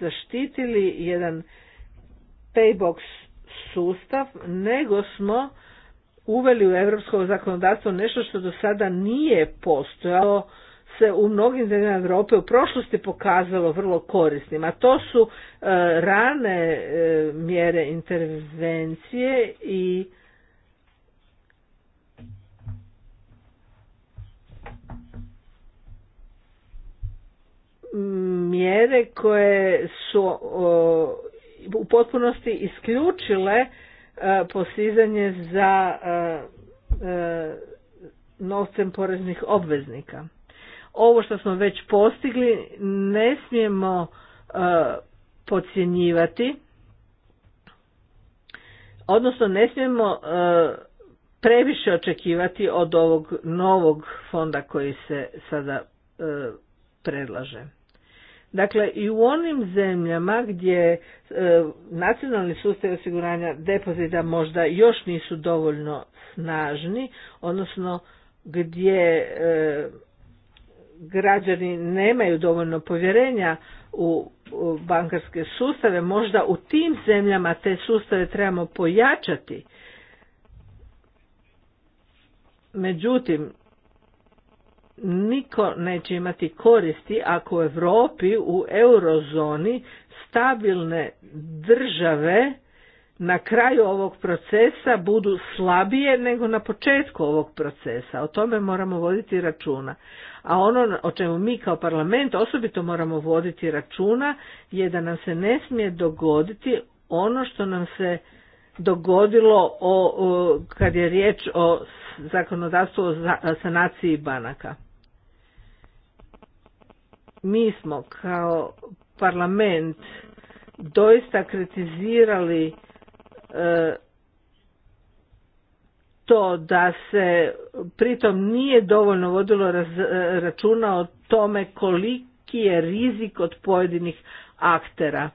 zaštitili jedan paybox sustav, nego smo uveli u europsko zakonodavstvo nešto što do sada nije postojalo se u mnogim zemljama Europe u prošlosti pokazalo vrlo korisnim, a to su e, rane e, mjere intervencije i mjere koje su u potpunosti isključile E, posizanje za e, e, novcem poreznih obveznika. Ovo što smo već postigli ne smijemo podcjenjivati, odnosno ne smijemo previše očekivati od ovog novog fonda koji se sada predlaže. Dakle, i u onim zemljama gdje e, nacionalni sustav osiguranja depozita možda još nisu dovoljno snažni, odnosno gdje e, građani nemaju dovoljno povjerenja u, u bankarske sustave, možda u tim zemljama te sustave trebamo pojačati. Međutim, niko neće imati koristi ako u Europi u eurozoni stabilne države na kraju ovog procesa budu slabije nego na početku ovog procesa. O tome moramo voditi računa. A ono o čemu mi kao parlament osobito moramo voditi računa je da nam se ne smije dogoditi ono što nam se dogodilo o, kad je riječ o zakonodavstvu o sanaciji banaka. Mi smo kao parlament doista kritizirali e, to da se pritom nije dovoljno vodilo raz, računa o tome koliki je rizik od pojedinih aktera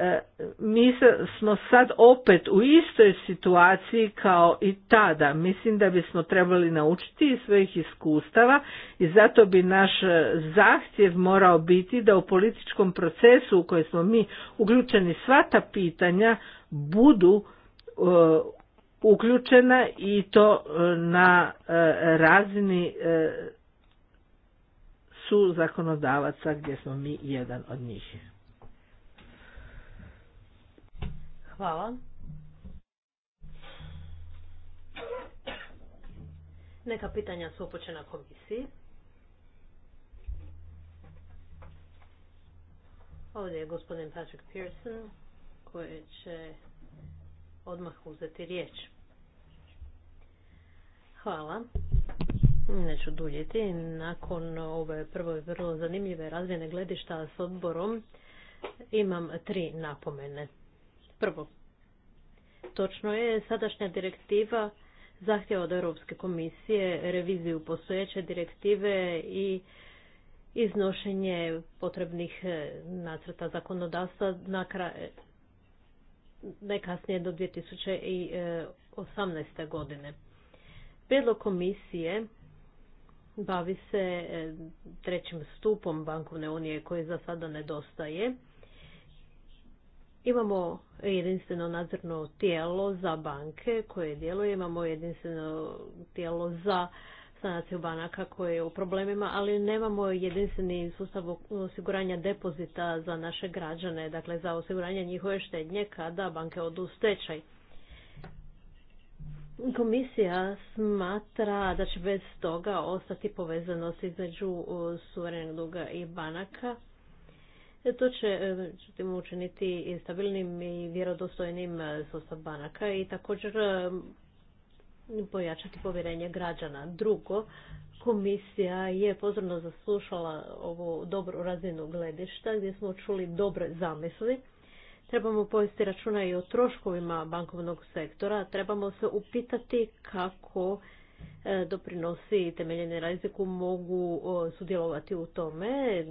E, mi smo sad opet u istoj situaciji kao i tada. Mislim da bismo trebali naučiti iz svojih iskustava i zato bi naš e, zahtjev morao biti da u političkom procesu u kojem smo mi uključeni sva ta pitanja budu e, uključena i to na razini su zakonodavaca gdje smo mi jedan od njih. Hvala. Neka pitanja su upućena komisiji. Ovdje je gospodin Patrick Pearson koji će odmah uzeti riječ. Hvala. Neću duljiti. Nakon ove prve vrlo zanimljive razmjene gledišta s odborom imam tri napomene. Prvo, točno je, sadašnja direktiva zahtjeva od Europske komisije reviziju postojeće direktive i iznošenje potrebnih e, nacrta zakonodavstva na najkasnije do 2018. godine. Prijedlog komisije bavi se e, trećim stupom bankovne unije koji za sada nedostaje Imamo jedinstveno nadzorno tijelo za banke koje djeluje, imamo jedinstveno tijelo za sanaciju banaka koje je u problemima, ali nemamo jedinstveni sustav osiguranja depozita za naše građane, dakle za osiguranje njihove štednje kada banke odu stečaj. Komisija smatra da će bez toga ostati povezanost između uh, suverenog duga i banaka E, to će e, mu učiniti stabilnim i vjerodostojnim e, sustav banaka i također pojačati povjerenje građana. Drugo, komisija je pozorno zaslušala ovu dobru razinu gledišta gdje smo čuli dobre zamisli. Trebamo povesti računa i o troškovima bankovnog sektora. Trebamo se upitati kako doprinosi i temeljeni razliku mogu sudjelovati u tome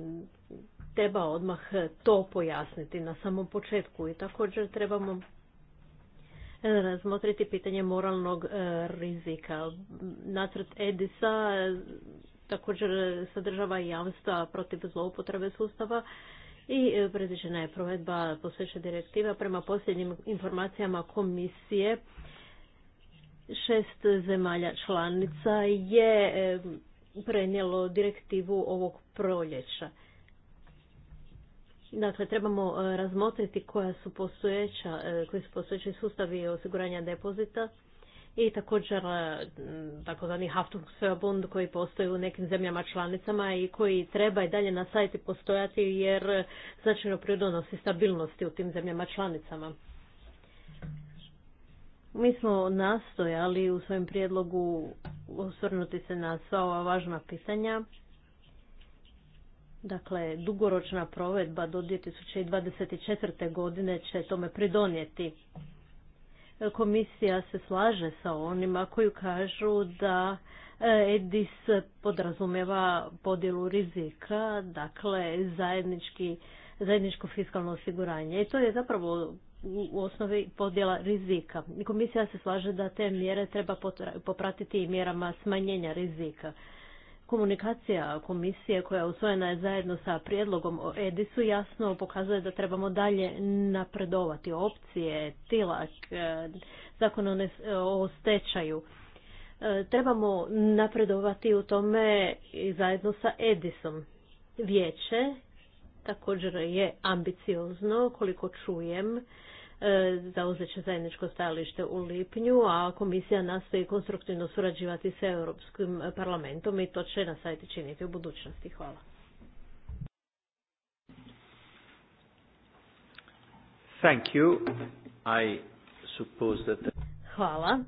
treba odmah e, to pojasniti na samom početku i također trebamo e, razmotriti pitanje moralnog e, rizika. Nacrt Edisa također sadržava jamstva protiv zloupotrebe sustava i predviđena je provedba posveća direktiva prema posljednjim informacijama komisije šest zemalja članica je prenijelo direktivu ovog proljeća. Dakle, trebamo e, razmotriti koja su postojeća, e, koji su postojeći sustavi osiguranja depozita i također e, takozvani Haftungsverbund koji postoji u nekim zemljama članicama i koji treba i dalje na sajti postojati jer značajno pridonosi stabilnosti u tim zemljama članicama. Mi smo nastojali u svojem prijedlogu osvrnuti se na sva ova važna pitanja Dakle, dugoročna provedba do 2024. godine će tome pridonijeti. Komisija se slaže sa onima koji kažu da e, EDIS podrazumeva podjelu rizika, dakle zajednički, zajedničko fiskalno osiguranje. I to je zapravo u osnovi podjela rizika. Komisija se slaže da te mjere treba popratiti i mjerama smanjenja rizika. Komunikacija komisije koja je usvojena je zajedno sa prijedlogom o Edisu jasno pokazuje da trebamo dalje napredovati opcije, tilak, e, zakon e, o stečaju. E, trebamo napredovati u tome i zajedno sa Edisom. Vijeće također je ambiciozno, koliko čujem, E, zauzet će zajedničko stajalište u lipnju, a komisija nastoji konstruktivno surađivati sa Europskim parlamentom i to će na sajti činiti u budućnosti. Hvala. Thank you. I suppose that... Hvala.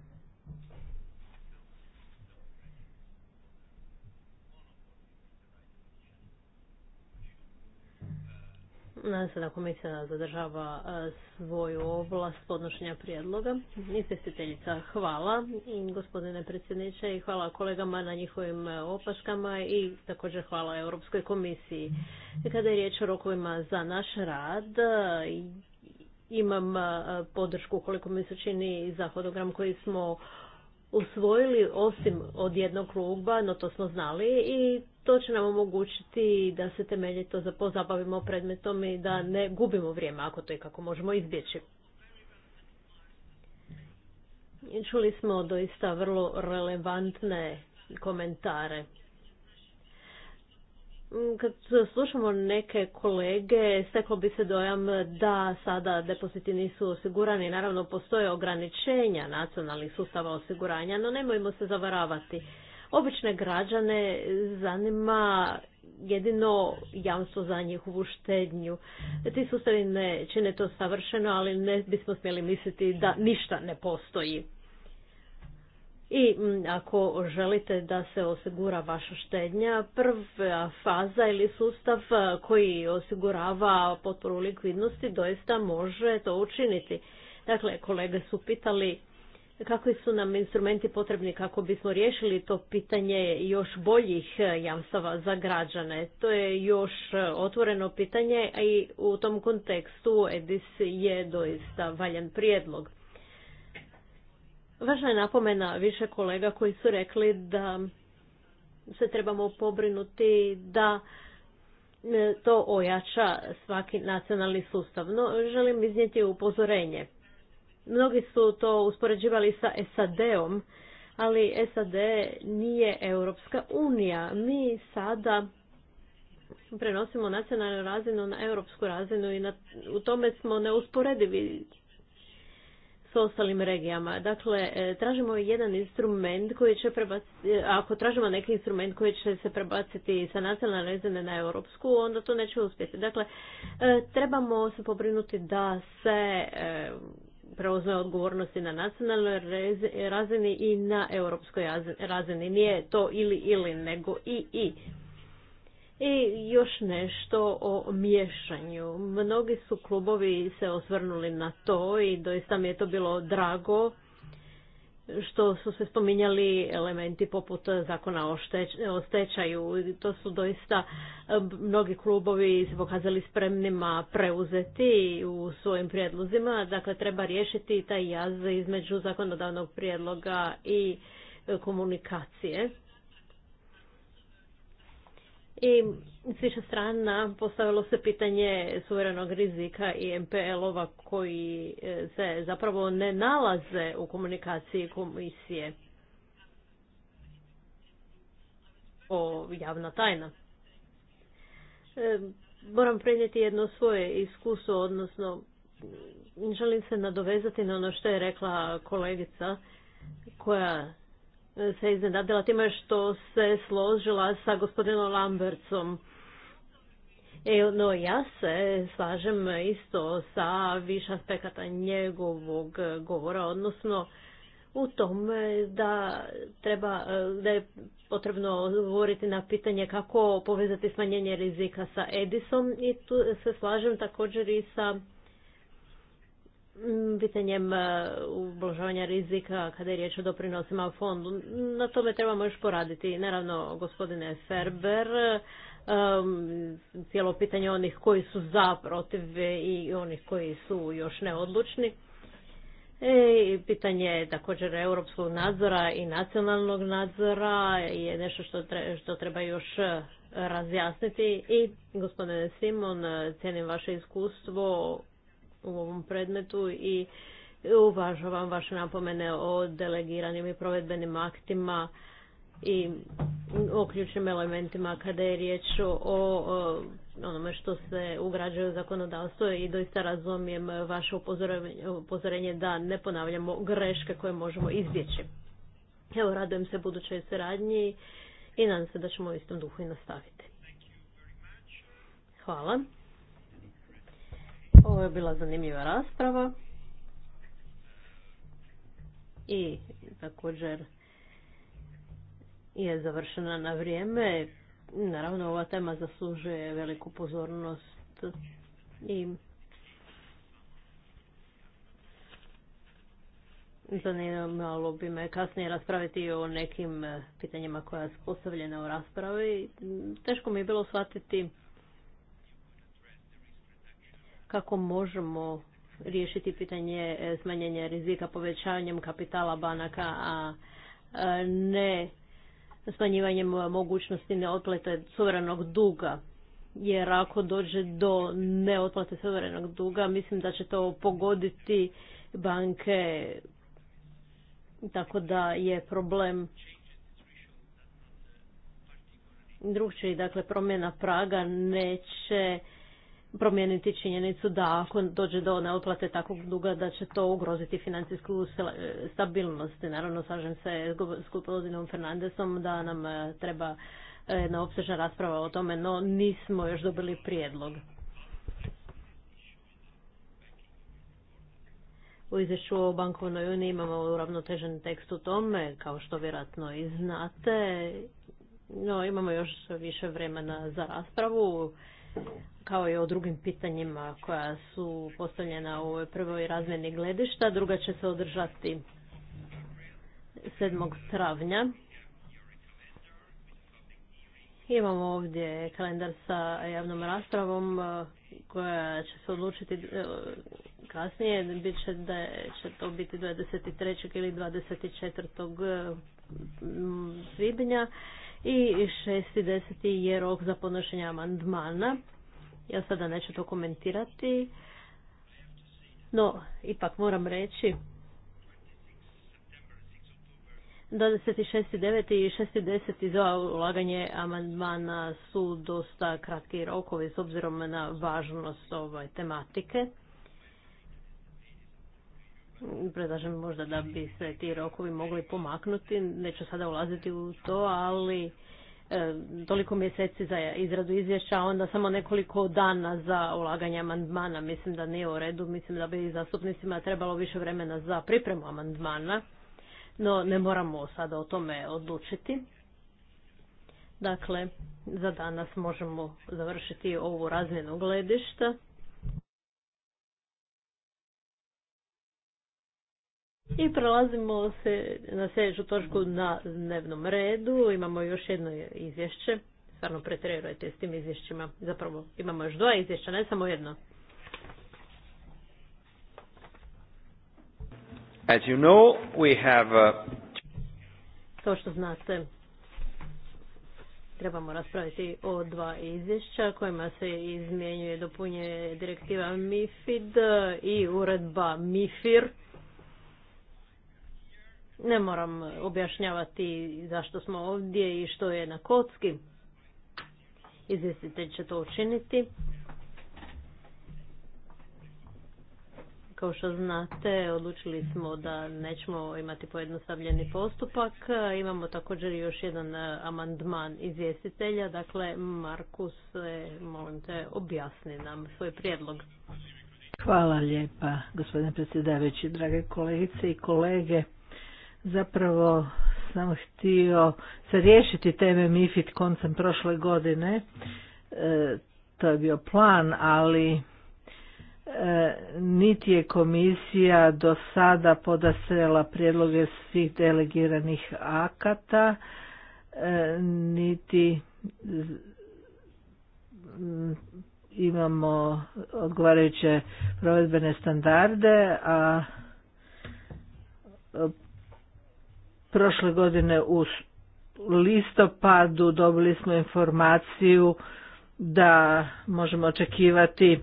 Nadam se da komisija zadržava e, svoju oblast podnošenja prijedloga. Izvjestiteljica, hvala gospodine predsjedniče i hvala kolegama na njihovim e, opaškama i također hvala Europskoj komisiji. Kada je riječ o rokovima za naš rad, e, imam podršku koliko mi se čini za hodogram koji smo usvojili osim od jednog kluba, no to smo znali i to će nam omogućiti da se temeljito pozabavimo predmetom i da ne gubimo vrijeme ako to i kako možemo izbjeći. Čuli smo doista vrlo relevantne komentare. Mm, kad slušamo neke kolege, steklo bi se dojam da sada depoziti nisu osigurani. Naravno, postoje ograničenja nacionalnih sustava osiguranja, no nemojmo se zavaravati. Obične građane zanima jedino jamstvo za njihovu štednju. Ti sustavi ne čine to savršeno, ali ne bismo smjeli misliti da ništa ne postoji. I mm, ako želite da se osigura vaša štednja, prva faza ili sustav e, koji osigurava potporu likvidnosti doista može to učiniti. Dakle, kolege su pitali kakvi su nam instrumenti potrebni kako bismo riješili to pitanje još boljih e, jamstava za građane. To je još e, otvoreno pitanje i u tom kontekstu EDIS je doista valjan prijedlog. Važna je napomena više kolega koji su rekli da se trebamo pobrinuti da e, to ojača svaki nacionalni sustav. No, želim iznijeti upozorenje. Mnogi su to uspoređivali sa SAD-om, ali SAD nije Europska unija. Mi sada prenosimo nacionalnu razinu na europsku razinu i u tome smo neusporedivi s ostalim regijama. Dakle, e, tražimo jedan instrument koji će prebaciti, e, ako tražimo neki instrument koji će se prebaciti sa nacionalne razine na europsku, onda to neće uspjeti. Dakle, e, trebamo se pobrinuti da se preuzme odgovornosti na nacionalnoj razini i na europskoj razini. Nije to ili ili, nego i i. I još nešto o miješanju. Mnogi su klubovi se osvrnuli na to i doista mi je to bilo drago što su se spominjali elementi poput zakona o stečaju. To su doista e, mnogi klubovi se pokazali spremnima preuzeti u svojim prijedlozima. Dakle, treba riješiti taj jaz između zakonodavnog prijedloga i e, komunikacije i s više strana postavilo se pitanje suverenog rizika i MPL-ova koji e, se zapravo ne nalaze u komunikaciji komisije o javna tajna. E, moram prenijeti jedno svoje iskustvo, odnosno želim se nadovezati na ono što je rekla kolegica koja se iznenadila time što se složila sa gospodinom Lambertsom. E, no, ja se slažem isto sa više aspekata njegovog govora, odnosno u tome da treba, da je potrebno govoriti na pitanje kako povezati smanjenje rizika sa Edison i tu se slažem također i sa Mm, pitanjem e, ublažavanja rizika kada je riječ o doprinosima fondu. Na tome trebamo još poraditi. Naravno, gospodine Ferber, e, cijelo pitanje onih koji su za, protiv i onih koji su još neodlučni. E, pitanje također europskog nadzora i nacionalnog nadzora je nešto što, što treba još razjasniti i gospodine Simon, cijenim vaše iskustvo u ovom predmetu i uvažavam vaše napomene o delegiranim i provedbenim aktima i o ključnim elementima kada je riječ o onome što se ugrađuje u zakonodavstvo i doista razumijem vaše upozorenje da ne ponavljamo greške koje možemo izbjeći. Evo, radujem se budućoj suradnji i nadam se da ćemo u istom duhu i nastaviti. Hvala. Ovo je bila zanimljiva rasprava i također je završena na vrijeme. Naravno, ova tema zaslužuje veliku pozornost i Zanimalo bi me kasnije raspraviti o nekim pitanjima koja su postavljena u raspravi. Teško mi je bilo shvatiti kako možemo riješiti pitanje e, smanjenja rizika povećanjem kapitala banaka, a e, ne smanjivanjem mogućnosti neotplate suverenog duga. Jer ako dođe do neotplate suverenog duga, mislim da će to pogoditi banke, tako da je problem drugčiji. Dakle, promjena praga neće promijeniti činjenicu da ako dođe do neoplate takvog duga da će to ugroziti financijsku stabilnost. Naravno, slažem se s gospodinom Fernandesom da nam e, treba e, jedna opsežna rasprava o tome, no nismo još dobili prijedlog. U izvješću o bankovnoj uniji imamo uravnotežen tekst u tome, kao što vjerojatno i znate. No, imamo još više vremena za raspravu kao i o drugim pitanjima koja su postavljena u ovoj prvoj razmjeni gledišta. Druga će se održati 7. travnja. Imamo ovdje kalendar sa javnom raspravom e, koja će se odlučiti e, kasnije. Biće da će to biti 23. ili 24. E, svibnja i 6.10. je rok za podnošenje amandmana. Ja sada neću to komentirati, no ipak moram reći 26.9. i 6.10. za ulaganje amandmana su dosta kratki rokovi s obzirom na važnost ove ovaj, tematike predlažem možda da bi se ti rokovi mogli pomaknuti, neću sada ulaziti u to, ali e, toliko mjeseci za izradu izvješća, onda samo nekoliko dana za ulaganje amandmana mislim da nije u redu, mislim da bi zastupnicima trebalo više vremena za pripremu amandmana, no ne moramo sada o tome odlučiti. Dakle, za danas možemo završiti ovu razmjenu gledišta. I prelazimo se na sljedeću točku na dnevnom redu. Imamo još jedno izvješće. Stvarno pretjerujete s tim izvješćima. Zapravo imamo još dva izvješća, ne samo jedno. As you know, we have uh, a... To što znate, trebamo raspraviti o dva izvješća kojima se izmjenjuje dopunje direktiva MIFID i uredba MIFIR ne moram objašnjavati zašto smo ovdje i što je na kocki. Izvjestitelj će to učiniti. Kao što znate, odlučili smo da nećemo imati pojednostavljeni postupak. Imamo također još jedan amandman izvjestitelja. Dakle, Markus, e, molim te, objasni nam svoj prijedlog. Hvala lijepa, gospodine predsjedavajući, drage kolegice i kolege zapravo samo htio se riješiti teme MIFID koncem prošle godine. E, to je bio plan, ali e, niti je komisija do sada podasrela prijedloge svih delegiranih akata, e, niti imamo odgovarajuće provedbene standarde, a Prošle godine u listopadu dobili smo informaciju da možemo očekivati e,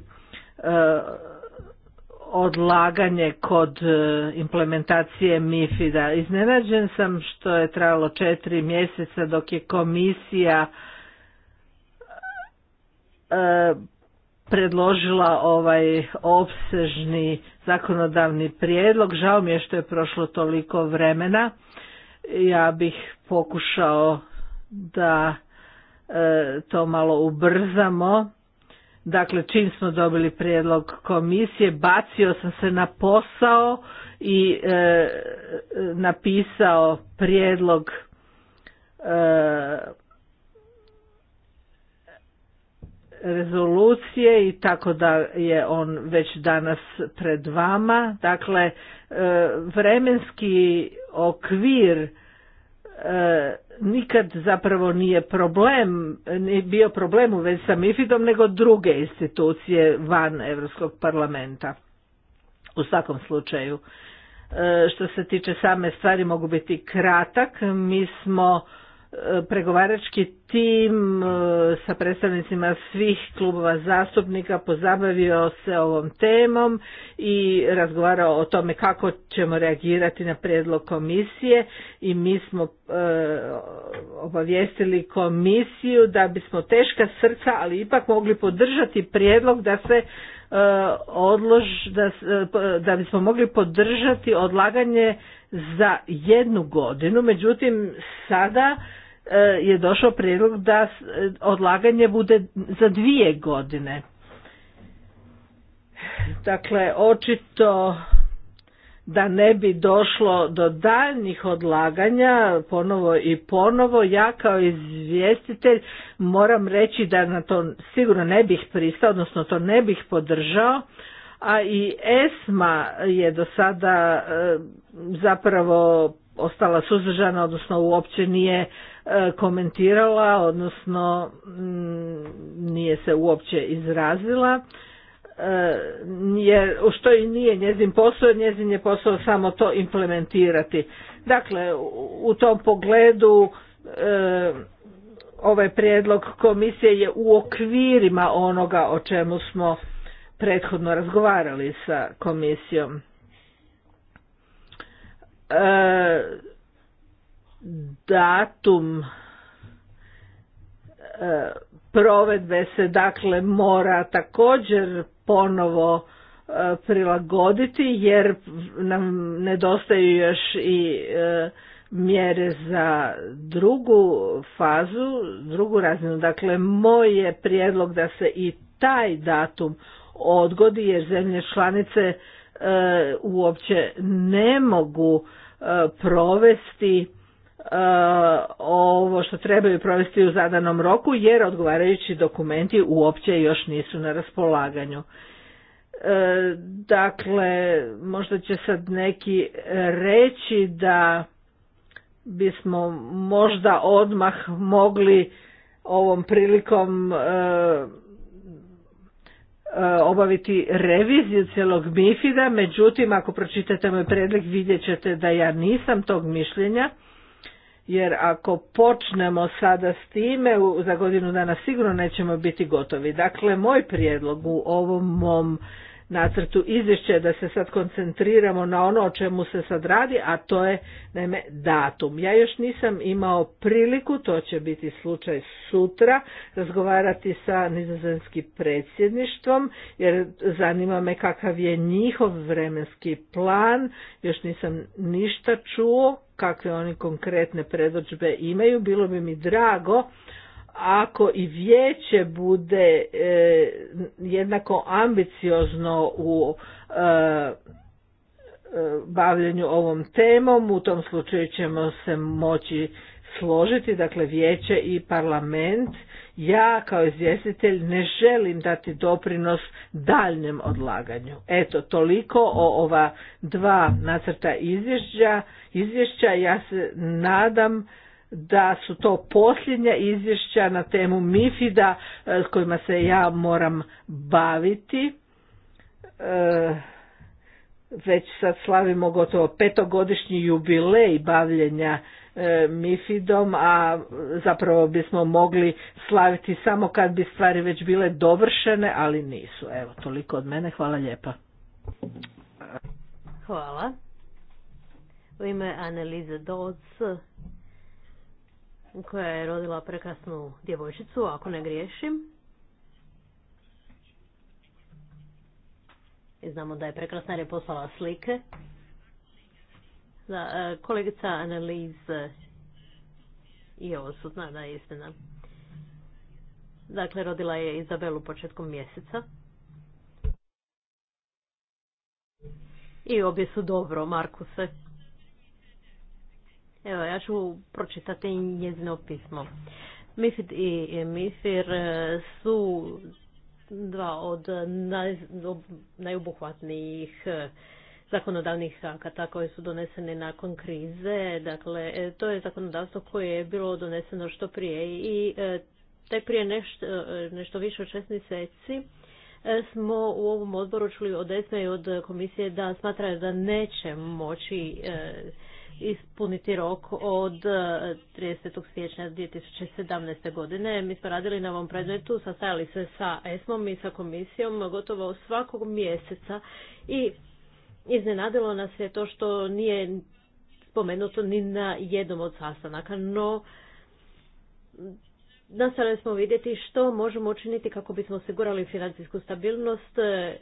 odlaganje kod e, implementacije MIFID-a. Iznenađen sam što je trajalo četiri mjeseca dok je komisija e, predložila ovaj opsežni zakonodavni prijedlog. Žao mi je što je prošlo toliko vremena ja bih pokušao da e, to malo ubrzamo. Dakle, čim smo dobili prijedlog komisije, bacio sam se na posao i e, napisao prijedlog e, rezolucije i tako da je on već danas pred vama. Dakle, E, vremenski okvir e, nikad zapravo nije problem, nije bio problem u vezi sa MIFIDom nego druge institucije van Europskog parlamenta. U svakom slučaju, e, što se tiče same stvari mogu biti kratak, mi smo pregovarački tim e, sa predstavnicima svih klubova zastupnika pozabavio se ovom temom i razgovarao o tome kako ćemo reagirati na prijedlog komisije i mi smo e, obavijestili komisiju da bismo teška srca ali ipak mogli podržati prijedlog da se e, odlož da, da bismo mogli podržati odlaganje za jednu godinu međutim sada E, je došao prijedlog da e, odlaganje bude za dvije godine. Dakle, očito da ne bi došlo do daljnjih odlaganja ponovo i ponovo, ja kao izvjestitelj moram reći da na to sigurno ne bih pristao, odnosno to ne bih podržao, a i ESMA je do sada e, zapravo ostala suzdržana, odnosno uopće nije komentirala, odnosno mm, nije se uopće izrazila, e, jer što i nije njezin posao, njezin je posao samo to implementirati. Dakle, u tom pogledu e, ovaj prijedlog komisije je u okvirima onoga o čemu smo prethodno razgovarali sa komisijom. E, datum e, provedbe se dakle mora također ponovo e, prilagoditi jer nam nedostaju još i e, mjere za drugu fazu, drugu razinu. Dakle, moj je prijedlog da se i taj datum odgodi jer zemlje članice uopće ne mogu provesti E, ovo što trebaju provesti u zadanom roku jer odgovarajući dokumenti uopće još nisu na raspolaganju. E, dakle, možda će sad neki reći da bismo možda odmah mogli ovom prilikom e, obaviti reviziju cijelog Mifida, međutim ako pročitate moj predlik vidjet ćete da ja nisam tog mišljenja jer ako počnemo sada s time, za godinu dana sigurno nećemo biti gotovi. Dakle, moj prijedlog u ovom mom nacrtu izvješća je da se sad koncentriramo na ono o čemu se sad radi, a to je naime datum. Ja još nisam imao priliku, to će biti slučaj sutra, razgovarati sa nizozemskim predsjedništvom, jer zanima me kakav je njihov vremenski plan, još nisam ništa čuo, kakve oni konkretne predođbe imaju. Bilo bi mi drago ako i vijeće bude e, jednako ambiciozno u e, e, bavljenju ovom temom, u tom slučaju ćemo se moći složiti, dakle vijeće i parlament ja kao izvjestitelj ne želim dati doprinos daljnjem odlaganju. Eto, toliko o ova dva nacrta izvješća. izvješća ja se nadam da su to posljednja izvješća na temu Mifida e, s kojima se ja moram baviti. E, već sad slavimo gotovo petogodišnji jubilej bavljenja E, mifidom, a zapravo bismo mogli slaviti samo kad bi stvari već bile dovršene, ali nisu. Evo, toliko od mene. Hvala lijepa. Hvala. U ime Annelize Dodds, koja je rodila prekrasnu djevojčicu, ako ne griješim. I znamo da je prekrasna jer je poslala slike. Da, e, kolegica Analiz i ovo su zna da je istina. Dakle, rodila je Izabelu početkom mjeseca. I obje su dobro, Markuse. Evo, ja ću pročitati njezino pismo. Mifid i Mifir e, su dva od naj, najobuhvatnijih e, zakonodavnih akata koji su donesene nakon krize. Dakle, e, to je zakonodavstvo koje je bilo doneseno što prije i e, tek prije nešto, e, nešto više od šest mjeseci smo u ovom odboru čuli od ESME i od komisije da smatraju da neće moći ispuniti rok od 30. siječnja 2017. godine. Mi smo radili na ovom predmetu, sastajali se sa ESMOM i sa komisijom gotovo svakog mjeseca i Iznenadilo nas je to što nije spomenuto ni na jednom od sastanaka, no nastavili smo vidjeti što možemo učiniti kako bismo osigurali financijsku stabilnost,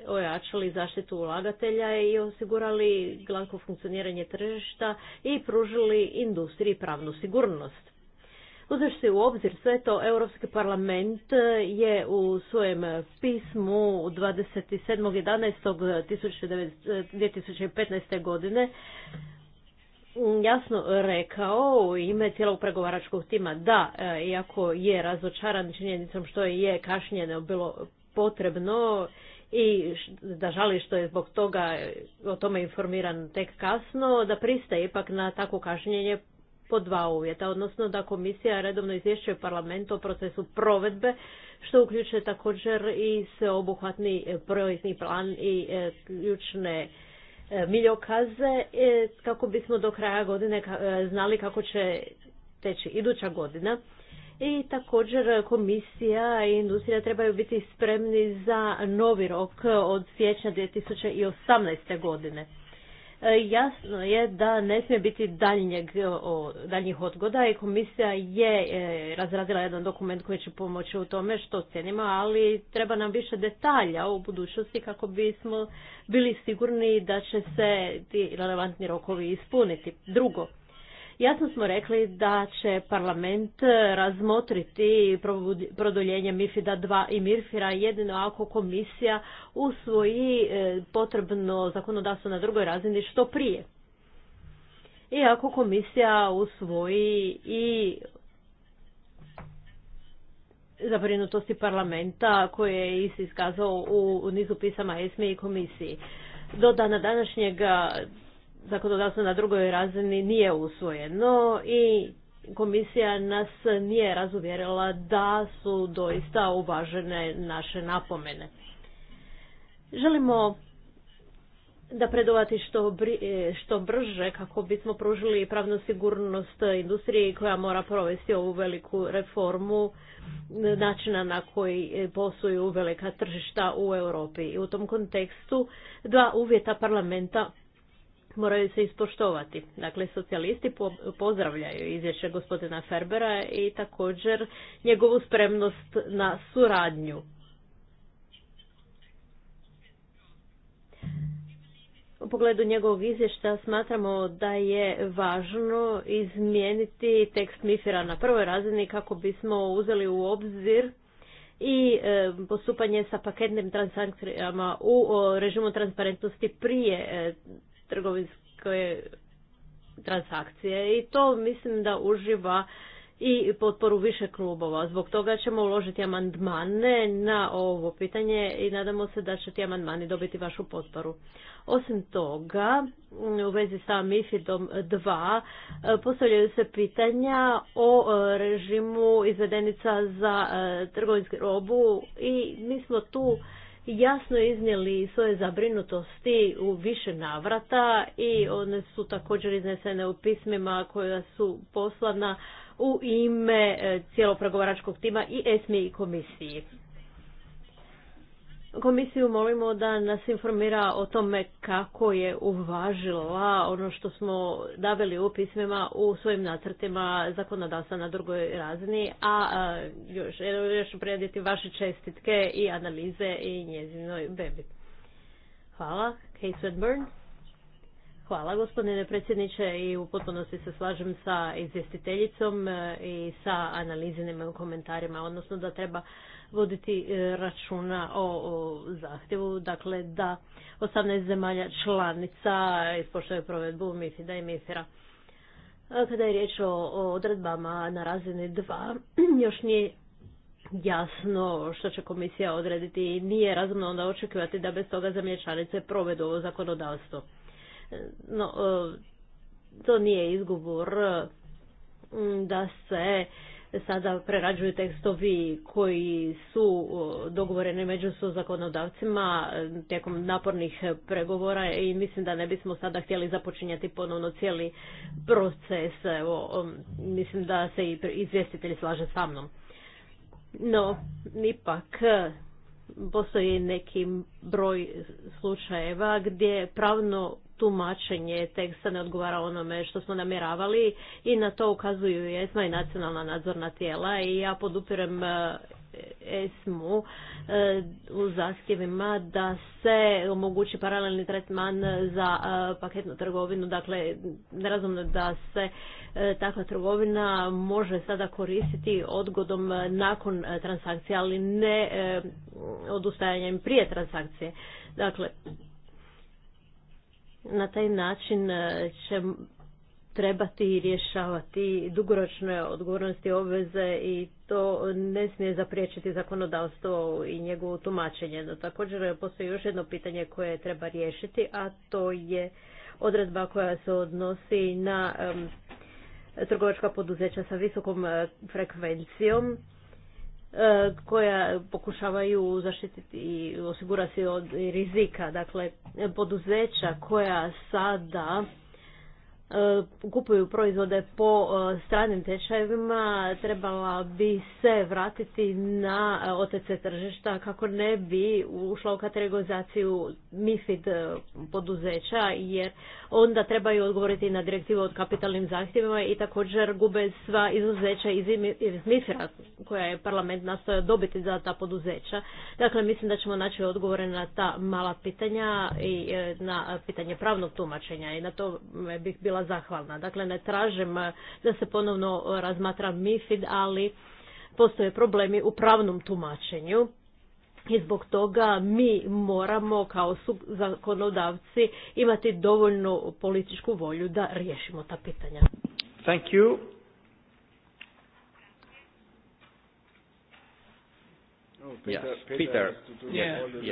ojačali zaštitu ulagatelja i osigurali glanko funkcioniranje tržišta i pružili industriji pravnu sigurnost. Uzevši u obzir sve to, Europski parlament e, je u svojem pismu 27.11.2015. E, godine mm, jasno rekao u ime cijelog pregovaračkog tima da, e, iako je razočaran činjenicom što je kašnjeno bilo potrebno i da žali što je zbog toga o tome informiran tek kasno, da pristaje ipak na takvo kašnjenje po dva uvjeta, odnosno da komisija redovno izvješćuje parlament o procesu provedbe, što uključuje također i sveobuhvatni projektni plan i e, ključne e, miljokaze e, kako bismo do kraja godine znali kako će teći iduća godina. I također komisija i industrija trebaju biti spremni za novi rok od siječnja 2018. godine. E, jasno je da ne smije biti daljnjeg, daljnjih odgoda i komisija je e, razradila jedan dokument koji će pomoći u tome što cijenimo, ali treba nam više detalja u budućnosti kako bismo bili sigurni da će se ti relevantni rokovi ispuniti. Drugo, Jasno smo rekli da će parlament eh, razmotriti produljenje MIFIDA 2 i MIRFIRA jedino ako komisija usvoji eh, potrebno zakonodavstvo na drugoj razini što prije. I ako komisija usvoji i zabrinutosti parlamenta koje je iskazao u nizu pisama ESME i komisiji. Do dana današnjega zakonodavstvo na drugoj razini nije usvojeno i komisija nas nije razuvjerila da su doista uvažene naše napomene. Želimo predovati što, što brže kako bismo pružili pravnu sigurnost industriji koja mora provesti ovu veliku reformu načina na koji posluju velika tržišta u Europi. I u tom kontekstu dva uvjeta parlamenta moraju se ispoštovati. Dakle, socijalisti pozdravljaju izvješće gospodina Ferbera i također njegovu spremnost na suradnju. U pogledu njegovog izvješća smatramo da je važno izmijeniti tekst MIFIRA na prvoj razini kako bismo uzeli u obzir i e, postupanje sa paketnim transakcijama u režimu transparentnosti prije e, trgovinske transakcije i to mislim da uživa i potporu više klubova. Zbog toga ćemo uložiti amandmane na ovo pitanje i nadamo se da će ti amandmani dobiti vašu potporu. Osim toga, u vezi sa MIFIDom 2 postavljaju se pitanja o e, režimu izvedenica za e, trgovinsku robu i mi smo tu jasno iznijeli svoje zabrinutosti u više navrata i mhm. one su također iznesene u pismima koja su poslana u ime e, cijelog pregovaračkog tima i ESMI i komisiji. Komisiju molimo da nas informira o tome kako je uvažila ono što smo daveli u pismima u svojim nacrtima zakonodavstva na drugoj razini, a još, još prijediti vaše čestitke i analize i njezinoj bebi. Hvala, Kate Swedburn. Hvala gospodine predsjedniče i u potpunosti se slažem sa izvjestiteljicom e, i sa analizinim komentarima, odnosno da treba voditi e, računa o zahtjevu, dakle da 18 zemalja članica ispoštuje provedbu mifid i mifir Kada je riječ o, odredbama na razini 2, još nije jasno što će komisija odrediti i nije razumno onda očekivati da bez toga zemlje članice provedu ovo zakonodavstvo. E, no, e, to nije izgovor da se sada prerađuju tekstovi koji su dogovoreni među su zakonodavcima tijekom napornih pregovora i mislim da ne bismo sada htjeli započinjati ponovno cijeli proces. Evo, mislim da se i izvjestitelji slaže sa mnom. No, ipak, postoji neki broj slučajeva gdje pravno tumačenje teksta ne odgovara onome što smo namjeravali i na to ukazuju i ESMA i nacionalna nadzorna tijela i ja podupirem e, ESMU e, u zahtjevima da se omogući paralelni tretman za e, paketnu trgovinu. Dakle, nerazumno da se takva trgovina može sada koristiti odgodom nakon transakcije, ali ne odustajanjem prije transakcije. Dakle, na taj način e, će trebati rješavati dugoročne odgovornosti obveze i to ne smije zapriječiti zakonodavstvo i njegovo tumačenje. No, također e, postoji još jedno pitanje koje treba riješiti, a to je odredba koja se odnosi na trgovačka poduzeća sa visokom e, frekvencijom E, koja pokušavaju zaštititi i osigurati od rizika. Dakle, poduzeća koja sada E, kupuju proizvode po e, stranim tečajevima trebala bi se vratiti na e, OTC tržišta kako ne bi ušla u kategorizaciju MIFID poduzeća jer onda trebaju odgovoriti na direktivu od kapitalnim zahtjevima i također gube sva izuzeća iz MIFIRA koja je parlament nastojao dobiti za ta poduzeća. Dakle, mislim da ćemo naći odgovore na ta mala pitanja i na pitanje pravnog tumačenja i na to bih bila zahvalna. Dakle, ne tražim eh, da se ponovno eh, razmatra MIFID, ali postoje problemi u pravnom tumačenju. I zbog toga mi moramo kao zakonodavci imati dovoljnu političku volju da riješimo ta pitanja. Thank you.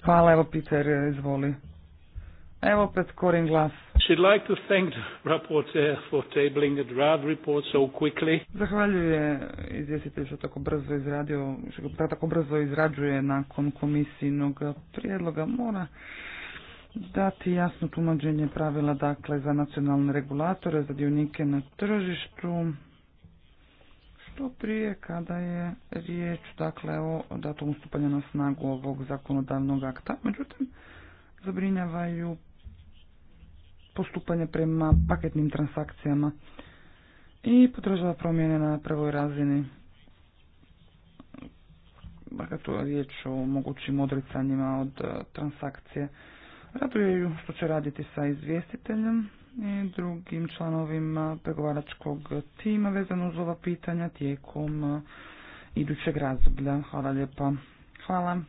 Hvala, evo Peter, izvoli. Evo pred korim glas. Like to thank the for tabling the draft report so quickly. Zahvaljuje izvjestitelj što tako brzo izradio, što tako brzo izrađuje nakon komisijnog prijedloga mora dati jasno tumađenje pravila dakle za nacionalne regulatore, za dionike na tržištu, što prije kada je riječ dakle o datumu stupanja na snagu ovog zakonodavnog akta. Međutim, zabrinjavaju postupanje prema paketnim transakcijama i podržava promjene na prvoj razini. Dakle, tu je riječ o mogućim odricanjima od e, transakcije. ju što će raditi sa izvjestiteljem i drugim članovima pregovaračkog tima vezano uz ova pitanja tijekom e, idućeg razdoblja. Hvala lijepa. Hvala.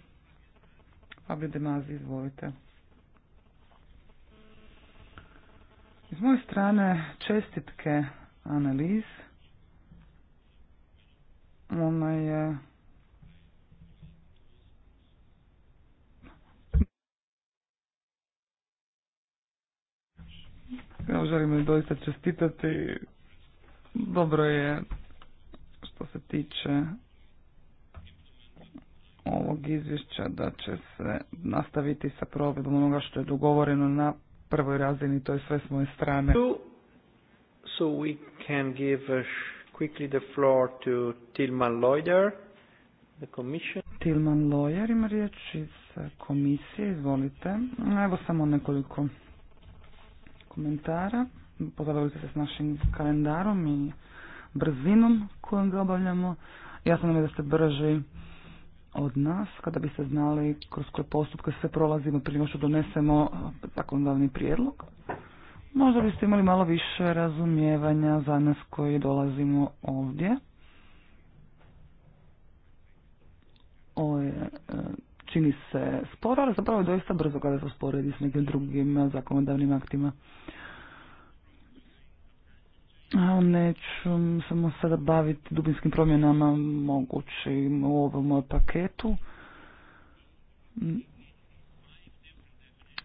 Fabio Demazi, izvolite. S moje strane čestitke analiz. Ona je Ja želim li doista čestitati. Dobro je što se tiče ovog izvješća da će se nastaviti sa provedbom onoga što je dogovoreno na prvoj razini, to je sve s moje strane. So we can give quickly the floor to Tilman Loider, the commission. Tilman ima riječ iz e, komisije, izvolite. Evo samo nekoliko komentara. Pozabavite se s našim kalendarom i brzinom kojom ga obavljamo. Jasno nam je da ste brži od nas kada biste znali kroz koje postupke sve prolazimo prije nego što donesemo zakonodavni prijedlog. Možda biste imali malo više razumijevanja za nas koji dolazimo ovdje. Ovo je, e, čini se sporo, ali zapravo je doista brzo kada se usporedi s nekim drugim zakonodavnim aktima. Neću samo sada baviti dubinskim promjenama mogućim u ovom paketu.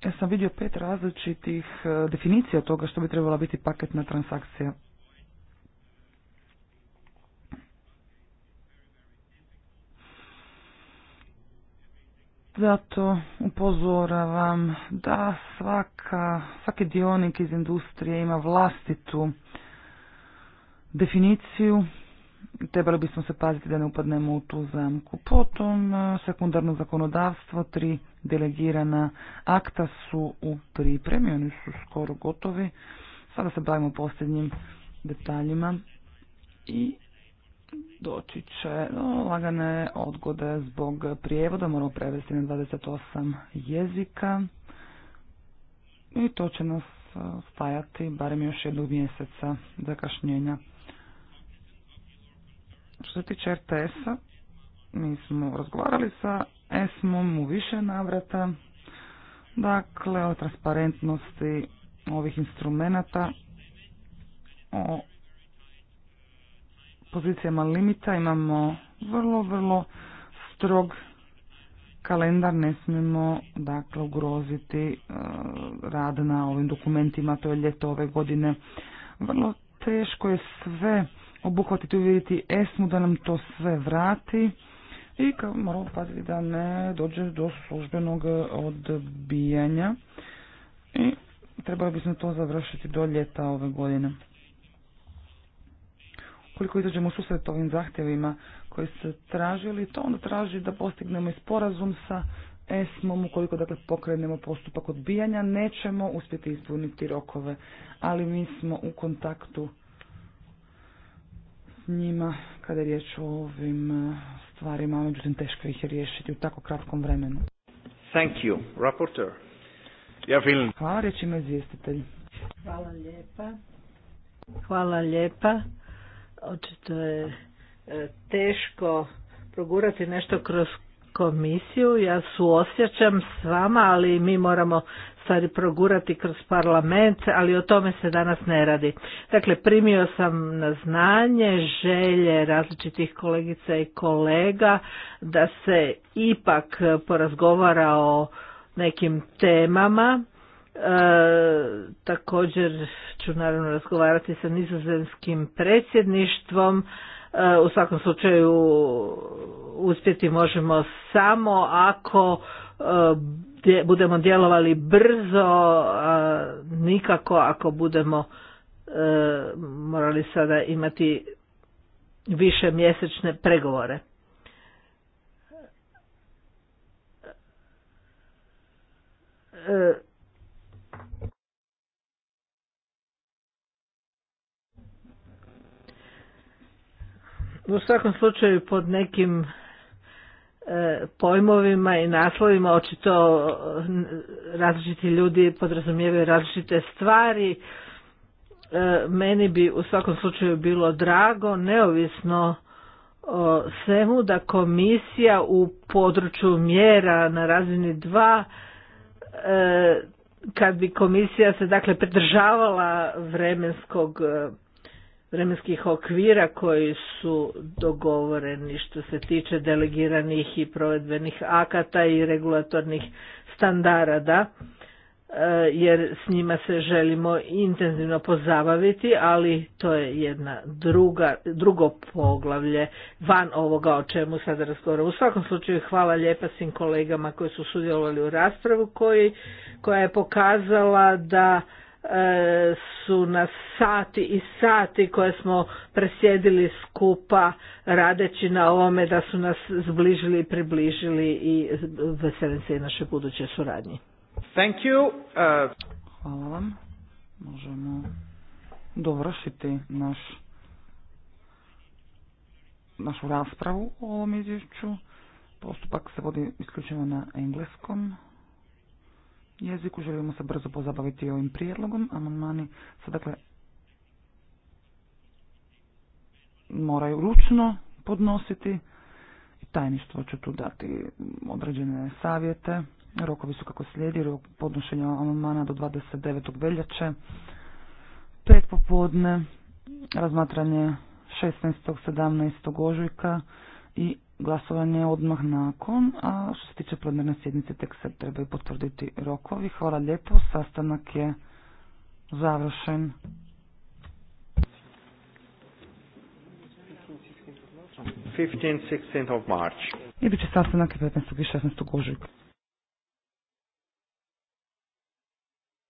Ja sam vidio pet različitih e, definicija toga što bi trebala biti paketna transakcija. Zato upozoravam da svaka, svaki dionik iz industrije ima vlastitu definiciju. Trebali bismo se paziti da ne upadnemo u tu zamku. Potom e, sekundarno zakonodavstvo, tri delegirana akta su u pripremi, oni su skoro gotovi. Sada se bavimo posljednjim detaljima i doći će no, lagane odgode zbog prijevoda, moramo prevesti na 28 jezika i to će nas e, stajati barem još jednog mjeseca zakašnjenja. Što se tiče RTS-a, mi smo razgovarali sa ESMOM u više navrata, dakle o transparentnosti ovih instrumenata, o pozicijama limita imamo vrlo, vrlo strog kalendar, ne smijemo dakle ugroziti e, rad na ovim dokumentima, to je ljeto ove godine. Vrlo teško je sve obuhvatiti i vidjeti ESMU da nam to sve vrati i kao moramo paziti da ne dođe do službenog odbijanja i trebali bismo to završiti do ljeta ove godine. Koliko izađemo u susret ovim zahtjevima koji su tražili, to onda traži da postignemo i sporazum sa ESMOM, ukoliko dakle pokrenemo postupak odbijanja, nećemo uspjeti ispuniti rokove, ali mi smo u kontaktu njima kada je riječ o ovim e, stvarima, međutim teško ih je riješiti u tako kratkom vremenu. Thank you, reporter. Ja, film Hvala, reći ima izvjestitelj. Hvala lijepa. Hvala lijepa. Očito je e, teško progurati nešto kroz komisiju, ja suosjećam s vama, ali mi moramo stvari progurati kroz parlament, ali o tome se danas ne radi. Dakle, primio sam na znanje želje različitih kolegica i kolega da se ipak porazgovara o nekim temama. E, također ću naravno razgovarati sa nizozemskim predsjedništvom E, u svakom slučaju uspjeti možemo samo ako e, budemo djelovali brzo, nikako ako budemo e, morali sada imati više mjesečne pregovore. u svakom slučaju pod nekim e, pojmovima i naslovima očito e, različiti ljudi podrazumijevaju različite stvari e, meni bi u svakom slučaju bilo drago neovisno o svemu da komisija u području mjera na razini 2 kad bi komisija se dakle pridržavala vremenskog vremenskih okvira koji su dogovoreni što se tiče delegiranih i provedbenih akata i regulatornih standarda e, jer s njima se želimo intenzivno pozabaviti, ali to je jedna druga, drugo poglavlje van ovoga o čemu sad razgovaramo. U svakom slučaju hvala lijepa svim kolegama koji su sudjelovali u raspravu koji, koja je pokazala da su nas sati i sati koje smo presjedili skupa radeći na ovome da su nas zbližili i približili i veselim se naše buduće suradnje. Thank you. Uh... Hvala vam. Možemo dovršiti naš našu raspravu o ovom izvješću. Postupak se vodi isključivo na engleskom jeziku. Želimo se brzo pozabaviti ovim prijedlogom. Amandmani se dakle moraju ručno podnositi. Tajništvo će tu dati određene savjete. Rokovi su kako slijedi, rok podnošenja amandmana do 29. veljače, pet popodne, razmatranje 16. 17. ožujka i Glasovanje odmah nakon, a što se tiče plenarne sjednice tek se trebaju potvrditi rokovi. Hvala lijepo, sastanak je završen. Idući sastanak je 15. i 16. ožujka.